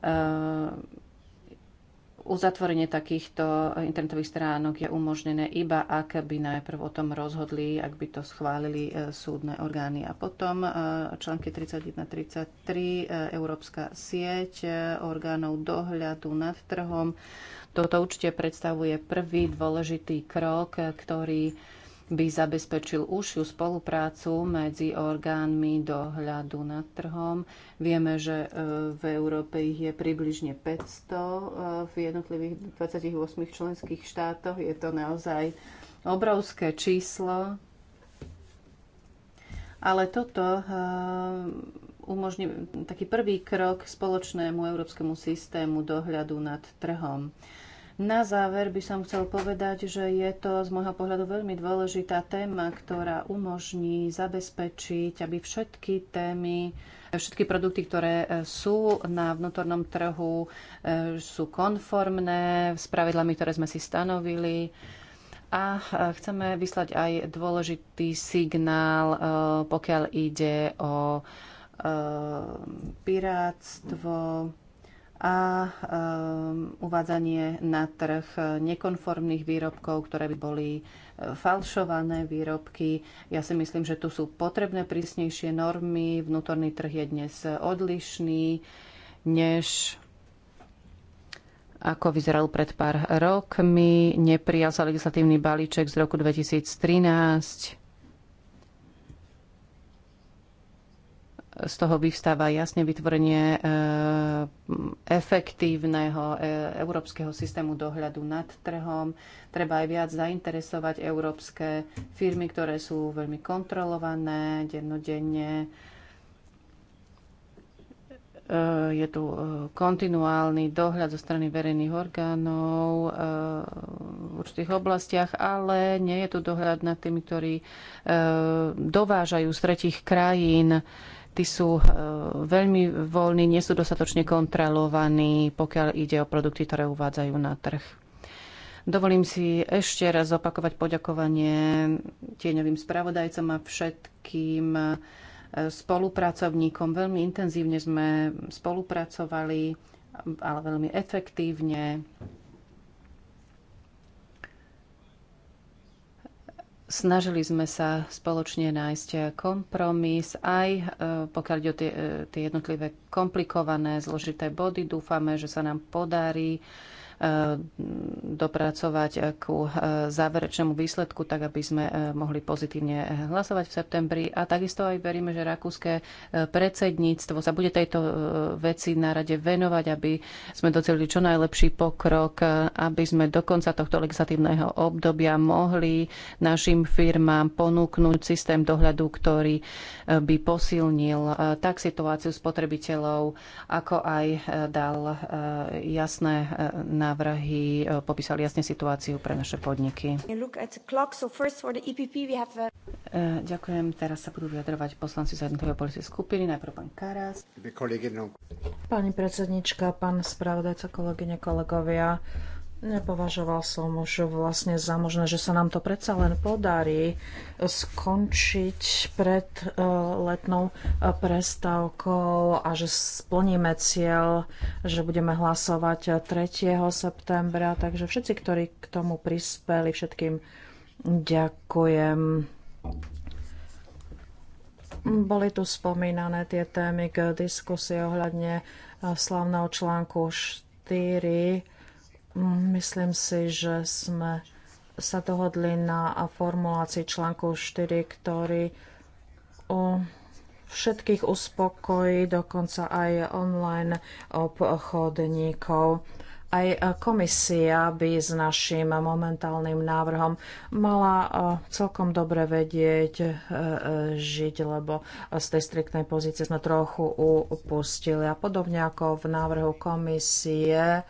Uh, Uzatvorenie takýchto internetových stránok je umožnené iba, ak by najprv o tom rozhodli, ak by to schválili e, súdne orgány. A potom e, články 31-33, e, Európska sieť orgánov dohľadu nad trhom. Toto určite predstavuje prvý dôležitý krok, ktorý by zabezpečil užšiu spoluprácu medzi orgánmi dohľadu nad trhom. Vieme, že e, v Európe ich je približne 500 e, v jednotlivých 28 členských štátoch. Je to naozaj obrovské číslo. Ale toto e, umožní taký prvý krok k spoločnému európskemu systému dohľadu nad trhom. Na záver by som chcel povedať, že je to z môjho pohľadu veľmi dôležitá téma, ktorá umožní zabezpečiť, aby všetky témy, všetky produkty, ktoré e, sú na vnútornom trhu, e, sú konformné s pravidlami, ktoré sme si stanovili. A e, chceme vyslať aj dôležitý signál, pokiaľ ide o piráctvo, a um, uvádzanie na trh nekonformných výrobkov, ktoré by boli e, falšované výrobky. Ja si myslím, že tu sú potrebné prísnejšie normy. Vnútorný trh je dnes odlišný než ako vyzeral pred pár rokmi. Neprijal sa legislatívny balíček z roku 2013 z toho vyvstáva jasne vytvorenie e, efektívneho e, európskeho systému dohľadu nad trhom. Treba aj viac zainteresovať európske firmy, ktoré sú veľmi kontrolované dennodenne. E, je tu kontinuálny dohľad zo strany verejných orgánov v určitých oblastiach, ale nie je tu dohľad nad tými, ktorí dovážajú z tretich krajín tí sú e, veľmi voľní, nie sú dostatočne kontrolovaní, pokiaľ ide o produkty, ktoré uvádzajú na trh. Dovolím si ešte raz opakovať poďakovanie tieňovým spravodajcom a všetkým e, spolupracovníkom. Veľmi intenzívne sme spolupracovali, ale veľmi efektívne. Snažili sme sa spoločne nájsť kompromis, aj e, pokiaľ ide o tie, e, tie jednotlivé komplikované, zložité body. Dúfame, že sa nám podarí Eh, dopracovať ku eh, záverečnému výsledku, tak aby sme eh, mohli pozitívne hlasovať v septembri. A takisto aj veríme, že rakúske predsedníctvo sa bude tejto veci na rade venovať, aby sme docelili čo najlepší pokrok, aby sme do konca tohto legislatívneho obdobia mohli našim firmám ponúknuť systém dohľadu, ktorý by posilnil tak situáciu spotrebiteľov, ako aj dal jasné na návrhy e, popísali jasne situáciu pre naše podniky. E uh, e, ďakujem. Teraz sa budú vyjadrovať poslanci z jednotlivé politické skupiny. Najprv pán Karas. Pani predsednička, pán spravodajca, kolegyne, kolegovia. Nepovažoval som už vlastne za možné, že sa nám to predsa len podarí skončiť pred e, letnou e, prestávkou a že splníme cieľ, že budeme hlasovať 3. septembra. Takže všetci, ktorí k tomu prispeli, všetkým ďakujem. Boli tu spomínané tie témy k diskusii ohľadne e, slavného článku 4 Myslím si, že sme sa dohodli na formulácii článku 4, ktorý všetkých uspokojí, dokonca aj online obchodníkov. Aj komisia by s našim momentálnym návrhom mala eh, celkom dobre vedieť eh, eh, žiť, lebo z tej striktnej pozície sme trochu upustili. A podobne ako v návrhu komisie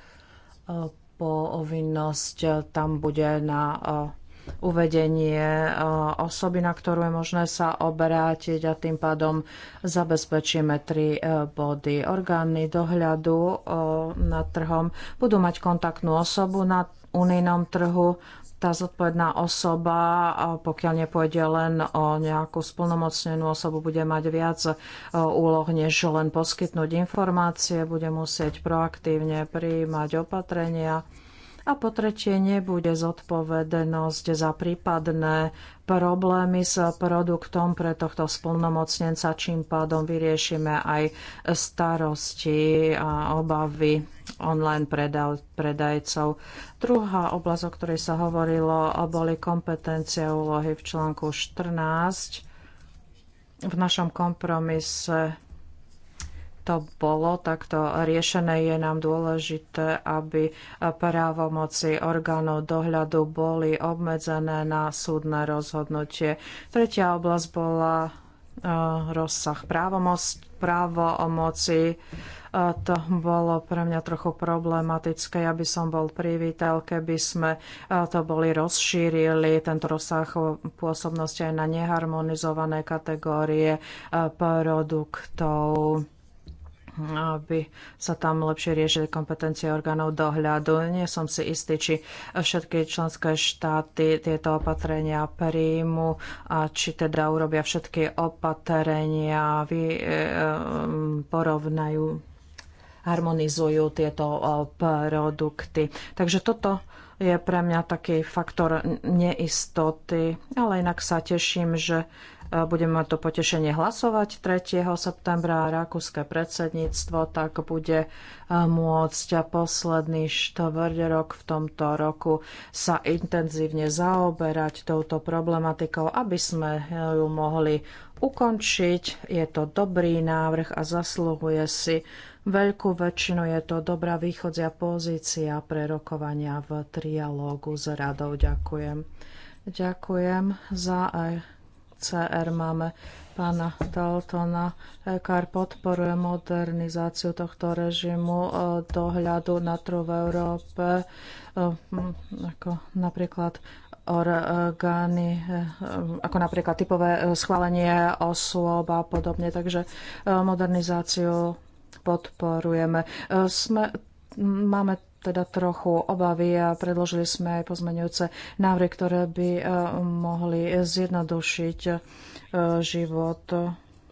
povinnosť eh, tam bude na eh, uvedenie eh, osoby, na ktorú je možné sa obrátiť a tým pádom zabezpečíme tri body. Orgány dohľadu nad trhom budú mať kontaktnú osobu na unijnom trhu, tá zodpovedná osoba, pokiaľ nepôjde len o nejakú splnomocnenú osobu, bude mať viac e, úloh, než len poskytnúť informácie, bude musieť proaktívne prijímať opatrenia a po tretie nebude zodpovednosť za prípadné problémy s produktom pre tohto splnomocnenca, čím pádom vyriešime aj starosti a obavy online predajcov. Druhá oblasť, o ktorej sa hovorilo, boli kompetencie úlohy v článku 14 v našom kompromise to bolo takto riešené, je nám dôležité, aby právomoci orgánov dohľadu boli obmedzené na súdne rozhodnutie. Tretia oblasť bola e, rozsah právomoci. E, to bolo pre mňa trochu problematické. Ja by som bol privítal, keby sme e, to boli rozšírili, tento rozsah pôsobnosti aj na neharmonizované kategórie produktov aby sa tam lepšie riešili kompetencie orgánov dohľadu. Nie som si istý, či všetky členské štáty tieto opatrenia príjmu a či teda urobia všetky opatrenia, vy, e, e, porovnajú, harmonizujú tieto e, produkty. Takže toto je pre mňa taký faktor neistoty, ale inak sa teším, že Budeme mať to potešenie hlasovať 3. septembra a rakúske predsedníctvo tak bude e, môcť a posledný štvrť rok v tomto roku sa intenzívne zaoberať touto problematikou, aby sme e, ju mohli ukončiť. Je to dobrý návrh a zasluhuje si veľkú väčšinu. Je to dobrá východzia pozícia pre rokovania v trialógu s radou. Ďakujem. Ďakujem za aj e, CR máme pána Daltona. EKR podporuje modernizáciu tohto režimu e, dohľadu na trhu v Európe, e, hm, ako napríklad orgány, e, ako napríklad typové schválenie osôb a podobne. Takže modernizáciu podporujeme. Sme, máme teda trochu obavy a predložili sme aj pozmeňujúce návrhy, ktoré by e, mohli zjednodušiť e, život e,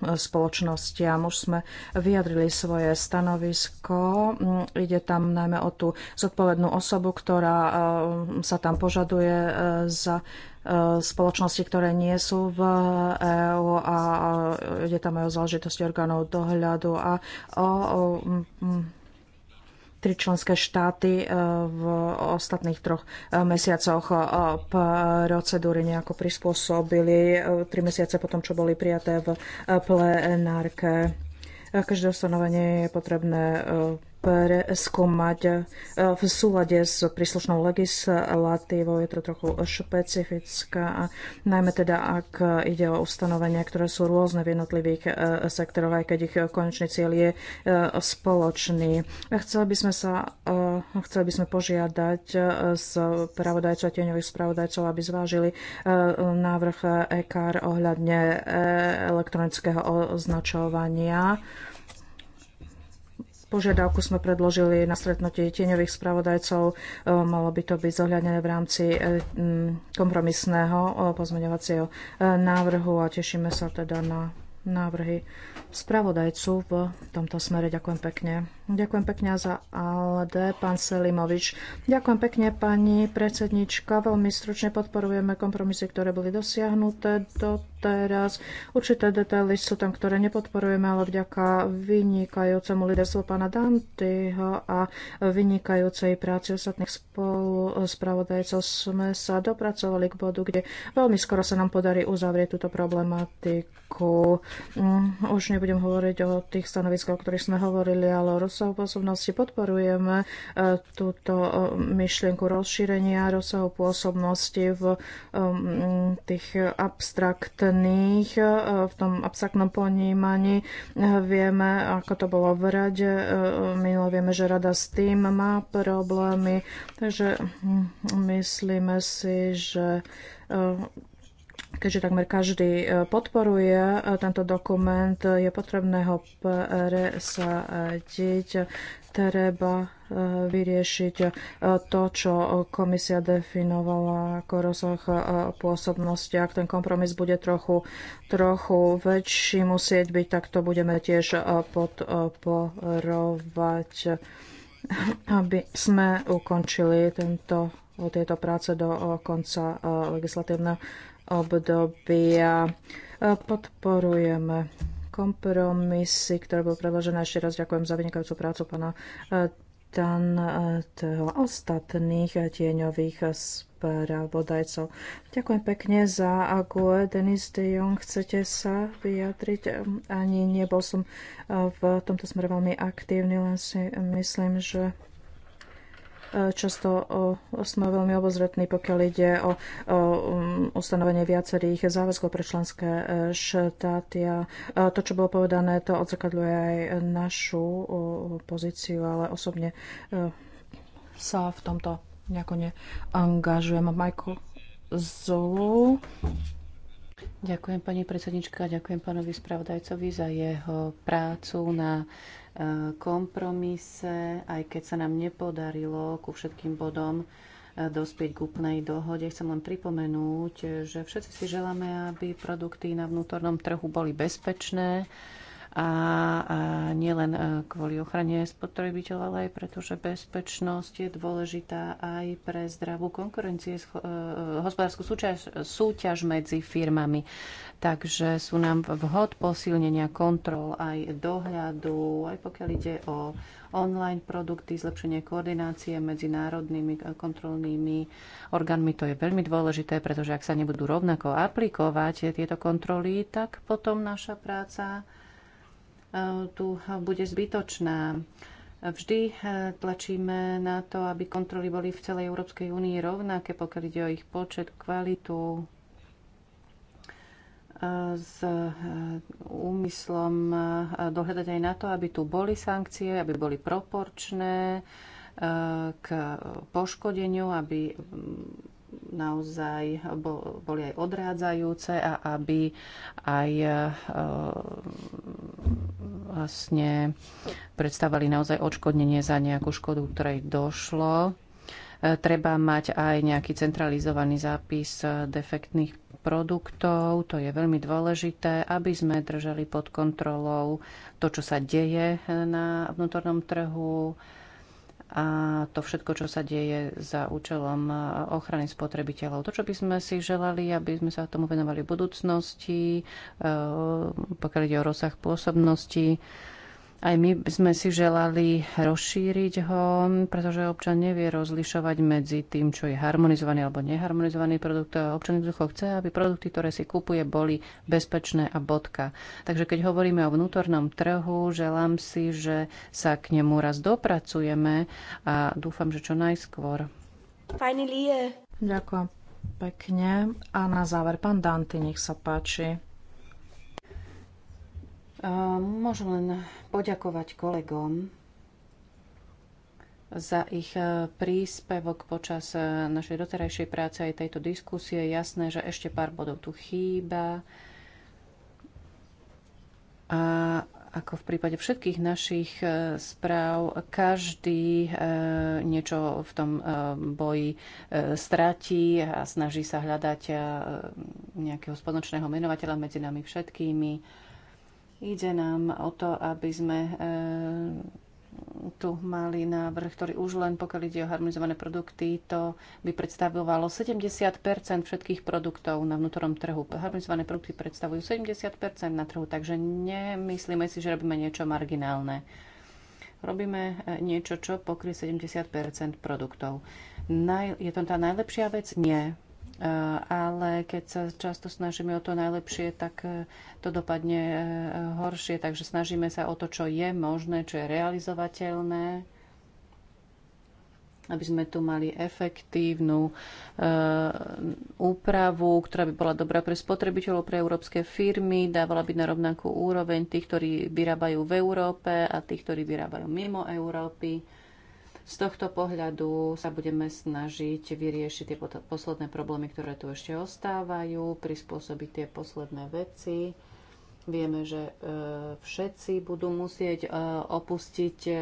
spoločnostiam. Už sme vyjadrili svoje stanovisko. Mm, ide tam najmä o tú zodpovednú osobu, ktorá sa tam požaduje za spoločnosti, ktoré nie sú v EÚ a ide tam aj o záležitosti orgánov dohľadu a o tri členské štáty e, v ostatných troch e, mesiacoch e, procedúry nejako prispôsobili tri mesiace potom, čo boli prijaté v plenárke. Každé ustanovenie je potrebné preskúmať eh, v súlade s príslušnou legislatívou. Je to trochu špecifická, najmä teda ak ide o ustanovenia, ktoré sú rôzne v jednotlivých eh, sektoroch, aj keď ich konečný cieľ je eh, spoločný. Chceli by sme sa, chceli by sme požiadať spravodajcov a tieňových spravodajcov, aby zvážili návrh EKR ohľadne elektronického označovania. Požiadavku sme predložili na stretnutí tieňových spravodajcov. E, malo by to byť zohľadené v rámci e, kompromisného e, pozmeňovacieho návrhu a tešíme sa teda na návrhy spravodajcu v tomto smere. Ďakujem pekne. Ďakujem pekne za ALD, pán Selimovič. Ďakujem pekne, pani predsednička. Veľmi stručne podporujeme kompromisy, ktoré boli dosiahnuté doteraz. Určité detaily sú tam, ktoré nepodporujeme, ale vďaka vynikajúcemu liderstvu pána Dantyho a vynikajúcej práci ostatných spolu spravodajcov sme sa dopracovali k bodu, kde veľmi skoro sa nám podarí uzavrieť túto problematiku. Mm, už nebudem hovoriť o tých stanoviskách, o ktorých sme hovorili, ale o rozsahu pôsobnosti. Podporujeme túto e, myšlienku rozšírenia rozsahu pôsobnosti v e, tých abstraktných, e, v tom abstraktnom ponímaní. Vieme, ako to bolo v rade. Minulo vieme, že rada s tým má problémy. Takže hm, myslíme si, že keďže takmer každý e, podporuje e, tento dokument, e, je potrebné ho presadiť. Treba vyriešiť to, čo komisia definovala ako rozsah pôsobnosti. Ak ten kompromis bude trochu, trochu väčší musieť byť, tak to budeme tiež podporovať, aby sme ukončili tento, tieto práce do konca legislatívneho obdobia. E, podporujeme kompromisy, ktoré bol predložené. Ešte raz ďakujem za vynikajúcu prácu pána e, Dan e, a ostatných tieňových spravodajcov. Ďakujem pekne za Ague. Denis de Jong, chcete sa vyjadriť? Ani nebol som v tomto smere veľmi aktívny, len si myslím, že Často sme veľmi obozretní, pokiaľ ide o um, ustanovenie viacerých záväzkov pre členské e, štáty. A e, to, čo bolo povedané, to odzrkadľuje aj našu pozíciu, ale osobne e, sa v tomto nejako neangažujem. Michael Zulu. Ďakujem pani predsednička, ďakujem pánovi spravodajcovi za jeho prácu na kompromise, aj keď sa nám nepodarilo ku všetkým bodom e, dospieť k úplnej dohode. Chcem len pripomenúť, že všetci si želáme, aby produkty na vnútornom trhu boli bezpečné, a, a nielen e, kvôli ochrane spotrebiteľa, ale aj preto, že bezpečnosť je dôležitá aj pre zdravú konkurencie, e, e, hospodárskú súťaž, súťaž medzi firmami. Takže sú nám vhod posilnenia kontrol aj dohľadu, aj pokiaľ ide o online produkty, zlepšenie koordinácie medzi národnými kontrolnými orgánmi. To je veľmi dôležité, pretože ak sa nebudú rovnako aplikovať tieto kontroly, tak potom naša práca tu bude zbytočná. Vždy eh, tlačíme na to, aby kontroly boli v celej Európskej únii rovnaké, pokiaľ ide o ich počet, kvalitu, eh, s eh, úmyslom dohľadať aj na to, aby tu boli sankcie, aby boli proporčné k poškodeniu, aby naozaj boli aj odrádzajúce a aby aj e, vlastne predstavali naozaj odškodnenie za nejakú škodu, ktorej došlo. E, treba mať aj nejaký centralizovaný zápis e, defektných produktov, to je veľmi dôležité, aby sme držali pod kontrolou to, čo sa deje na vnútornom trhu, a to všetko, čo sa deje za účelom ochrany spotrebiteľov. To, čo by sme si želali, aby sme sa tomu venovali v budúcnosti, e, pokiaľ ide o rozsah pôsobnosti, aj my sme si želali rozšíriť ho, pretože občan nevie rozlišovať medzi tým, čo je harmonizovaný alebo neharmonizovaný produkt. Občan jednoducho chce, aby produkty, ktoré si kupuje, boli bezpečné a bodka. Takže keď hovoríme o vnútornom trhu, želám si, že sa k nemu raz dopracujeme a dúfam, že čo najskôr. Finally, eh, Ďakujem pekne. A na záver, pán Danty, nech sa páči. Môžem len poďakovať kolegom za ich e, príspevok počas e, našej doterajšej práce aj tejto diskusie. Je jasné, že ešte pár bodov tu chýba. A ako v prípade všetkých našich e, správ, každý niečo v tom boji stratí a snaží sa hľadať nejakého spoločného menovateľa medzi nami všetkými. Ide nám o to, aby sme e, tu mali návrh, ktorý už len pokiaľ ide o harmonizované produkty, to by predstavovalo 70 všetkých produktov na vnútornom trhu. Harmonizované produkty predstavujú 70 na trhu, takže nemyslíme si, že robíme niečo marginálne. Robíme e, niečo, čo pokrie 70 produktov. je to tá najlepšia vec? Nie ale keď sa často snažíme o to najlepšie, tak e, to dopadne e, horšie. Takže snažíme sa o to, čo je možné, čo je realizovateľné, aby sme tu mali efektívnu e, úpravu, ktorá by bola dobrá pre spotrebiteľov, pre európske firmy, dávala by na rovnakú úroveň tých, ktorí vyrábajú v Európe a tých, ktorí vyrábajú mimo Európy z tohto pohľadu sa budeme snažiť vyriešiť tie posledné problémy, ktoré tu ešte ostávajú, prispôsobiť tie posledné veci. Vieme, že e, všetci budú musieť e, opustiť e,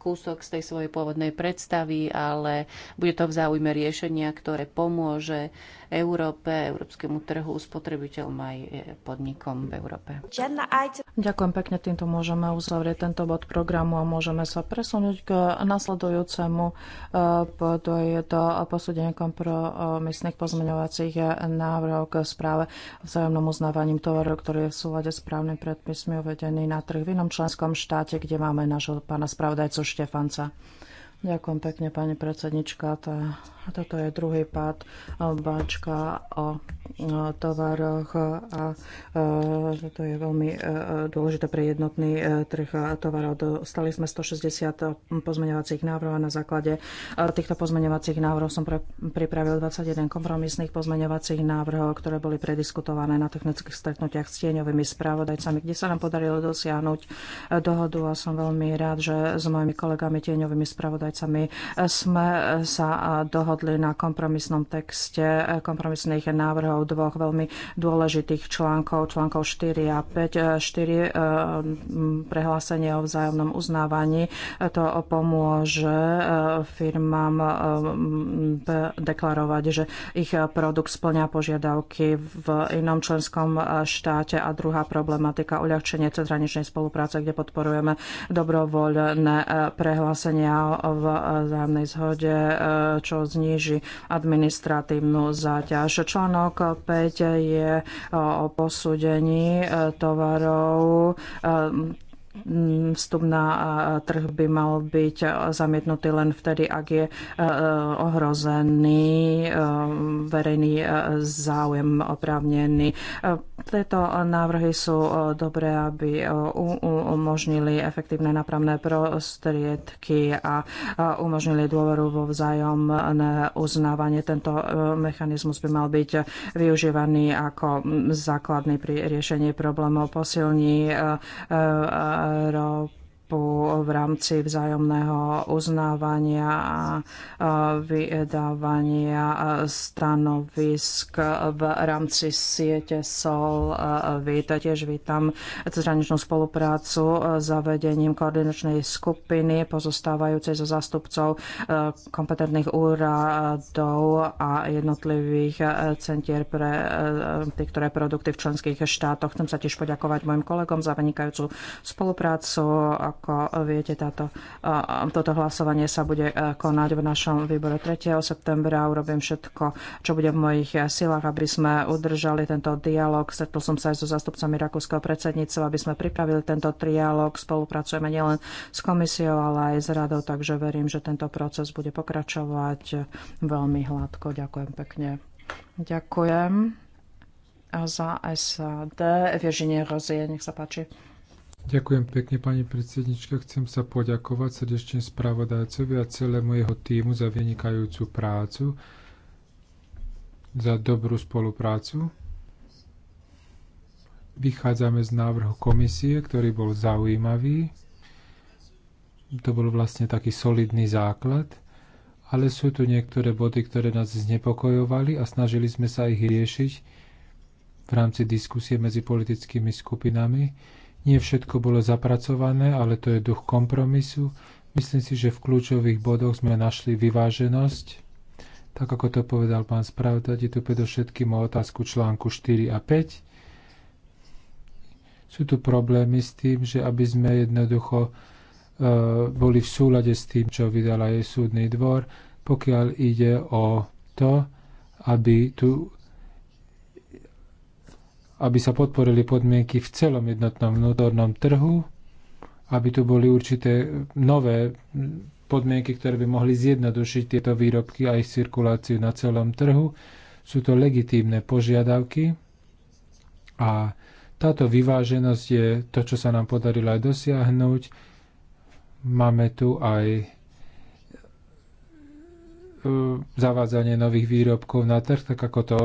kúsok z tej svojej pôvodnej predstavy, ale bude to v záujme riešenia, ktoré pomôže Európe, európskemu trhu, spotrebiteľom aj podnikom v Európe. Ďakujem pekne, týmto môžeme uzavrieť tento bod programu a môžeme sa presunúť k nasledujúcemu e, bodu je to posúdenie kompromisných pozmeňovacích návrhov k správe vzájomnom uznávaním tovarov, ktorý je v súlade s právnym predpismi uvedený na trh v inom členskom štáte, kde máme nášho pána spravodajca Štefanca. Ďakujem pekne, pani predsednička. Tá toto je druhý pád bačka o tovaroch a toto je veľmi e, e, dôležité pre jednotný e, trh tovarov. Dostali sme 160 pozmeňovacích návrhov a na základe týchto pozmeňovacích návrhov som pripravil 21 kompromisných pozmeňovacích návrhov, ktoré boli prediskutované na technických stretnutiach s tieňovými správodajcami, kde sa nám podarilo dosiahnuť dohodu a som veľmi rád, že s mojimi kolegami tieňovými spravodajcami sme sa dohodli dohodli na kompromisnom texte eh, kompromisných návrhov dvoch veľmi dôležitých článkov, článkov 4 a 5. 4 eh, eh, prehlásenie o vzájomnom uznávaní. To pomôže firmám deklarovať, že ich produkt splňa požiadavky v inom členskom štáte a druhá problematika uľahčenie cezhraničnej spolupráce, kde podporujeme dobrovoľné prehlásenia v zájomnej zhode, čo z zníži administratívnu záťaž. Článok 5 je eh, o posúdení eh, tovarov eh, Mm, vstup na trh by mal byť zamietnutý len vtedy, ak je ohrozený verejný záujem oprávnený. Tieto návrhy sú dobré, aby umožnili efektívne napravné prostriedky a umožnili dôveru vo vzájomné uznávanie. Tento e, mechanizmus by mal byť využívaný ako základný pri riešení problémov. Posilní e, e, Európy v rámci vzájomného uznávania a vydávania stanovisk v rámci siete SOL. Víte, tiež vítam cezhraničnú spoluprácu zavedením koordinačnej skupiny pozostávajúcej zo zástupcov kompetentných úradov a jednotlivých centier pre ktoré produkty v členských štátoch. Chcem sa tiež poďakovať mojim kolegom za vynikajúcu spoluprácu, ako viete, táto, toto hlasovanie sa bude konať v našom výbore 3. septembra. Urobím všetko, čo bude v mojich silách, aby sme udržali tento dialog. Stretol som sa aj so zastupcami rakúskeho predsedníctva, aby sme pripravili tento trialog. Spolupracujeme nielen s komisiou, ale aj s radou, takže verím, že tento proces bude pokračovať veľmi hladko. Ďakujem pekne. Ďakujem za SAD. Virginie Rozie, nech sa páči. Ďakujem pekne, pani predsednička. Chcem sa poďakovať srdečne spravodajcovi a celému jeho týmu za vynikajúcu prácu, za dobrú spoluprácu. Vychádzame z návrhu komisie, ktorý bol zaujímavý. To bol vlastne taký solidný základ, ale sú tu niektoré body, ktoré nás znepokojovali a snažili sme sa ich riešiť v rámci diskusie medzi politickými skupinami nie všetko bolo zapracované, ale to je duch kompromisu. Myslím si, že v kľúčových bodoch sme našli vyváženosť. Tak ako to povedal pán Spravda, je tu predovšetkým o otázku článku 4 a 5. Sú tu problémy s tým, že aby sme jednoducho e, boli v súlade s tým, čo vydala aj súdny dvor, pokiaľ ide o to, aby tu aby sa podporili podmienky v celom jednotnom vnútornom trhu, aby tu boli určité nové podmienky, ktoré by mohli zjednodušiť tieto výrobky a ich cirkuláciu na celom trhu. Sú to legitímne požiadavky a táto vyváženosť je to, čo sa nám podarilo aj dosiahnuť. Máme tu aj e, zavádzanie nových výrobkov na trh, tak ako to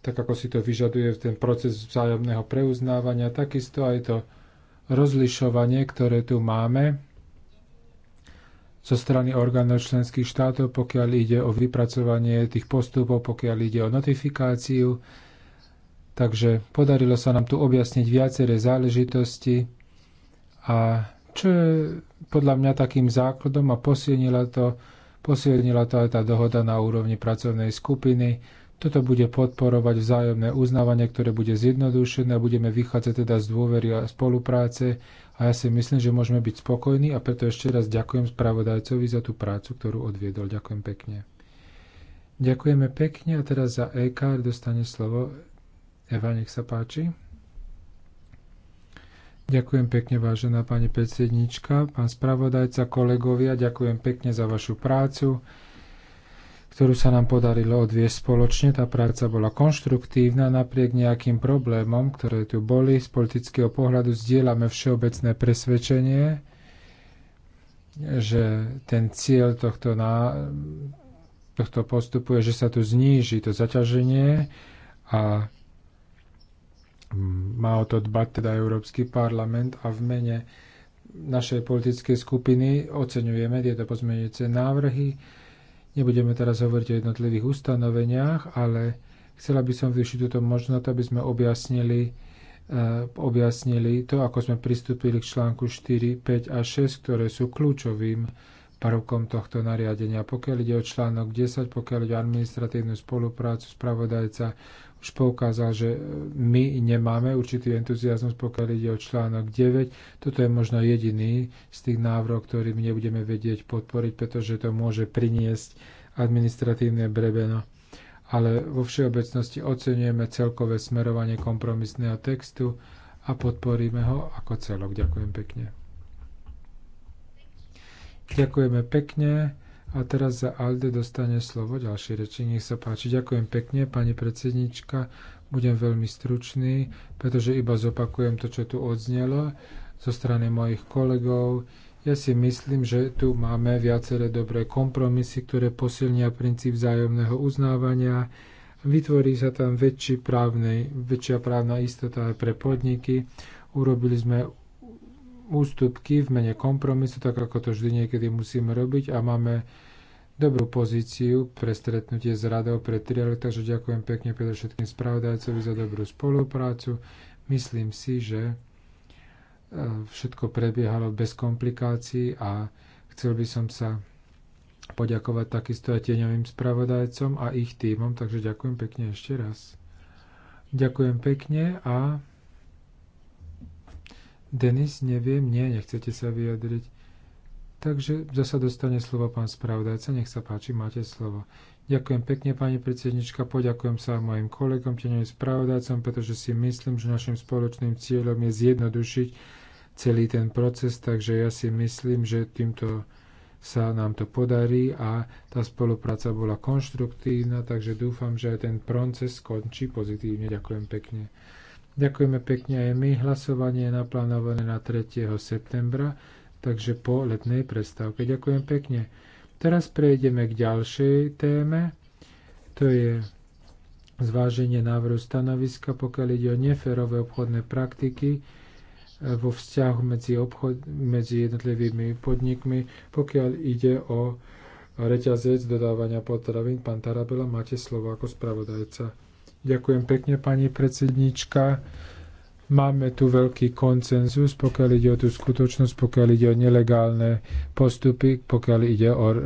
tak ako si to vyžaduje ten proces vzájomného preuznávania, takisto aj to rozlišovanie, ktoré tu máme zo strany orgánov členských štátov, pokiaľ ide o vypracovanie tých postupov, pokiaľ ide o notifikáciu. Takže podarilo sa nám tu objasniť viaceré záležitosti a čo je podľa mňa takým základom a posilnila to, posilnila to aj tá dohoda na úrovni pracovnej skupiny, toto bude podporovať vzájomné uznávanie, ktoré bude zjednodušené a budeme vychádzať teda z dôvery a spolupráce a ja si myslím, že môžeme byť spokojní a preto ešte raz ďakujem spravodajcovi za tú prácu, ktorú odviedol. Ďakujem pekne. Ďakujeme pekne a teraz za EKR dostane slovo Eva, nech sa páči. Ďakujem pekne, vážená pani predsednička, pán spravodajca, kolegovia, ďakujem pekne za vašu prácu ktorú sa nám podarilo odviesť spoločne. Tá práca bola konštruktívna, napriek nejakým problémom, ktoré tu boli. Z politického pohľadu zdieľame všeobecné presvedčenie, že ten cieľ tohto, na, tohto postupu je, že sa tu zníži to zaťaženie a má o to dbať teda Európsky parlament a v mene našej politickej skupiny oceňujeme tieto pozmeňujúce návrhy Nebudeme teraz hovoriť o jednotlivých ustanoveniach, ale chcela by som využiť túto možnosť, aby sme objasnili, eh, objasnili to, ako sme pristúpili k článku 4, 5 a 6, ktoré sú kľúčovým prvkom tohto nariadenia. Pokiaľ ide o článok 10, pokiaľ ide o administratívnu spoluprácu, spravodajca už poukázal, že my nemáme určitý entuziasmus, pokiaľ ide o článok 9. Toto je možno jediný z tých návrhov, ktorý my nebudeme vedieť podporiť, pretože to môže priniesť administratívne brebeno. Ale vo všeobecnosti oceňujeme celkové smerovanie kompromisného textu a podporíme ho ako celok. Ďakujem pekne. Ďakujeme pekne. A teraz za Alde dostane slovo ďalšie reči. Nech sa páči. Ďakujem pekne, pani predsednička. Budem veľmi stručný, pretože iba zopakujem to, čo tu odznelo zo strany mojich kolegov. Ja si myslím, že tu máme viaceré dobré kompromisy, ktoré posilnia princíp vzájomného uznávania. Vytvorí sa tam väčší právnej, väčšia právna istota aj pre podniky. Urobili sme ústupky v mene kompromisu, tak ako to vždy niekedy musíme robiť a máme dobrú pozíciu pre stretnutie s radou pre trialog, takže ďakujem pekne všetkým spravodajcovi za dobrú spoluprácu. Myslím si, že e, všetko prebiehalo bez komplikácií a chcel by som sa poďakovať takisto aj tieňovým spravodajcom a ich týmom, takže ďakujem pekne ešte raz. Ďakujem pekne a Denis, neviem, nie, nechcete sa vyjadriť. Takže zasa dostane slovo pán spravodajca, nech sa páči, máte slovo. Ďakujem pekne, pani predsednička, poďakujem sa aj mojim kolegom, tenovým spravodajcom, pretože si myslím, že našim spoločným cieľom je zjednodušiť celý ten proces, takže ja si myslím, že týmto sa nám to podarí a tá spolupráca bola konštruktívna, takže dúfam, že aj ten proces skončí pozitívne. Ďakujem pekne. Ďakujeme pekne aj my. Hlasovanie je naplánované na 3. septembra, takže po letnej prestávke. Ďakujem pekne. Teraz prejdeme k ďalšej téme. To je zváženie návrhu stanoviska, pokiaľ ide o neférové obchodné praktiky e, vo vzťahu medzi, obchod, medzi jednotlivými podnikmi, pokiaľ ide o reťazec dodávania potravín. Pán Tarabela, máte slovo ako spravodajca. Ďakujem pekne, pani predsednička. Máme tu veľký koncenzus, pokiaľ ide o tú skutočnosť, pokiaľ ide o nelegálne postupy, pokiaľ ide o e,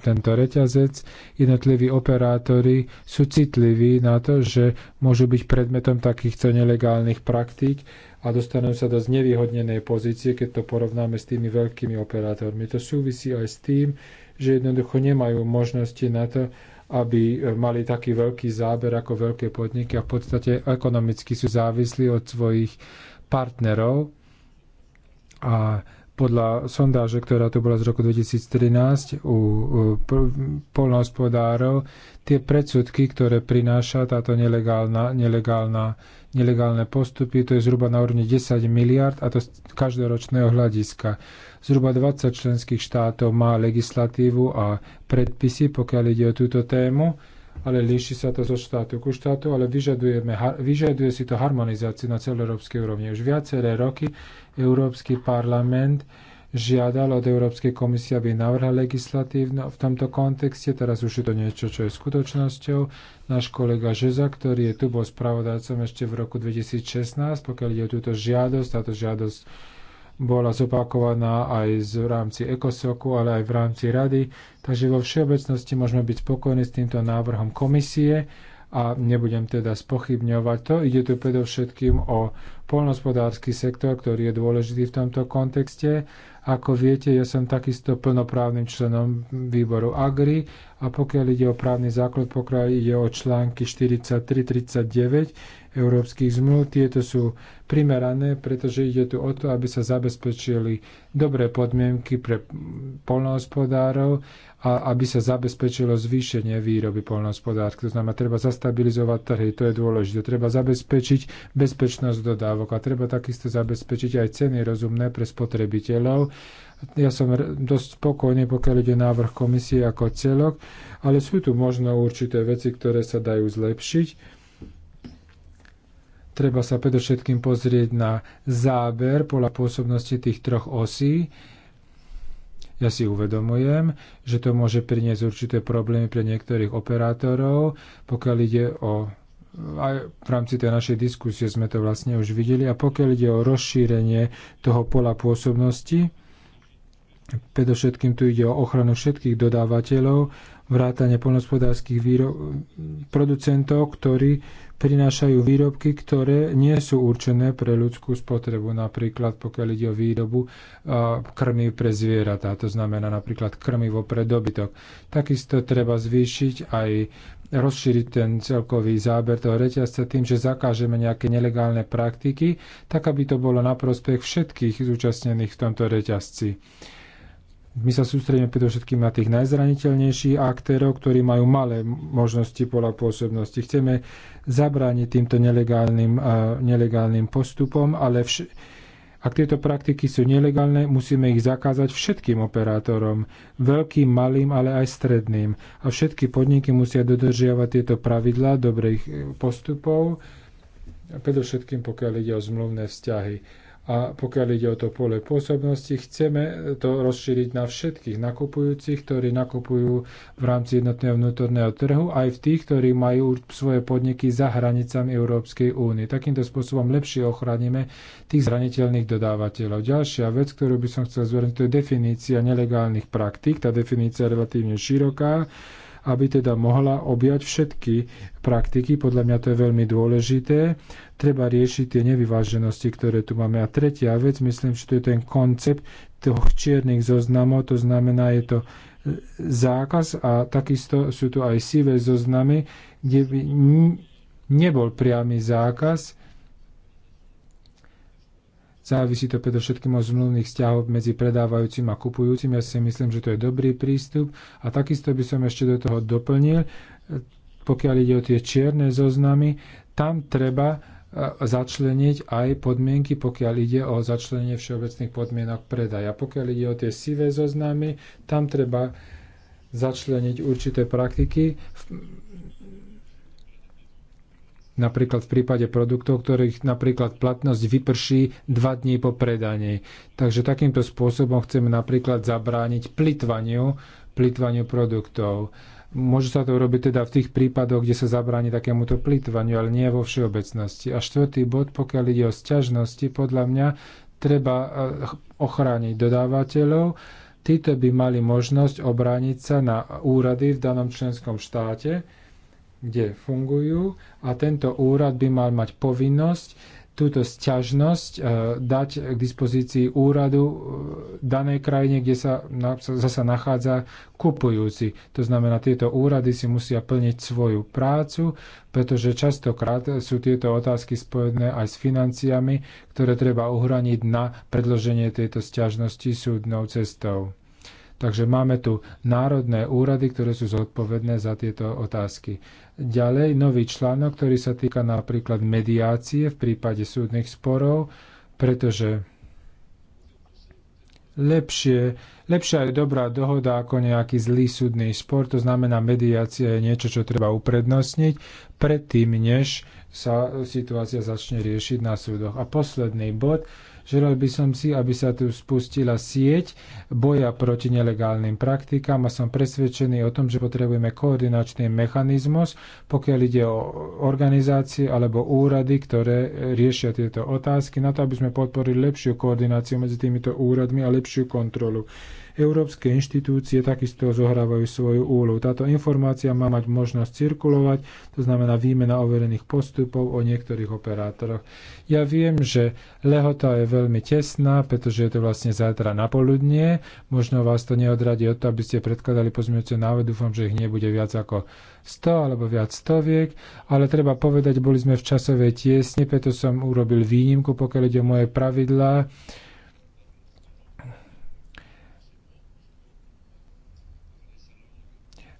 tento reťazec. Jednotliví operátori sú citliví na to, že môžu byť predmetom takýchto nelegálnych praktík a dostanú sa do znevýhodnenej pozície, keď to porovnáme s tými veľkými operátormi. To súvisí aj s tým, že jednoducho nemajú možnosti na to, aby eh, mali taký veľký záber ako veľké podniky a v podstate ekonomicky sú závislí od svojich partnerov. A podľa sondáže, ktorá tu bola z roku 2013 u, polnohospodárov, tie predsudky, ktoré prináša táto nelegálna, nelegálna nelegálne postupy, to je zhruba na úrovni 10 miliard a to z každoročného hľadiska. Zhruba 20 členských štátov má legislatívu a predpisy, pokiaľ ide o túto tému, ale líši sa to zo štátu ku štátu, ale vyžadujeme, vyžaduje si to harmonizáciu na celoeurópskej úrovni. Už viaceré roky Európsky parlament žiadal od Európskej komisie, aby navrhla legislatívno v tomto kontexte. Teraz už je to niečo, čo je skutočnosťou. Náš kolega Žeza, ktorý je tu, bol spravodajcom ešte v roku 2016, pokiaľ ide o túto žiadosť. Táto žiadosť bola zopakovaná aj v rámci ECOSOKu, ale aj v rámci Rady. Takže vo všeobecnosti môžeme byť spokojní s týmto návrhom komisie a nebudem teda spochybňovať to. Ide tu predovšetkým o polnospodársky sektor, ktorý je dôležitý v tomto kontexte ako viete, ja som takisto plnoprávnym členom výboru AGRI a pokiaľ ide o právny základ, pokiaľ ide o články 43-39 európskych zmluv, tieto sú primerané, pretože ide tu o to, aby sa zabezpečili dobré podmienky pre polnohospodárov, a aby sa zabezpečilo zvýšenie výroby poľnohospodárstva. To znamená, treba zastabilizovať trhy, to je dôležité. Treba zabezpečiť bezpečnosť dodávok a treba takisto zabezpečiť aj ceny rozumné pre spotrebiteľov. Ja som dosť spokojný, pokiaľ ide návrh komisie ako celok, ale sú tu možno určité veci, ktoré sa dajú zlepšiť treba sa predovšetkým pozrieť na záber podľa pôsobnosti tých troch osí. Ja si uvedomujem, že to môže priniesť určité problémy pre niektorých operátorov, pokiaľ ide o aj v rámci tej našej diskusie sme to vlastne už videli. A pokiaľ ide o rozšírenie toho pola pôsobnosti, predovšetkým tu ide o ochranu všetkých dodávateľov, vrátanie polnospodárských výro- producentov, ktorí prinášajú výrobky, ktoré nie sú určené pre ľudskú spotrebu. Napríklad, pokiaľ ide o výrobu krmy pre zvieratá, to znamená napríklad krmivo pre dobytok. Takisto treba zvýšiť aj rozšíriť ten celkový záber toho reťazca tým, že zakážeme nejaké nelegálne praktiky, tak aby to bolo na prospech všetkých zúčastnených v tomto reťazci my sa sústredíme predovšetkým na tých najzraniteľnejších aktérov, ktorí majú malé možnosti pola pôsobnosti. Chceme zabrániť týmto nelegálnym, uh, nelegálnym postupom, ale vš- ak tieto praktiky sú nelegálne, musíme ich zakázať všetkým operátorom, veľkým, malým, ale aj stredným. A všetky podniky musia dodržiavať tieto pravidlá dobrých postupov, predovšetkým pokiaľ ide o zmluvné vzťahy a pokiaľ ide o to pole pôsobnosti, chceme to rozšíriť na všetkých nakupujúcich, ktorí nakupujú v rámci jednotného vnútorného trhu, aj v tých, ktorí majú svoje podniky za hranicami Európskej únie. Takýmto spôsobom lepšie ochránime tých zraniteľných dodávateľov. Ďalšia vec, ktorú by som chcel zverejniť, to je definícia nelegálnych praktík. Tá definícia je relatívne široká aby teda mohla objať všetky praktiky. Podľa mňa to je veľmi dôležité. Treba riešiť tie nevyváženosti, ktoré tu máme. A tretia vec, myslím, že to je ten koncept tých čiernych zoznamov, to znamená, je to e, zákaz a takisto sú tu aj sivé zoznamy, kde by nebol priamy zákaz, Závisí to predovšetkým od zmluvných vzťahov medzi predávajúcim a kupujúcim. Ja si myslím, že to je dobrý prístup. A takisto by som ešte do toho doplnil, pokiaľ ide o tie čierne zoznamy, tam treba e, začleniť aj podmienky, pokiaľ ide o začlenenie všeobecných podmienok predaja. Pokiaľ ide o tie sivé zoznamy, tam treba začleniť určité praktiky Napríklad v prípade produktov, ktorých napríklad platnosť vyprší dva dní po predaní. Takže takýmto spôsobom chceme napríklad zabrániť plitvaniu, plitvaniu produktov. Môže sa to urobiť teda v tých prípadoch, kde sa zabráni takémuto plitvaniu, ale nie vo všeobecnosti. A štvrtý bod, pokiaľ ide o sťažnosti, podľa mňa treba eh, ochrániť dodávateľov. Títo by mali možnosť obrániť sa na úrady v danom členskom štáte kde fungujú a tento úrad by mal mať povinnosť túto sťažnosť e, dať k dispozícii úradu e, danej krajine, kde sa na, zasa nachádza kupujúci. To znamená, tieto úrady si musia plniť svoju prácu, pretože častokrát sú tieto otázky spojené aj s financiami, ktoré treba uhraniť na predloženie tejto sťažnosti súdnou cestou. Takže máme tu národné úrady, ktoré sú zodpovedné za tieto otázky. Ďalej nový článok, ktorý sa týka napríklad mediácie v prípade súdnych sporov, pretože lepšie, lepšia je dobrá dohoda ako nejaký zlý súdny spor, to znamená mediácia je niečo, čo treba uprednostniť predtým, než sa situácia začne riešiť na súdoch. A posledný bod, Želal by som si, aby sa tu spustila sieť boja proti nelegálnym praktikám a som presvedčený o tom, že potrebujeme koordinačný mechanizmus, pokiaľ ide o organizácie alebo úrady, ktoré riešia tieto otázky, na to, aby sme podporili lepšiu koordináciu medzi týmito úradmi a lepšiu kontrolu. Európske inštitúcie takisto zohrávajú svoju úlohu. Táto informácia má mať možnosť cirkulovať, to znamená výmena overených postupov o niektorých operátoroch. Ja viem, že lehota je veľmi tesná, pretože je to vlastne zajtra na poludnie. Možno vás to neodradí od toho, aby ste predkladali pozmeňujúce návody. Dúfam, že ich nebude viac ako 100 alebo viac stoviek, ale treba povedať, boli sme v časovej tiesni, preto som urobil výnimku, pokiaľ ide o moje pravidlá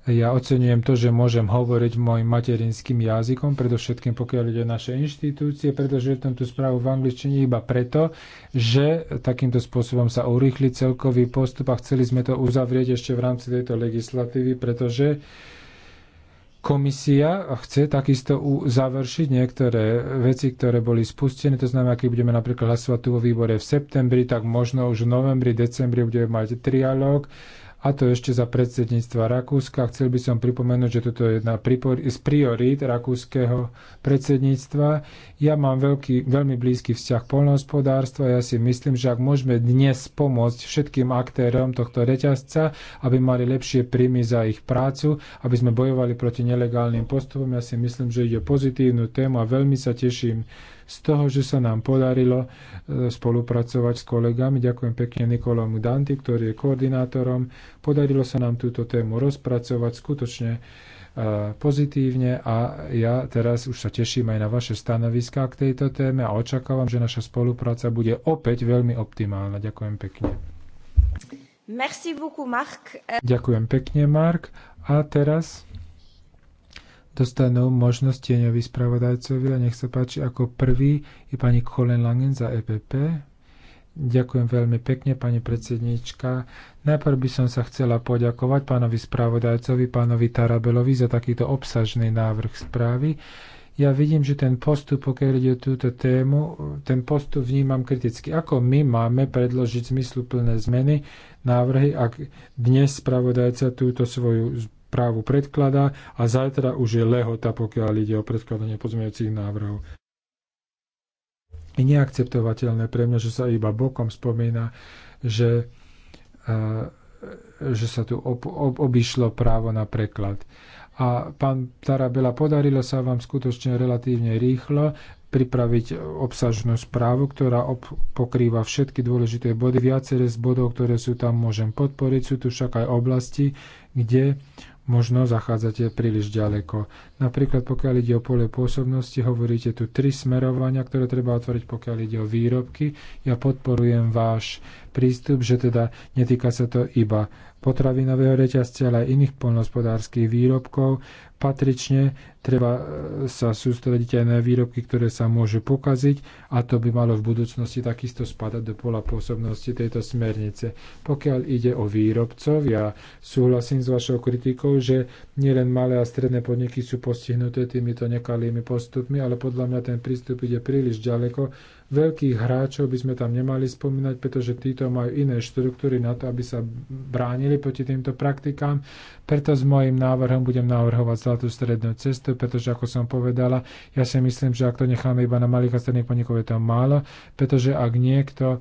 Ja oceňujem to, že môžem hovoriť môjim materinským jazykom, predovšetkým pokiaľ ide naše inštitúcie, pretože tam tú správu v angličtine iba preto, že takýmto spôsobom sa urýchli celkový postup a chceli sme to uzavrieť ešte v rámci tejto legislatívy, pretože komisia chce takisto završiť niektoré veci, ktoré boli spustené. To znamená, keď budeme napríklad hlasovať tu vo výbore v septembri, tak možno už v novembri, decembri budeme mať trialóg a to ešte za predsedníctva Rakúska. Chcel by som pripomenúť, že toto je jedna z priorít rakúskeho predsedníctva. Ja mám veľký, veľmi blízky vzťah polnohospodárstva. Ja si myslím, že ak môžeme dnes pomôcť všetkým aktérom tohto reťazca, aby mali lepšie príjmy za ich prácu, aby sme bojovali proti nelegálnym postupom, ja si myslím, že ide pozitívnu tému a veľmi sa teším z toho, že sa nám podarilo e, spolupracovať s kolegami. Ďakujem pekne Nikolomu Danti, ktorý je koordinátorom. Podarilo sa nám túto tému rozpracovať skutočne e, pozitívne a ja teraz už sa teším aj na vaše stanoviská k tejto téme a očakávam, že naša spolupráca bude opäť veľmi optimálna. Ďakujem pekne. Merci beaucoup, Mark. Ďakujem pekne, Mark. A teraz dostanú možnosť tieňoví spravodajcovia. Nech sa páči, ako prvý je pani Colin Langen za EPP. Ďakujem veľmi pekne, pani predsednička. Najprv by som sa chcela poďakovať pánovi spravodajcovi, pánovi Tarabelovi za takýto obsažný návrh správy. Ja vidím, že ten postup, pokiaľ ide o túto tému, ten postup vnímam kriticky. Ako my máme predložiť zmysluplné zmeny, návrhy, ak dnes spravodajca túto svoju správu predkladá a zajtra už je lehota, pokiaľ ide o predkladanie pozmeňujúcich návrhov. Je neakceptovateľné pre mňa, že sa iba bokom spomína, že, a, že sa tu ob, ob, obišlo právo na preklad. A pán Tarabela, podarilo sa vám skutočne relatívne rýchlo pripraviť obsažnú správu, ktorá ob- pokrýva všetky dôležité body. Viacere z bodov, ktoré sú tam, môžem podporiť. Sú tu však aj oblasti, kde možno zachádzate príliš ďaleko. Napríklad pokiaľ ide o pole pôsobnosti, hovoríte tu tri smerovania, ktoré treba otvoriť, pokiaľ ide o výrobky. Ja podporujem váš prístup, že teda netýka sa to iba potravinového reťazca, ale aj iných polnospodárských výrobkov. Patrične treba e, sa sústrediť aj na výrobky, ktoré sa môžu pokaziť a to by malo v budúcnosti takisto spadať do pola pôsobnosti tejto smernice. Pokiaľ ide o výrobcov, ja súhlasím s vašou kritikou, že nielen malé a stredné podniky sú postihnuté týmito nekalými postupmi, ale podľa mňa ten prístup ide príliš ďaleko Veľkých hráčov by sme tam nemali spomínať, pretože títo majú iné štruktúry na to, aby sa bránili proti týmto praktikám. Preto s mojim návrhom budem navrhovať zlatú strednú cestu, pretože ako som povedala, ja si myslím, že ak to necháme iba na malých a stredných podnikov, je to málo, pretože ak niekto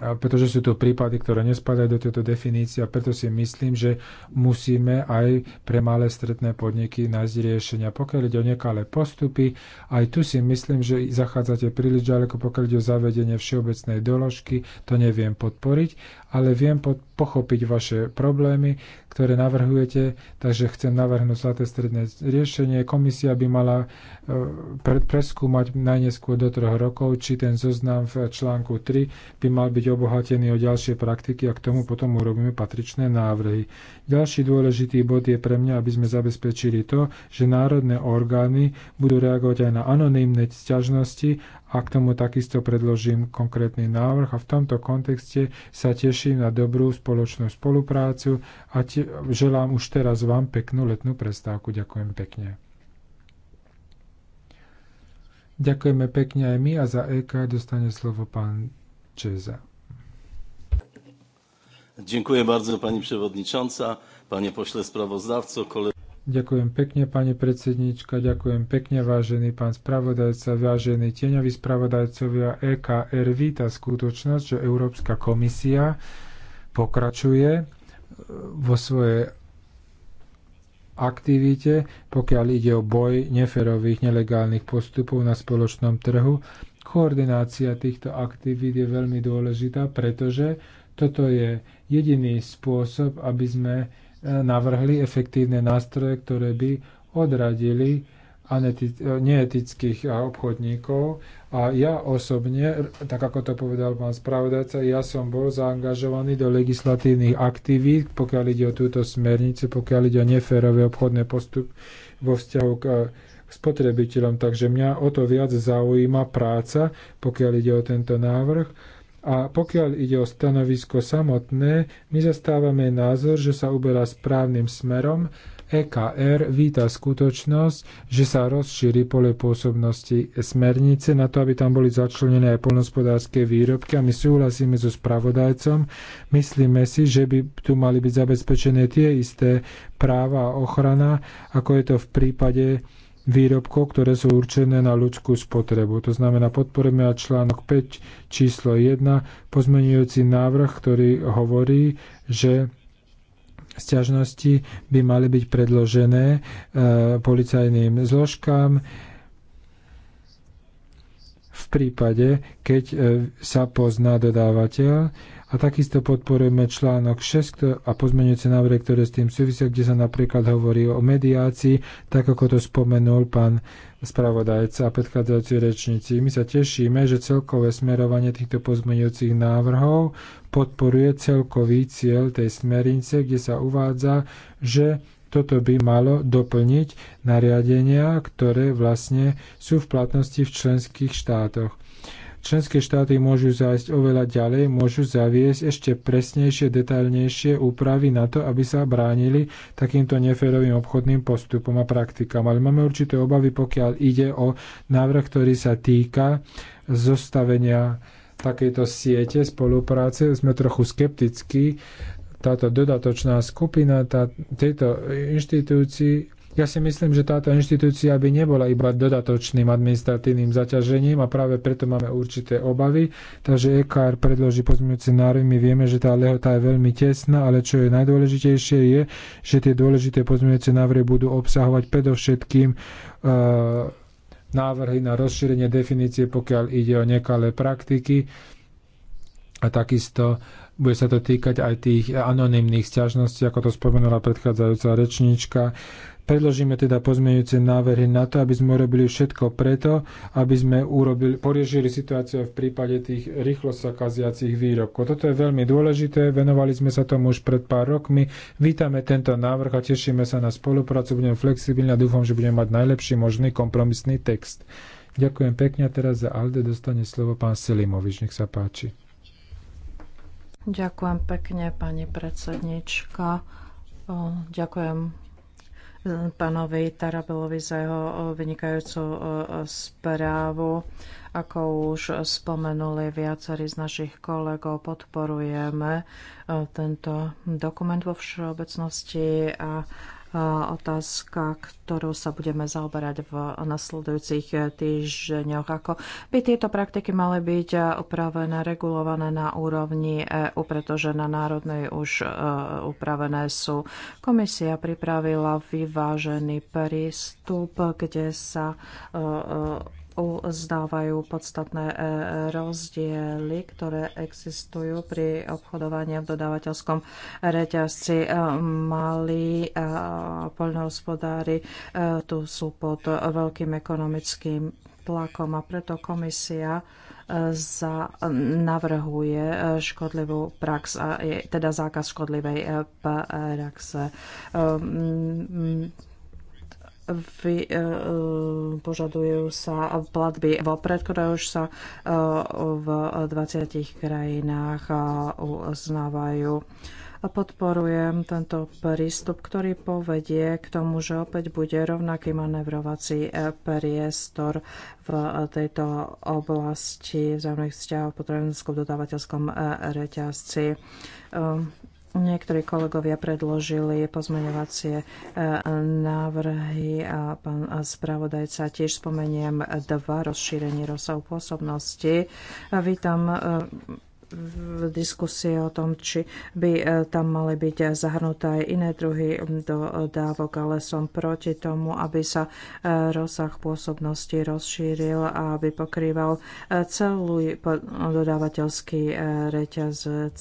pretože sú to prípady, ktoré nespadajú do tejto definície a preto si myslím, že musíme aj pre malé stredné podniky nájsť riešenia. Pokiaľ ide o nekalé postupy, aj tu si myslím, že zachádzate príliš ďaleko, pokiaľ ide o zavedenie všeobecnej doložky, to neviem podporiť ale viem pochopiť vaše problémy, ktoré navrhujete, takže chcem navrhnúť zlaté stredné riešenie. Komisia by mala e, preskúmať najneskôr do troch rokov, či ten zoznam v článku 3 by mal byť obohatený o ďalšie praktiky a k tomu potom urobíme patričné návrhy. Ďalší dôležitý bod je pre mňa, aby sme zabezpečili to, že národné orgány budú reagovať aj na anonimné sťažnosti a k tomu takisto predložím konkrétny návrh a v tomto kontexte sa teším na dobrú spoločnú spoluprácu a te, želám už teraz vám peknú letnú prestávku. Ďakujem pekne. Ďakujeme pekne aj my a za EK dostane slovo pán Čeza. Dziękuję bardzo pani przewodnicząca, panie pośle sprawozdawco, koledzy. Ďakujem pekne, pani predsednička, ďakujem pekne, vážený pán spravodajca, vážený tieňový spravodajcovia EKR víta skutočnosť, že Európska komisia pokračuje e, vo svojej aktivite, pokiaľ ide o boj neferových nelegálnych postupov na spoločnom trhu. Koordinácia týchto aktivít je veľmi dôležitá, pretože toto je jediný spôsob, aby sme navrhli efektívne nástroje, ktoré by odradili neetických eh, obchodníkov. A ja osobne, tak ako to povedal pán spravodajca, ja som bol zaangažovaný do legislatívnych aktivít, pokiaľ ide o túto smernicu, pokiaľ ide o neférové obchodné postup vo vzťahu k eh, spotrebiteľom. Takže mňa o to viac zaujíma práca, pokiaľ ide o tento návrh a pokiaľ ide o stanovisko samotné, my zastávame názor, že sa uberá správnym smerom. EKR víta skutočnosť, že sa rozšíri pole pôsobnosti smernice na to, aby tam boli začlenené aj polnospodárske výrobky a my súhlasíme so spravodajcom. Myslíme si, že by tu mali byť zabezpečené tie isté práva a ochrana, ako je to v prípade výrobkov, ktoré sú určené na ľudskú spotrebu. To znamená, podporujeme aj článok 5 číslo 1, pozmenujúci návrh, ktorý hovorí, že sťažnosti by mali byť predložené e, policajným zložkám v prípade, keď e, sa pozná dodávateľ a takisto podporujeme článok 6 a pozmeňujúce návrhy, ktoré s tým súvisia, kde sa napríklad hovorí o mediácii, tak ako to spomenul pán spravodajca a predchádzajúci rečníci. My sa tešíme, že celkové smerovanie týchto pozmeňujúcich návrhov podporuje celkový cieľ tej smernice, kde sa uvádza, že toto by malo doplniť nariadenia, ktoré vlastne sú v platnosti v členských štátoch. Členské štáty môžu zájsť oveľa ďalej, môžu zaviesť ešte presnejšie, detailnejšie úpravy na to, aby sa bránili takýmto neférovým obchodným postupom a praktikám. Ale máme určité obavy, pokiaľ ide o návrh, ktorý sa týka zostavenia takejto siete spolupráce. Sme trochu skeptickí. Táto dodatočná skupina tá, tejto inštitúcii ja si myslím, že táto inštitúcia by nebola iba dodatočným administratívnym zaťažením a práve preto máme určité obavy. Takže EKR predloží pozmeňujúce návrhy. My vieme, že tá lehota je veľmi tesná, ale čo je najdôležitejšie je, že tie dôležité pozmeňujúce návrhy budú obsahovať predovšetkým eh, návrhy na rozšírenie definície, pokiaľ ide o nekalé praktiky a takisto bude sa to týkať aj tých anonimných sťažností, ako to spomenula predchádzajúca rečníčka. Predložíme teda pozmeňujúce návrhy na to, aby sme urobili všetko preto, aby sme urobili, poriešili situáciu v prípade tých rýchlo sa kaziacich výrobkov. Toto je veľmi dôležité, venovali sme sa tomu už pred pár rokmi. Vítame tento návrh a tešíme sa na spoluprácu, Budem flexibilní a dúfam, že budeme mať najlepší možný kompromisný text. Ďakujem pekne a teraz za Alde dostane slovo pán Selimovič, nech sa páči. Ďakujem pekne, pani predsednička. Ďakujem pánovi Tarabelovi za jeho vynikajúcu správu. Ako už spomenuli viacerí z našich kolegov, podporujeme tento dokument vo všeobecnosti a otázka, ktorú sa budeme zaoberať v nasledujúcich týždňoch. Ako by tieto praktiky mali byť upravené, regulované na úrovni EU, pretože na národnej už e, upravené sú. Komisia pripravila vyvážený prístup, kde sa e, e, uznávajú podstatné e, rozdiely, ktoré existujú pri obchodovaní v dodávateľskom reťazci. E, malí e, poľnohospodári tu sú pod veľkým ekonomickým tlakom a preto komisia za, navrhuje škodlivú prax, teda zákaz škodlivej praxe vy, e, e, požadujú sa platby vopred, ktoré už sa e, v 20 krajinách e, uznávajú. Podporujem tento prístup, ktorý povedie k tomu, že opäť bude rovnaký manevrovací priestor v tejto oblasti vzájomných vzťahov v potravinskom dodávateľskom reťazci Niektorí kolegovia predložili pozmeňovacie e, návrhy a pán spravodajca tiež spomeniem dva rozšírenie rozsahu pôsobnosti. Vítam e, v diskusie o tom, či by e, tam mali byť zahrnuté aj iné druhy dodávok, ale som proti tomu, aby sa e, rozsah pôsobnosti rozšíril a aby pokrýval e, celú dodávateľský reťazec.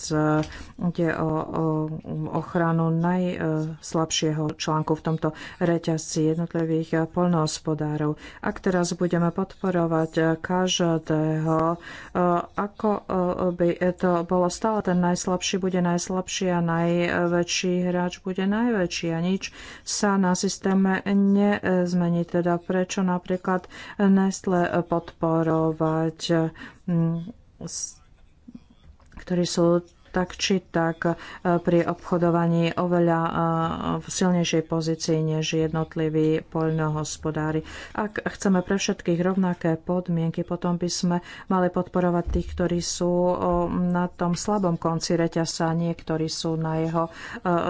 Ide o ochranu najslabšieho článku v tomto reťazci jednotlivých poľnohospodárov. Ak teraz budeme podporovať každého, ako by to bolo stále ten najslabší bude najslabší a najväčší hráč bude najväčší a nič sa na systéme nezmení. Teda prečo napríklad Nestle podporovať ktorí sú tak či tak e, pri obchodovaní oveľa e, v silnejšej pozícii než jednotliví poľnohospodári. Ak chceme pre všetkých rovnaké podmienky, potom by sme mali podporovať tých, ktorí sú na tom slabom konci reťasa, niektorí sú na jeho e,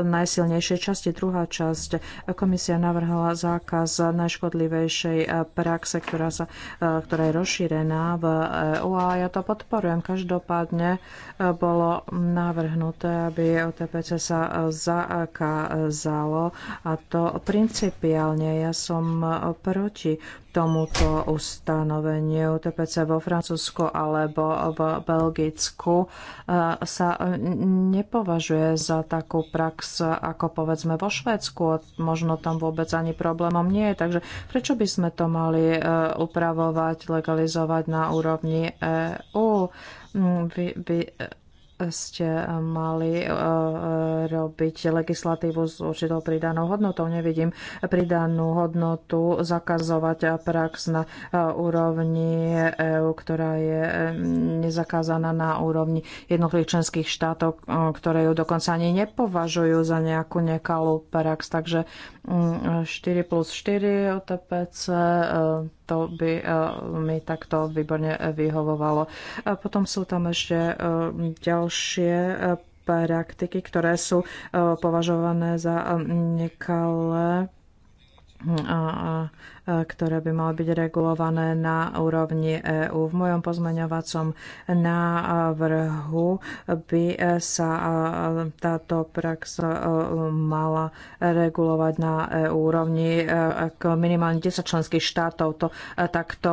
najsilnejšej časti. Druhá časť komisia navrhla zákaz najškodlivejšej praxe, ktorá, sa, ktorá je rozšírená v EU a ja to podporujem. Každopádne bolo navrhnuté, aby OTPC sa zakázalo a to principiálne. Ja som proti tomuto ustanoveniu. TPC vo Francúzsku alebo v Belgicku e, sa nepovažuje za takú prax, ako povedzme vo Švedsku. Možno tam vôbec ani problémom nie je. Takže prečo by sme to mali e, upravovať, legalizovať na úrovni EU? Mm, vy, vy, ste eh, mali eh, eh, robiť legislatívu s určitou pridanou hodnotou. Nevidím pridanú hodnotu zakazovať prax na úrovni EU, ktorá je mm, nezakázaná na úrovni jednotlivých členských štátov, ktoré ju dokonca ani nepovažujú za nejakú nekalú prax. Takže 4 mm, plus 4 OTPC to by e, mi takto výborne vyhovovalo. Potom sú tam ešte e, ďalšie e, praktiky, ktoré sú považované za nekalé a ktoré by malo byť regulované na úrovni EÚ. V mojom pozmeňovacom návrhu by sa táto prax mala regulovať na EÚ úrovni, e, minimálne 10 členských štátov to e, takto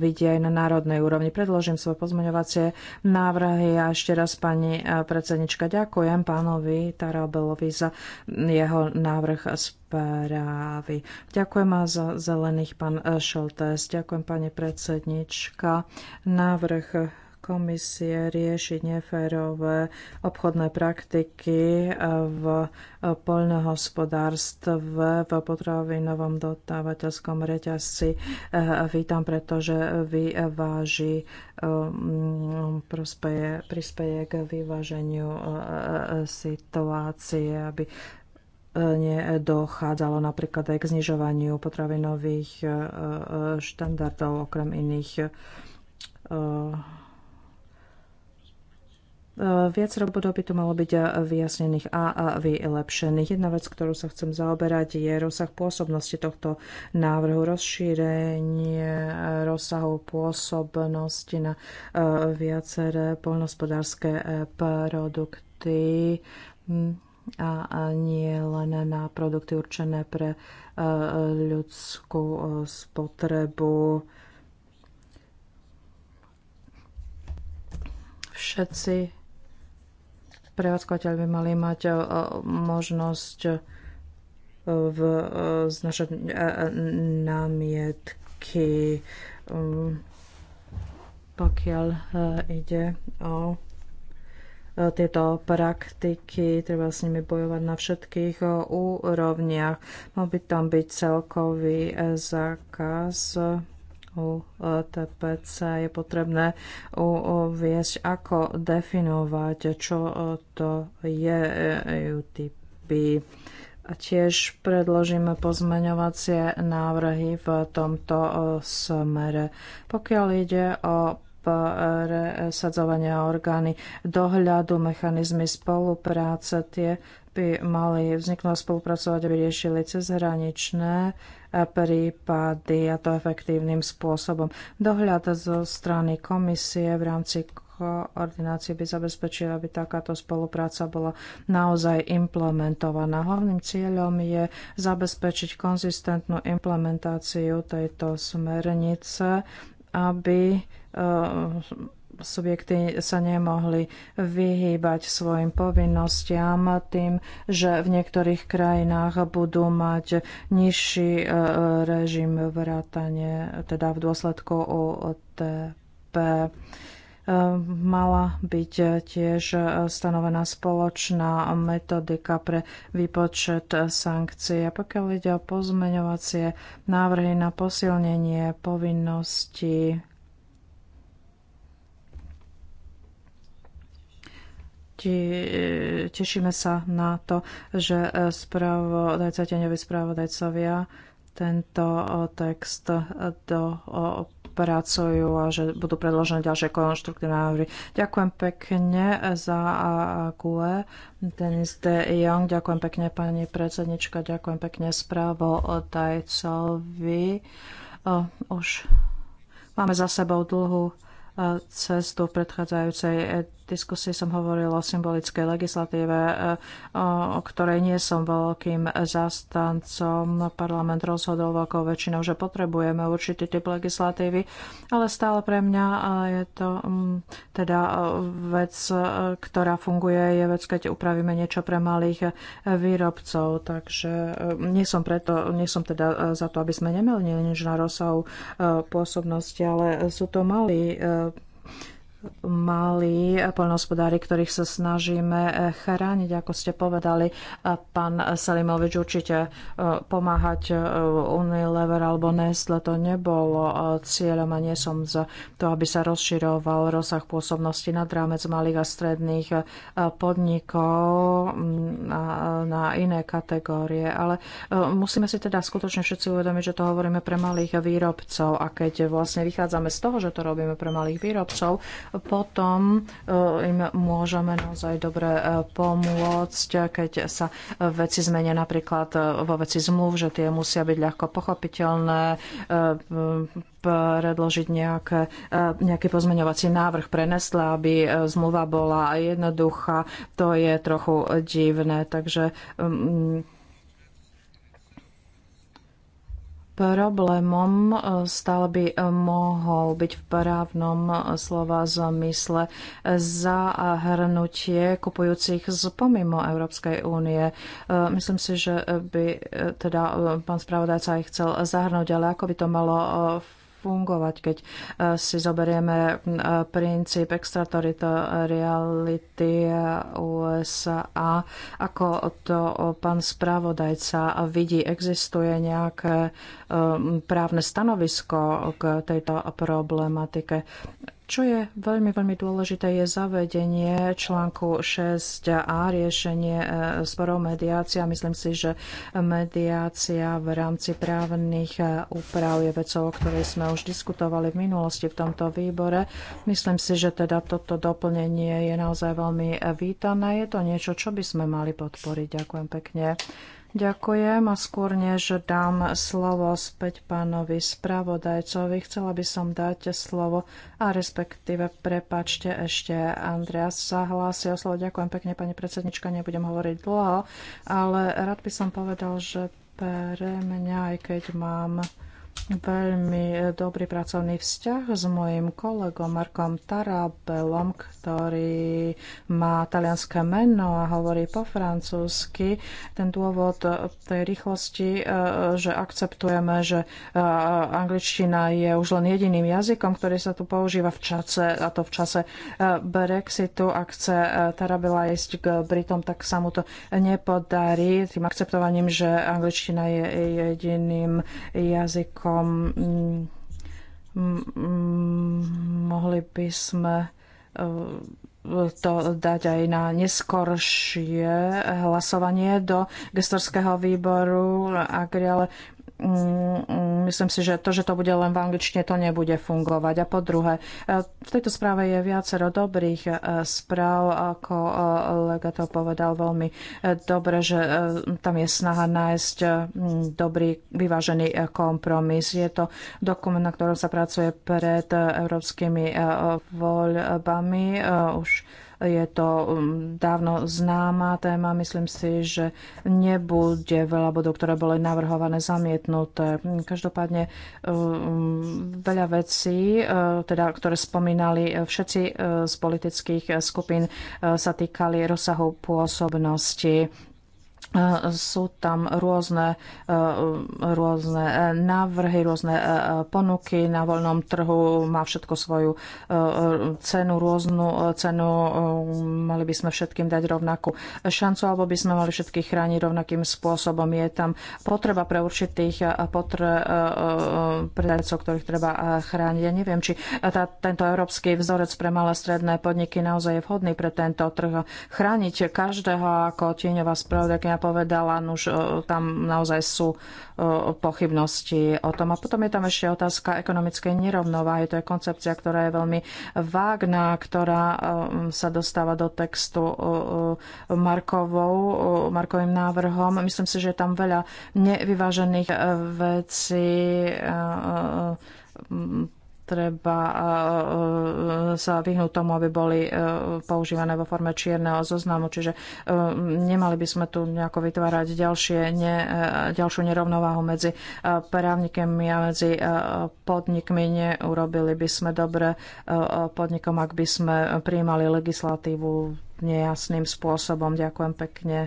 vidie aj na národnej úrovni. Predložím svoje pozmeňovacie návrhy a ešte raz pani e, predsednička ďakujem pánovi Tarabelovi za jeho návrh správy. Ďakujem a za, za zelených pán e, Šoltes. Ďakujem, pani predsednička. Návrh komisie rieši neférové obchodné praktiky e, v poľnohospodárstve, v potravinovom dodávateľskom reťazci. E, vítam, pretože vyváži, prospeje, prispieje k vyváženiu situácie, aby nedochádzalo napríklad aj k znižovaniu potravinových e, e, štandardov, okrem iných e, Viac bodov by tu malo byť vyjasnených a vylepšených. Jedna vec, ktorú sa chcem zaoberať, je rozsah pôsobnosti tohto návrhu, rozšírenie rozsahu pôsobnosti na viaceré poľnospodárske produkty. Hm a nie len na produkty určené pre e, ľudskú e, spotrebu. Všetci prevádzkovateľ by mali mať e, možnosť v, znašať námietky, mm, pokiaľ ide o E, tieto praktiky, treba s nimi bojovať na všetkých e, úrovniach. Mal by tam byť celkový e, zákaz u TPC je potrebné uviesť, ako definovať, čo to je UTP. A tiež predložíme pozmeňovacie návrhy v tomto smere. Pokiaľ ide o presadzovania orgány dohľadu, mechanizmy spolupráce, tie by mali vzniknúť spolupracovať, aby riešili cezhraničné prípady a to efektívnym spôsobom. Dohľad zo strany komisie v rámci koordinácie by zabezpečila, aby takáto spolupráca bola naozaj implementovaná. Hlavným cieľom je zabezpečiť konzistentnú implementáciu tejto smernice aby e, subjekty sa nemohli vyhýbať svojim povinnostiam tým, že v niektorých krajinách budú mať nižší e, režim vrátane, teda v dôsledku OTP mala byť tiež stanovená spoločná metodika pre výpočet sankcií. A pokiaľ ide o pozmeňovacie návrhy na posilnenie povinnosti tešíme sa na to, že spravodajca, tieňoví spravodajcovia tento text do pracujú a že budú predložené ďalšie konštruktívne návrhy. Ďakujem pekne za Kule. Denis de Jong, ďakujem pekne pani predsednička, ďakujem pekne správodajcovi. Už máme za sebou dlhú e, cestu v predchádzajúcej diskusii som hovoril o symbolickej legislatíve, e, o ktorej nie som veľkým zastancom. Parlament rozhodol veľkou väčšinou, že potrebujeme určitý typ legislatívy, ale stále pre mňa e, je to teda e, vec, ktorá funguje, je vec, keď upravíme niečo pre malých výrobcov. Takže nie som, preto, nie som teda za to, aby sme nemeli nič na rozsahu pôsobnosti, ale sú to malí malí poľnohospodári, ktorých sa snažíme eh, chrániť, ako ste povedali. Pán Salimovič určite eh, pomáhať eh, Unilever alebo Nestle to nebolo cieľom a nie som za to, aby sa rozširoval rozsah pôsobnosti nad rámec malých a stredných podnikov mm, na iné kategórie. Ale musíme si teda skutočne všetci uvedomiť, že to hovoríme pre malých výrobcov a keď vlastne vychádzame z toho, že to robíme pre malých výrobcov, potom eh, im môžeme naozaj dobre eh, pomôcť, keď sa eh, veci zmenia napríklad vo veci zmluv, že tie musia byť ľahko pochopiteľné, predložiť nejaké, nejaký pozmeňovací návrh pre Nestle, aby zmluva bola jednoduchá. To je trochu divné, takže mm, problémom e, stále by e, mohol byť v právnom e, slova zmysle zahrnutie kupujúcich z pomimo Európskej únie. Myslím si, že by teda pán spravodajca aj chcel zahrnúť, ale ako by to malo fungovať, keď eh, si zoberieme mm, eh, princíp extraterritoriality USA, ako to pán spravodajca vidí, existuje nejaké eh, právne stanovisko k tejto problematike. Čo je veľmi, veľmi dôležité, je zavedenie článku 6a, riešenie e, sporov mediácia. Myslím si, že mediácia v rámci právnych e, úprav je vecou, o ktorej sme už diskutovali v minulosti v tomto výbore. Myslím si, že teda toto doplnenie je naozaj veľmi vítané. Je to niečo, čo by sme mali podporiť. Ďakujem pekne. Ďakujem a skôr než dám slovo späť pánovi spravodajcovi, chcela by som dať slovo a respektíve prepačte ešte Andreas sa hlási o slovo. Ďakujem pekne pani predsednička, nebudem hovoriť dlho, ale rád by som povedal, že pre mňa, aj keď mám veľmi e, dobrý pracovný vzťah s mojim kolegom Markom Tarabelom, ktorý má talianské meno a hovorí po francúzsky. Ten dôvod tej rýchlosti, e, že akceptujeme, že e, angličtina je už len jediným jazykom, ktorý sa tu používa v čase, a to v čase Brexitu. Ak chce Tarabela ísť k Britom, tak sa mu to nepodarí tým akceptovaním, že angličtina je jediným jazykom jazykom. Mm, mm, mohli by sme e, to dať aj na neskoršie hlasovanie do gestorského výboru, ale Mm, mm, myslím si, že to, že to bude len v angličtine, to nebude fungovať. A po druhé, e, v tejto správe je viacero dobrých e, správ, ako e, Lega to povedal veľmi dobre, že tam je snaha nájsť dobrý, vyvážený kompromis. Je to dokument, na ktorom sa pracuje pred európskymi voľbami. Už je to um, dávno známa téma. Myslím si, že nebude veľa bodov, ktoré boli navrhované, zamietnuté. Každopádne um, veľa vecí, uh, teda, ktoré spomínali uh, všetci uh, z politických skupín, sa týkali rozsahu pôsobnosti E, sú tam rôzne, e, rôzne návrhy, rôzne e, ponuky na voľnom trhu, má všetko svoju cenu, rôznu cenu, mali by sme všetkým dať rovnakú šancu, alebo by sme mali všetkých chrániť rovnakým spôsobom. Je tam potreba pre určitých potre, predajcov, ktorých treba chrániť. Ja neviem, či tá, tento európsky vzorec pre malé stredné podniky naozaj je vhodný pre tento trh. Chrániť každého ako tieňová spravodajka povedala, no už e, tam naozaj sú e, pochybnosti o tom. A potom je tam ešte otázka ekonomickej nerovnováhy. To je koncepcia, ktorá je veľmi vágná, ktorá e, sa dostáva do textu Markovou, Markovým návrhom. Myslím si, že je tam veľa nevyvážených vecí treba e, e, sa vyhnúť tomu, aby boli e, používané vo forme čierneho zoznamu. Čiže nemali by sme tu nejako vytvárať ďalšie, ne, ďalšiu nerovnováhu medzi právnikmi a medzi podnikmi. Neurobili by sme dobre podnikom, ak by sme prijímali legislatívu nejasným spôsobom. Ďakujem pekne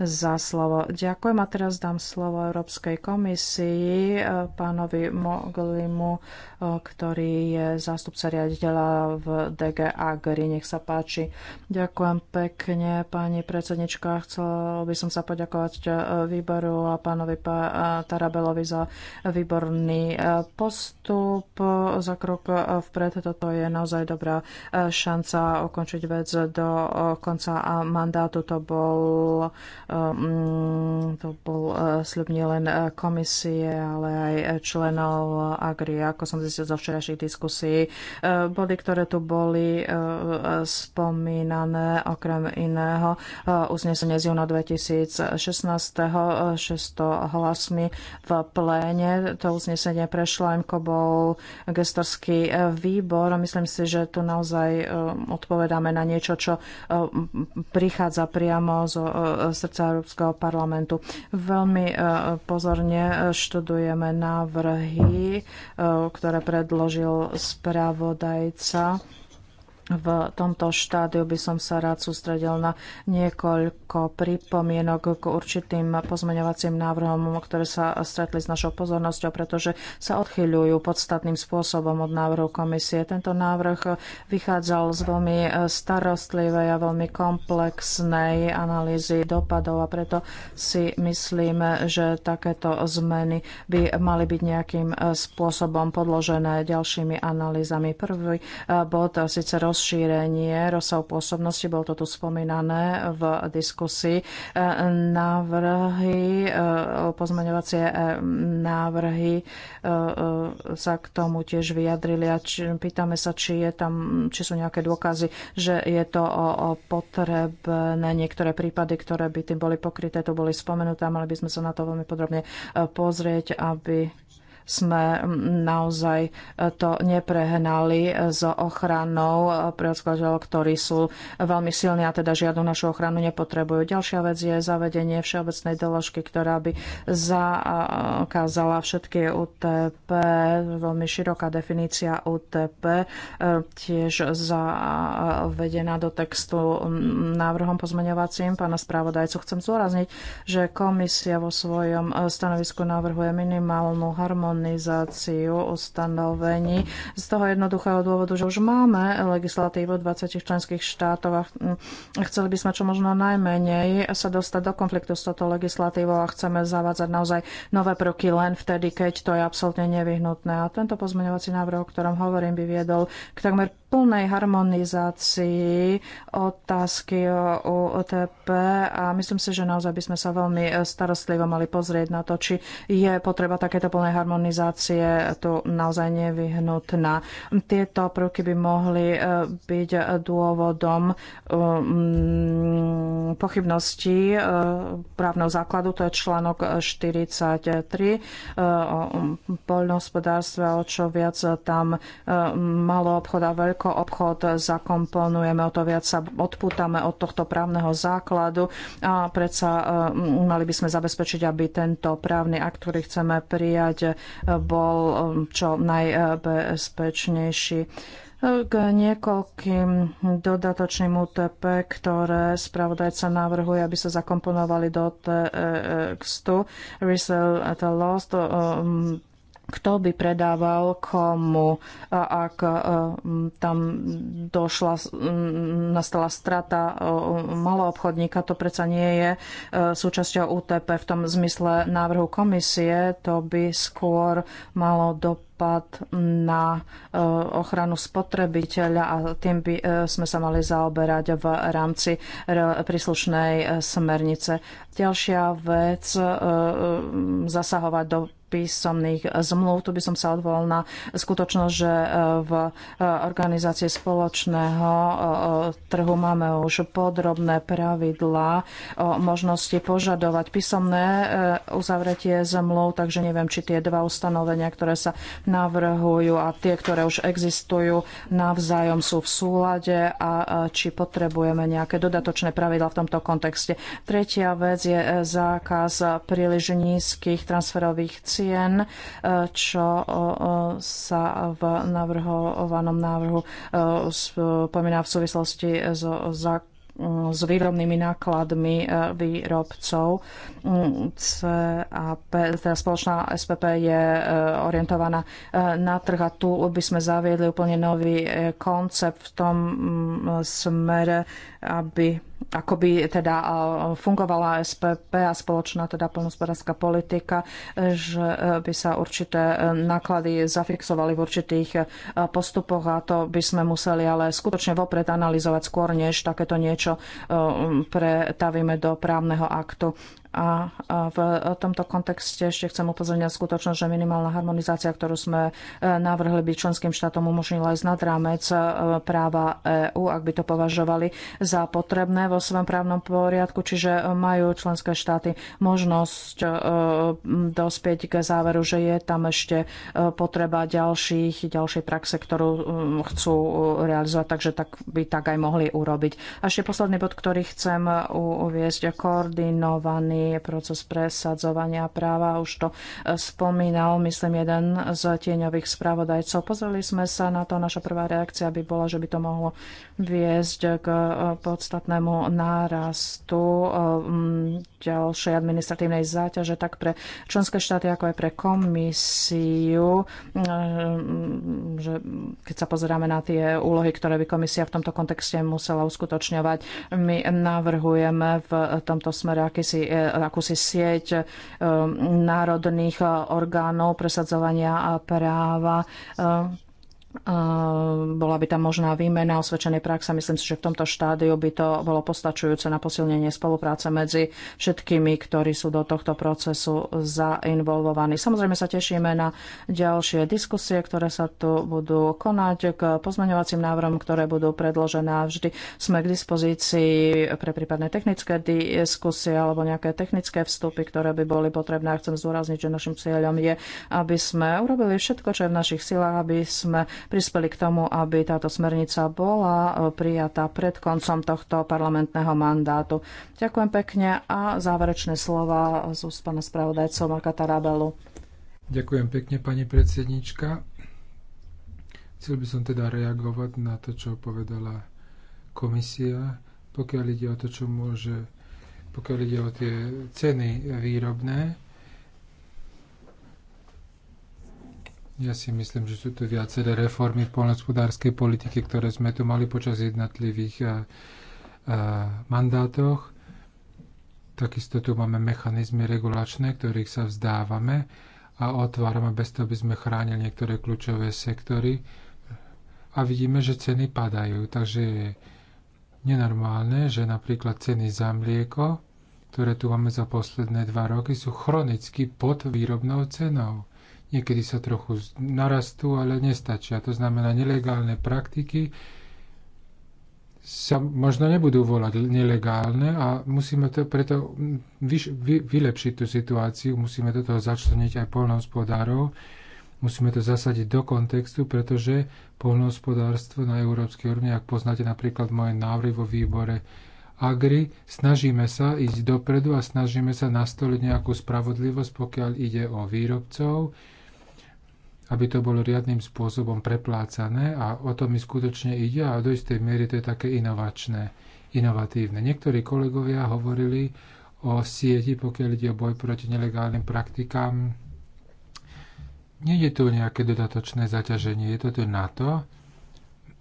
za slovo. Ďakujem a teraz dám slovo Európskej komisii pánovi Moglimu ktorý je zástupca riaditeľa v DG Agri. Nech sa páči. Ďakujem pekne, pani predsednička. Chcela by som sa poďakovať e, výboru a pánovi e, Tarabelovi za výborný e, postup, za krok vpred. Toto je naozaj dobrá šanca ukončiť vec do konca mandátu. To bol, mm, to bol slib nielen komisie, ale aj členov Agri. Ako som zistila, zistiť zo včerajšej diskusii. E, body, ktoré tu boli e, spomínané, okrem iného, e, uznesenie z júna 2016 600 hlasmi v pléne. To uznesenie prešlo MKO bol gestorský výbor. Myslím si, že tu naozaj odpovedáme na niečo, čo prichádza priamo zo srdca Európskeho parlamentu. Veľmi pozorne študujeme návrhy, ktoré predložil spravodajca. V tomto štádiu by som sa rád sústredil na niekoľko pripomienok k určitým pozmeňovacím návrhom, ktoré sa stretli s našou pozornosťou, pretože sa odchyľujú podstatným spôsobom od návrhu komisie. Tento návrh vychádzal z veľmi starostlivej a veľmi komplexnej analýzy dopadov a preto si myslím, že takéto zmeny by mali byť nejakým spôsobom podložené ďalšími analýzami. Prvý bod síce roz rozšírenie rozsahu pôsobnosti, bolo to tu spomínané v diskusii, návrhy, e, e, pozmeňovacie e, návrhy sa k tomu tiež vyjadrili a či, pýtame sa, či, je tam, či sú nejaké dôkazy, že je to o, o potrebné niektoré prípady, ktoré by tým boli pokryté, to boli spomenuté mali by sme sa na to veľmi podrobne pozrieť, aby sme naozaj e, to neprehnali e, s ochranou e, prevádzkovateľov, ktorí sú veľmi silní a teda žiadnu našu ochranu nepotrebujú. Ďalšia vec je zavedenie všeobecnej doložky, ktorá by zakázala všetky UTP, veľmi široká definícia UTP, tiež zavedená do textu návrhom pozmeňovacím pána správodajcu. Chcem zúrazniť, že komisia vo svojom stanovisku navrhuje minimálnu harmonizáciu harmonizáciu ustanovení z toho jednoduchého dôvodu, že už máme legislatívu 20 členských štátov mm, a chceli by sme čo možno najmenej sa dostať do konfliktu s touto legislatívou a chceme zavádzať naozaj nové prvky len vtedy, keď to je absolútne nevyhnutné. A tento pozmeňovací návrh, o ktorom hovorím, by viedol k takmer plnej harmonizácii otázky o OTP a myslím si, že naozaj by sme sa veľmi e, starostlivo mali pozrieť na to, či je potreba takéto plnej harmonizácie tu naozaj nevyhnutná. Tieto prvky by mohli e, byť dôvodom e, mm, pochybností právneho základu, to je článok 43 o poľnohospodárstve, o čo viac tam malo obchoda a ako obchod zakomponujeme, o to viac sa odputáme od tohto právneho základu a predsa e, mali by sme zabezpečiť, aby tento právny akt, ktorý chceme prijať, e, bol e, čo najbezpečnejší k niekoľkým dodatočným UTP, ktoré spravodajca navrhuje, aby sa zakomponovali do textu Resell at a Lost, kto by predával komu, ak e, tam došla, nastala strata e, malého obchodníka, to predsa nie je e, súčasťou UTP v tom zmysle návrhu komisie, to by skôr malo dopad na ochranu spotrebiteľa a tým by sme sa mali zaoberať v rámci príslušnej smernice. Ďalšia vec, zasahovať do písomných zmluv. Tu by som sa odvolal na skutočnosť, že e, v e, organizácie spoločného e, trhu máme už podrobné pravidlá o možnosti požadovať písomné uzavretie zmluv, takže neviem, či tie dva ustanovenia, ktoré sa navrhujú a tie, ktoré už existujú, navzájom sú v súlade a či potrebujeme nejaké dodatočné pravidla v tomto kontexte. Tretia vec je zákaz príliš nízkych transferových cien cien, e, čo e, sa v navrhovanom návrhu e, spomína v súvislosti so zákonom s výrobnými nákladmi výrobcov. CAP, teda spoločná SPP je orientovaná na trh a tu by sme zaviedli úplne nový koncept v tom smere, aby ako by teda fungovala SPP a spoločná teda polnospodárska politika, že e, by sa určité e, náklady zafixovali v určitých e, postupoch a to by sme museli ale skutočne vopred analyzovať skôr, než takéto niečo pretavíme do právneho aktu. A v tomto kontexte ešte chcem upozorniť skutočnosť, že minimálna harmonizácia, ktorú sme e, navrhli, by členským štátom umožnila aj znad rámec e, práva EÚ, ak by to považovali za potrebné vo svojom právnom poriadku, čiže majú členské štáty možnosť e, dospieť k záveru, že je tam ešte potreba ďalších, ďalšej praxe, ktorú chcú realizovať, takže tak by tak aj mohli urobiť. A ešte posledný bod, ktorý chcem uviezť, koordinovaný nie je proces presadzovania práva. Už to e, spomínal, myslím, jeden z tieňových spravodajcov. Pozreli sme sa na to. Naša prvá reakcia by bola, že by to mohlo viesť k e, podstatnému nárastu e, ďalšej administratívnej záťaže tak pre členské štáty, ako aj pre komisiu, že keď sa pozeráme na tie úlohy, ktoré by komisia v tomto kontexte musela uskutočňovať, my navrhujeme v tomto smere akýsi akúsi sieť eh, národných eh, orgánov presadzovania eh, práva bola by tam možná výmena osvedčenej praxe. Myslím si, že v tomto štádiu by to bolo postačujúce na posilnenie spolupráce medzi všetkými, ktorí sú do tohto procesu zainvolvovaní. Samozrejme sa tešíme na ďalšie diskusie, ktoré sa tu budú konať k pozmeňovacím návrhom, ktoré budú predložené. Vždy sme k dispozícii pre prípadné technické diskusie alebo nejaké technické vstupy, ktoré by boli potrebné. Chcem zdôrazniť, že našim cieľom je, aby sme urobili všetko, čo je v našich silách, aby sme prispeli k tomu, aby táto smernica bola e, prijatá pred koncom tohto parlamentného mandátu. Ďakujem pekne a záverečné slova z úst pána spravodajcov Marka Tarabelu. Ďakujem pekne, pani predsednička. Chcel by som teda reagovať na to, čo povedala komisia, pokiaľ ide o to, čo môže, pokiaľ ide o tie ceny výrobné Ja si myslím, že sú tu viaceré reformy v poľnohospodárskej politike, ktoré sme tu mali počas jednotlivých a, eh, a, eh, mandátoch. Takisto tu máme mechanizmy regulačné, ktorých sa vzdávame a otvárame bez toho, aby sme chránili niektoré kľúčové sektory. A vidíme, že ceny padajú. Takže je nenormálne, že napríklad ceny za mlieko, ktoré tu máme za posledné dva roky, sú chronicky pod výrobnou cenou. Niekedy sa trochu narastú, ale nestačia. To znamená, nelegálne praktiky sa možno nebudú volať nelegálne a musíme to preto vyš, vy, vylepšiť tú situáciu, musíme do toho začleniť aj polnohospodárov, musíme to zasadiť do kontextu, pretože polnohospodárstvo na európskej úrovni, ak poznáte napríklad moje návry vo výbore Agri, snažíme sa ísť dopredu a snažíme sa nastoliť nejakú spravodlivosť, pokiaľ ide o výrobcov, aby to bolo riadným spôsobom preplácané a o to mi skutočne ide a do istej miery to je také inovačné, inovatívne. Niektorí kolegovia hovorili o sieti, pokiaľ ide o boj proti nelegálnym praktikám. Nie je tu nejaké dodatočné zaťaženie, je to tu na to,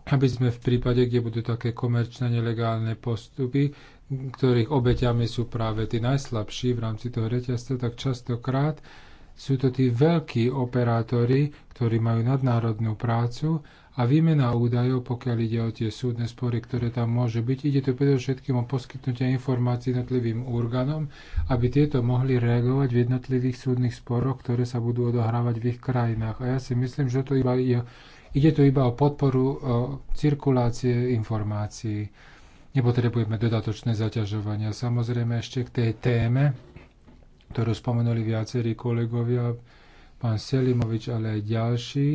aby sme v prípade, kde budú také komerčné nelegálne postupy, ktorých obeťami sú práve tí najslabší v rámci toho reťazca, tak častokrát sú to tí veľkí operátori, ktorí majú nadnárodnú prácu a výmena údajov, pokiaľ ide o tie súdne spory, ktoré tam môže byť. Ide tu predovšetkým o poskytnutie informácií jednotlivým orgánom, aby tieto mohli reagovať v jednotlivých súdnych sporoch, ktoré sa budú odohrávať v ich krajinách. A ja si myslím, že to iba je, ide tu iba o podporu o cirkulácie informácií nepotrebujeme dodatočné zaťažovania. Samozrejme ešte k tej téme ktorú spomenuli viacerí kolegovia, pán Selimovič, ale aj ďalší.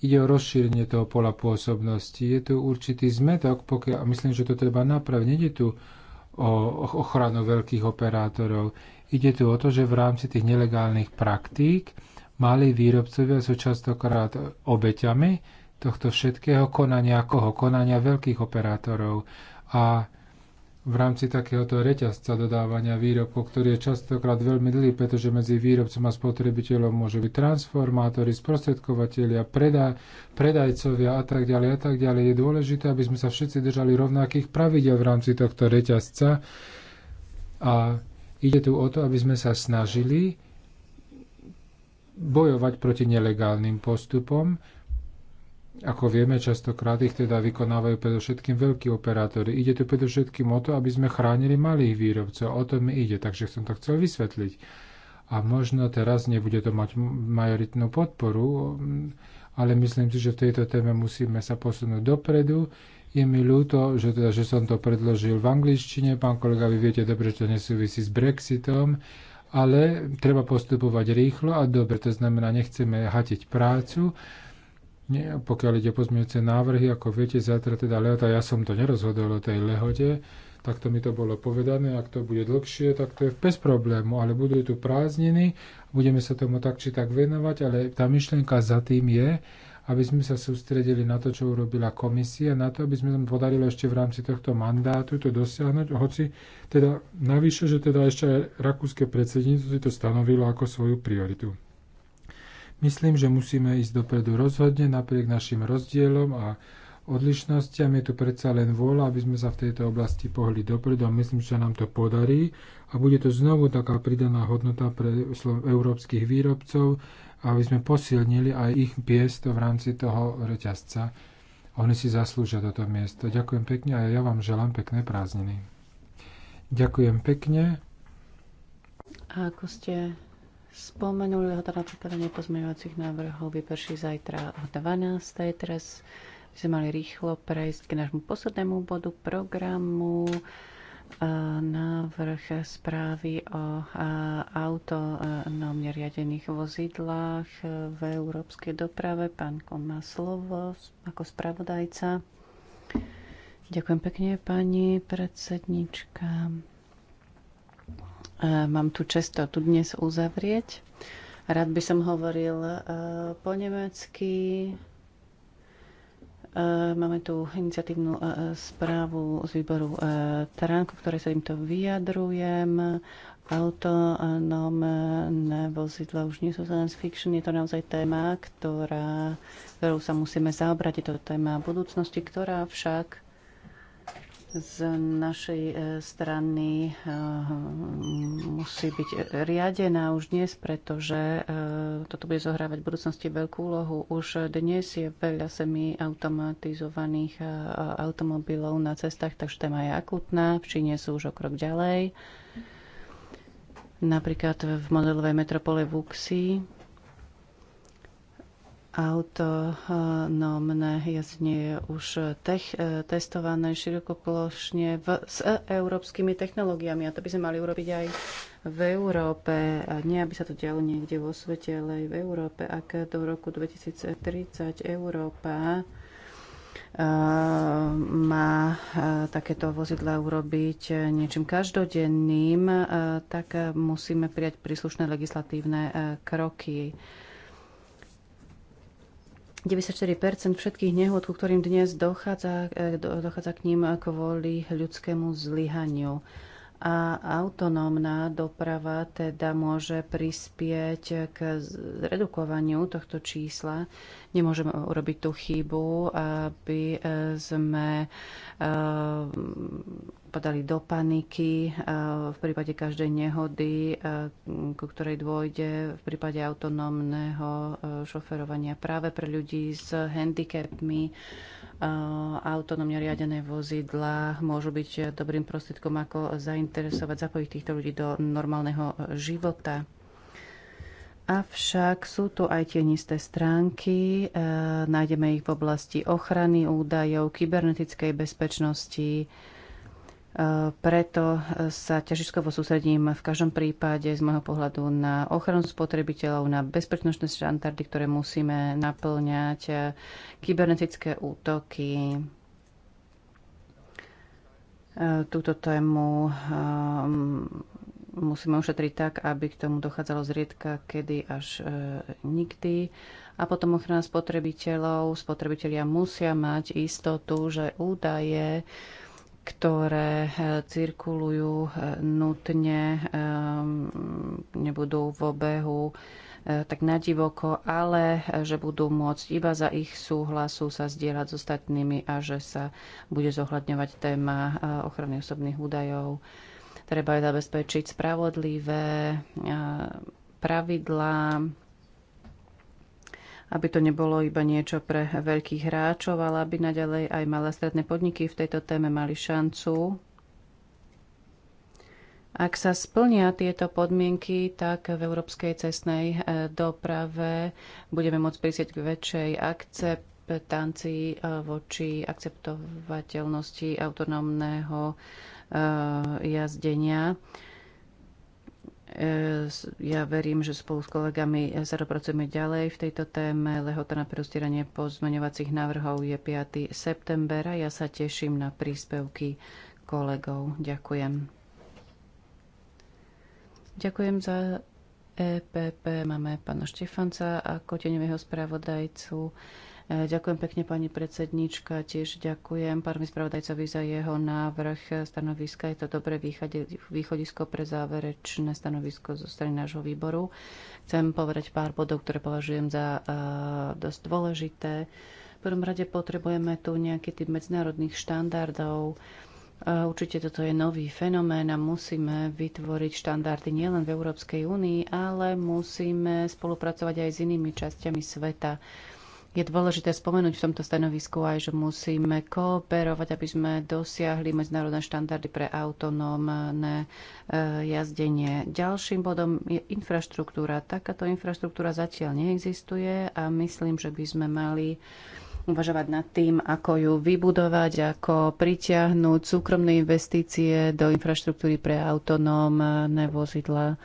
Ide o rozšírenie toho pola pôsobnosti. Je tu určitý zmetok, pokiaľ, a myslím, že to treba napraviť. Nede tu o ochranu veľkých operátorov. Ide tu o to, že v rámci tých nelegálnych praktík mali výrobcovia sú častokrát obeťami tohto všetkého konania koho? Konania veľkých operátorov. A v rámci takéhoto reťazca dodávania výrobkov, ktorý je častokrát veľmi dlhý, pretože medzi výrobcom a spotrebiteľom môžu byť transformátori, sprostredkovateľia, predaj, predajcovia a tak ďalej a tak ďalej. Je dôležité, aby sme sa všetci držali rovnakých pravidel v rámci tohto reťazca a ide tu o to, aby sme sa snažili bojovať proti nelegálnym postupom, ako vieme, častokrát ich teda vykonávajú predovšetkým veľkí operátori. Ide tu predovšetkým o to, aby sme chránili malých výrobcov. O to mi ide, takže som to chcel vysvetliť. A možno teraz nebude to mať majoritnú podporu, ale myslím si, že v tejto téme musíme sa posunúť dopredu. Je mi ľúto, že, teda, že som to predložil v angličtine. Pán kolega, vy viete dobre, že to nesúvisí s Brexitom, ale treba postupovať rýchlo a dobre. To znamená, nechceme hatiť prácu nie, pokiaľ ide pozmeňujúce návrhy, ako viete, zajtra teda lehota, ja som to nerozhodol o tej lehote, takto mi to bolo povedané, ak to bude dlhšie, tak to je bez problému, ale budú tu prázdniny, budeme sa tomu tak či tak venovať, ale tá myšlienka za tým je, aby sme sa sústredili na to, čo urobila komisia, na to, aby sme nám podarili ešte v rámci tohto mandátu to dosiahnuť, hoci teda navyše, že teda ešte aj rakúske predsedníctvo si to stanovilo ako svoju prioritu. Myslím, že musíme ísť dopredu rozhodne napriek našim rozdielom a odlišnostiam. Je tu predsa len vôľa, aby sme sa v tejto oblasti pohli dopredu a myslím, že sa nám to podarí a bude to znovu taká pridaná hodnota pre európskych výrobcov, aby sme posilnili aj ich miesto v rámci toho reťazca. Oni si zaslúžia toto miesto. Ďakujem pekne a ja vám želám pekné prázdniny. Ďakujem pekne. A ako ste spomenuli ho teda pripadanie pozmeňovacích návrhov vyprší zajtra o 12. Teraz by sme mali rýchlo prejsť k nášmu poslednému bodu programu návrh správy o autonómne riadených vozidlách v európskej doprave. Pán Kon má slovo ako spravodajca. Ďakujem pekne, pani predsednička mám tu često tu dnes uzavrieť. Rád by som hovoril e, po nemecky. E, máme tu iniciatívnu e, správu z výboru Taránku, ktoré sa týmto vyjadrujem. Autonómne vozidla už nie sú science fiction, je to naozaj téma, ktorá, ktorou sa musíme zaobrať. Je to téma budúcnosti, ktorá však z našej e, strany e, musí byť riadená už dnes, pretože e, toto bude zohrávať v budúcnosti veľkú úlohu. Už dnes je veľa semi automatizovaných automobilov na cestách, takže téma je akutná. V Číne sú už o krok ďalej. Napríklad v modelovej metropole Vuxi autonómne jasne je už tech, e, testované širokoplošne v, s e, európskymi technológiami. A to by sme mali urobiť aj v Európe. A nie, aby sa to dialo niekde vo svete, ale aj v Európe. Ak do roku 2030 Európa e, má takéto vozidla urobiť niečím každodenným, tak musíme prijať príslušné legislatívne kroky 94 všetkých nehôd, ku ktorým dnes dochádza, e, dochádza k ním kvôli ľudskému zlyhaniu. A autonómna doprava teda môže prispieť k zredukovaniu tohto čísla. Nemôžeme urobiť tú chybu, aby e, sme e, padali do paniky e, v prípade každej nehody, e, ku ktorej dôjde v prípade autonómneho e, šoferovania práve pre ľudí s handicapmi. Autonómne riadené vozidla môžu byť dobrým prostriedkom, ako zainteresovať, zapojiť týchto ľudí do normálneho života. Avšak sú tu aj tienisté stránky, e, nájdeme ich v oblasti ochrany údajov, kybernetickej bezpečnosti, preto sa ťažiskovo sústredím v každom prípade z môjho pohľadu na ochranu spotrebiteľov, na bezpečnostné štandardy, ktoré musíme naplňať, kybernetické útoky. Túto tému um, musíme ušetriť tak, aby k tomu dochádzalo zriedka, kedy až e, nikdy. A potom ochrana spotrebiteľov. Spotrebitelia musia mať istotu, že údaje, ktoré eh, cirkulujú eh, nutne, eh, nebudú v obehu tak nadivoko, ale že budú môcť iba za ich súhlasu sa zdieľať s ostatnými a že sa bude zohľadňovať téma ochrany osobných údajov. Treba aj zabezpečiť spravodlivé pravidlá aby to nebolo iba niečo pre veľkých hráčov, ale aby naďalej aj malé a stredné podniky v tejto téme mali šancu. Ak sa splnia tieto podmienky, tak v európskej cestnej eh, doprave budeme môcť prísieť k väčšej akceptancii eh, voči akceptovateľnosti autonómneho eh, jazdenia E, ja verím, že spolu s kolegami e, sa dopracujeme ďalej v tejto téme. Lehota na prostieranie pozmeňovacích návrhov je 5. september a ja sa teším na príspevky kolegov. Ďakujem. Ďakujem za EPP. Máme pána Štefanca ako teňového spravodajcu. Eh, ďakujem pekne, pani predsednička. Tiež ďakujem pánovi spravodajcovi za jeho návrh stanoviska. Je to dobré východisko pre záverečné stanovisko zo strany nášho výboru. Chcem povedať pár bodov, ktoré považujem za eh, dosť dôležité. V prvom rade potrebujeme tu nejaký typ medzinárodných štandardov, eh, Určite toto je nový fenomén a musíme vytvoriť štandardy nielen v Európskej únii, ale musíme spolupracovať aj s inými časťami sveta. Je dôležité spomenúť v tomto stanovisku aj, že musíme kooperovať, aby sme dosiahli medzinárodné štandardy pre autonómne eh, jazdenie. Ďalším bodom je infraštruktúra. Takáto infraštruktúra zatiaľ neexistuje a myslím, že by sme mali uvažovať nad tým, ako ju vybudovať, ako pritiahnuť súkromné investície do infraštruktúry pre autonómne vozidla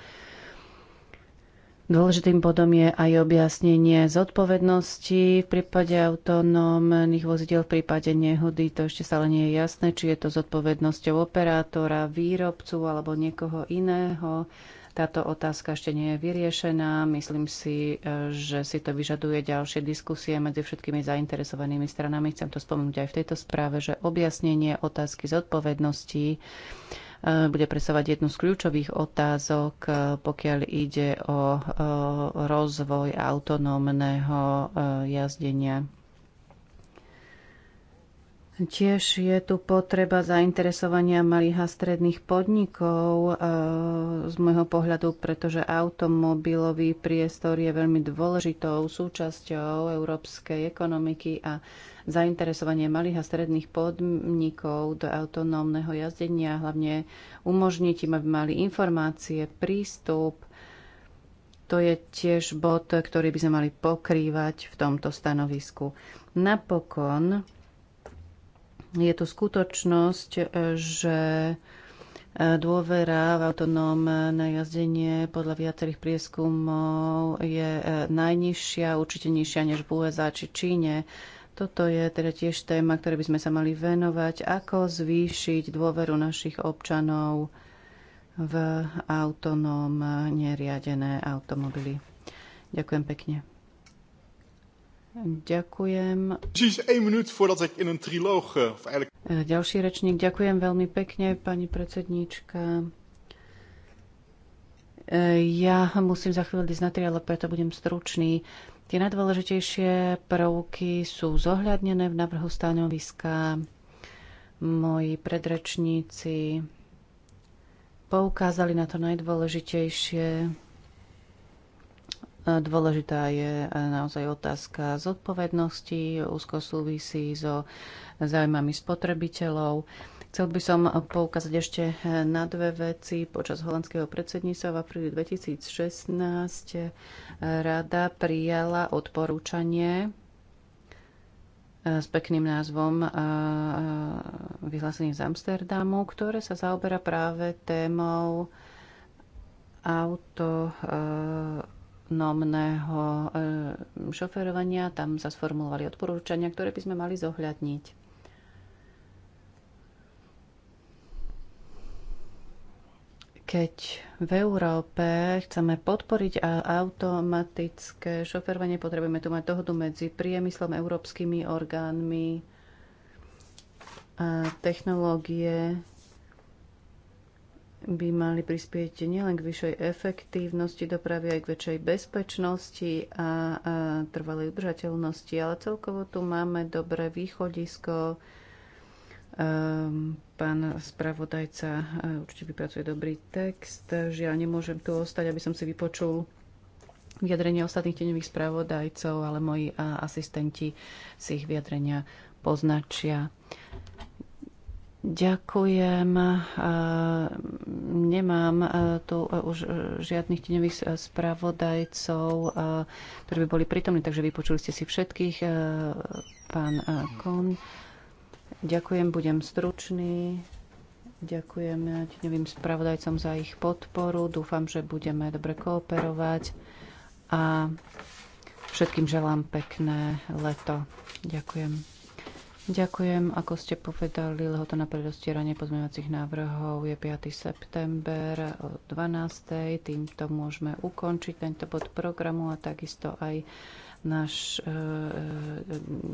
Dôležitým bodom je aj objasnenie zodpovednosti v prípade autonómnych vozidel, v prípade nehody. To ešte stále nie je jasné, či je to zodpovednosťou operátora, výrobcu alebo niekoho iného. Táto otázka ešte nie je vyriešená. Myslím si, e, že si to vyžaduje ďalšie diskusie medzi všetkými zainteresovanými stranami. Chcem to spomenúť aj v tejto správe, že objasnenie otázky zodpovednosti Eh, bude presovať jednu z kľúčových otázok, eh, pokiaľ ide o eh, rozvoj autonómneho jazdenia. Tiež je tu potreba zainteresovania malých a stredných podnikov z môjho pohľadu, pretože automobilový priestor je veľmi dôležitou súčasťou európskej ekonomiky a zainteresovanie malých a stredných podnikov do autonómneho jazdenia, hlavne umožniť im, aby mali informácie, prístup. To je tiež bod, ktorý by sme mali pokrývať v tomto stanovisku. Napokon je tu skutočnosť, že Dôvera v autonómne jazdenie podľa viacerých prieskumov je najnižšia, určite nižšia než v USA či Číne. Toto je teda tiež téma, ktoré by sme sa mali venovať. Ako zvýšiť dôveru našich občanov v autonóm neriadené automobily. Ďakujem pekne. Ďakujem. Eh, eh, ďalší rečník, ďakujem veľmi pekne, pani predsedníčka. Eh, ja musím za chvíľu ísť na tri, ale preto budem stručný. Tie najdôležitejšie prvky sú zohľadnené v návrhu stanoviska. Moji predrečníci poukázali na to najdôležitejšie. Dôležitá je naozaj otázka zodpovednosti, úzko súvisí so zájmami spotrebiteľov. Chcel by som poukázať ešte na dve veci. Počas holandského predsedníctva v apríli 2016 rada prijala odporúčanie s pekným názvom vyhlásenie z Amsterdamu, ktoré sa zaoberá práve témou autonómneho e, šoferovania. Tam sa sformulovali odporúčania, ktoré by sme mali zohľadniť. keď v Európe chceme podporiť automatické šoferovanie, potrebujeme tu mať dohodu medzi priemyslom, európskymi orgánmi, a technológie by mali prispieť nielen k vyššej efektívnosti dopravy, aj k väčšej bezpečnosti a, a trvalej udržateľnosti, ale celkovo tu máme dobré východisko, Ehm, pán spravodajca eh, určite vypracuje dobrý text. Žiaľ, nemôžem tu ostať, aby som si vypočul vyjadrenia ostatných teňových spravodajcov, ale moji eh, asistenti si ich vyjadrenia poznačia. Ďakujem. Ehm, nemám eh, tu už žiadnych teňových spravodajcov, ktorí by boli prítomní, takže vypočuli ste si všetkých. Pán Kon. Ďakujem, budem stručný. Ďakujem novým spravodajcom za ich podporu. Dúfam, že budeme dobre kooperovať a všetkým želám pekné leto. Ďakujem. Ďakujem, ako ste povedali, lehoto na predostieranie pozmeňovacích návrhov je 5. september o 12. Týmto môžeme ukončiť tento bod programu a takisto aj naš, e, e,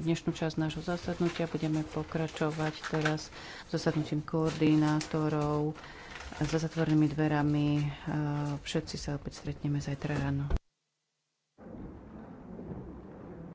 dnešnú časť nášho zasadnutia. Budeme pokračovať teraz zasadnutím koordinátorov za zatvorenými dverami. E, všetci sa opäť stretneme zajtra ráno.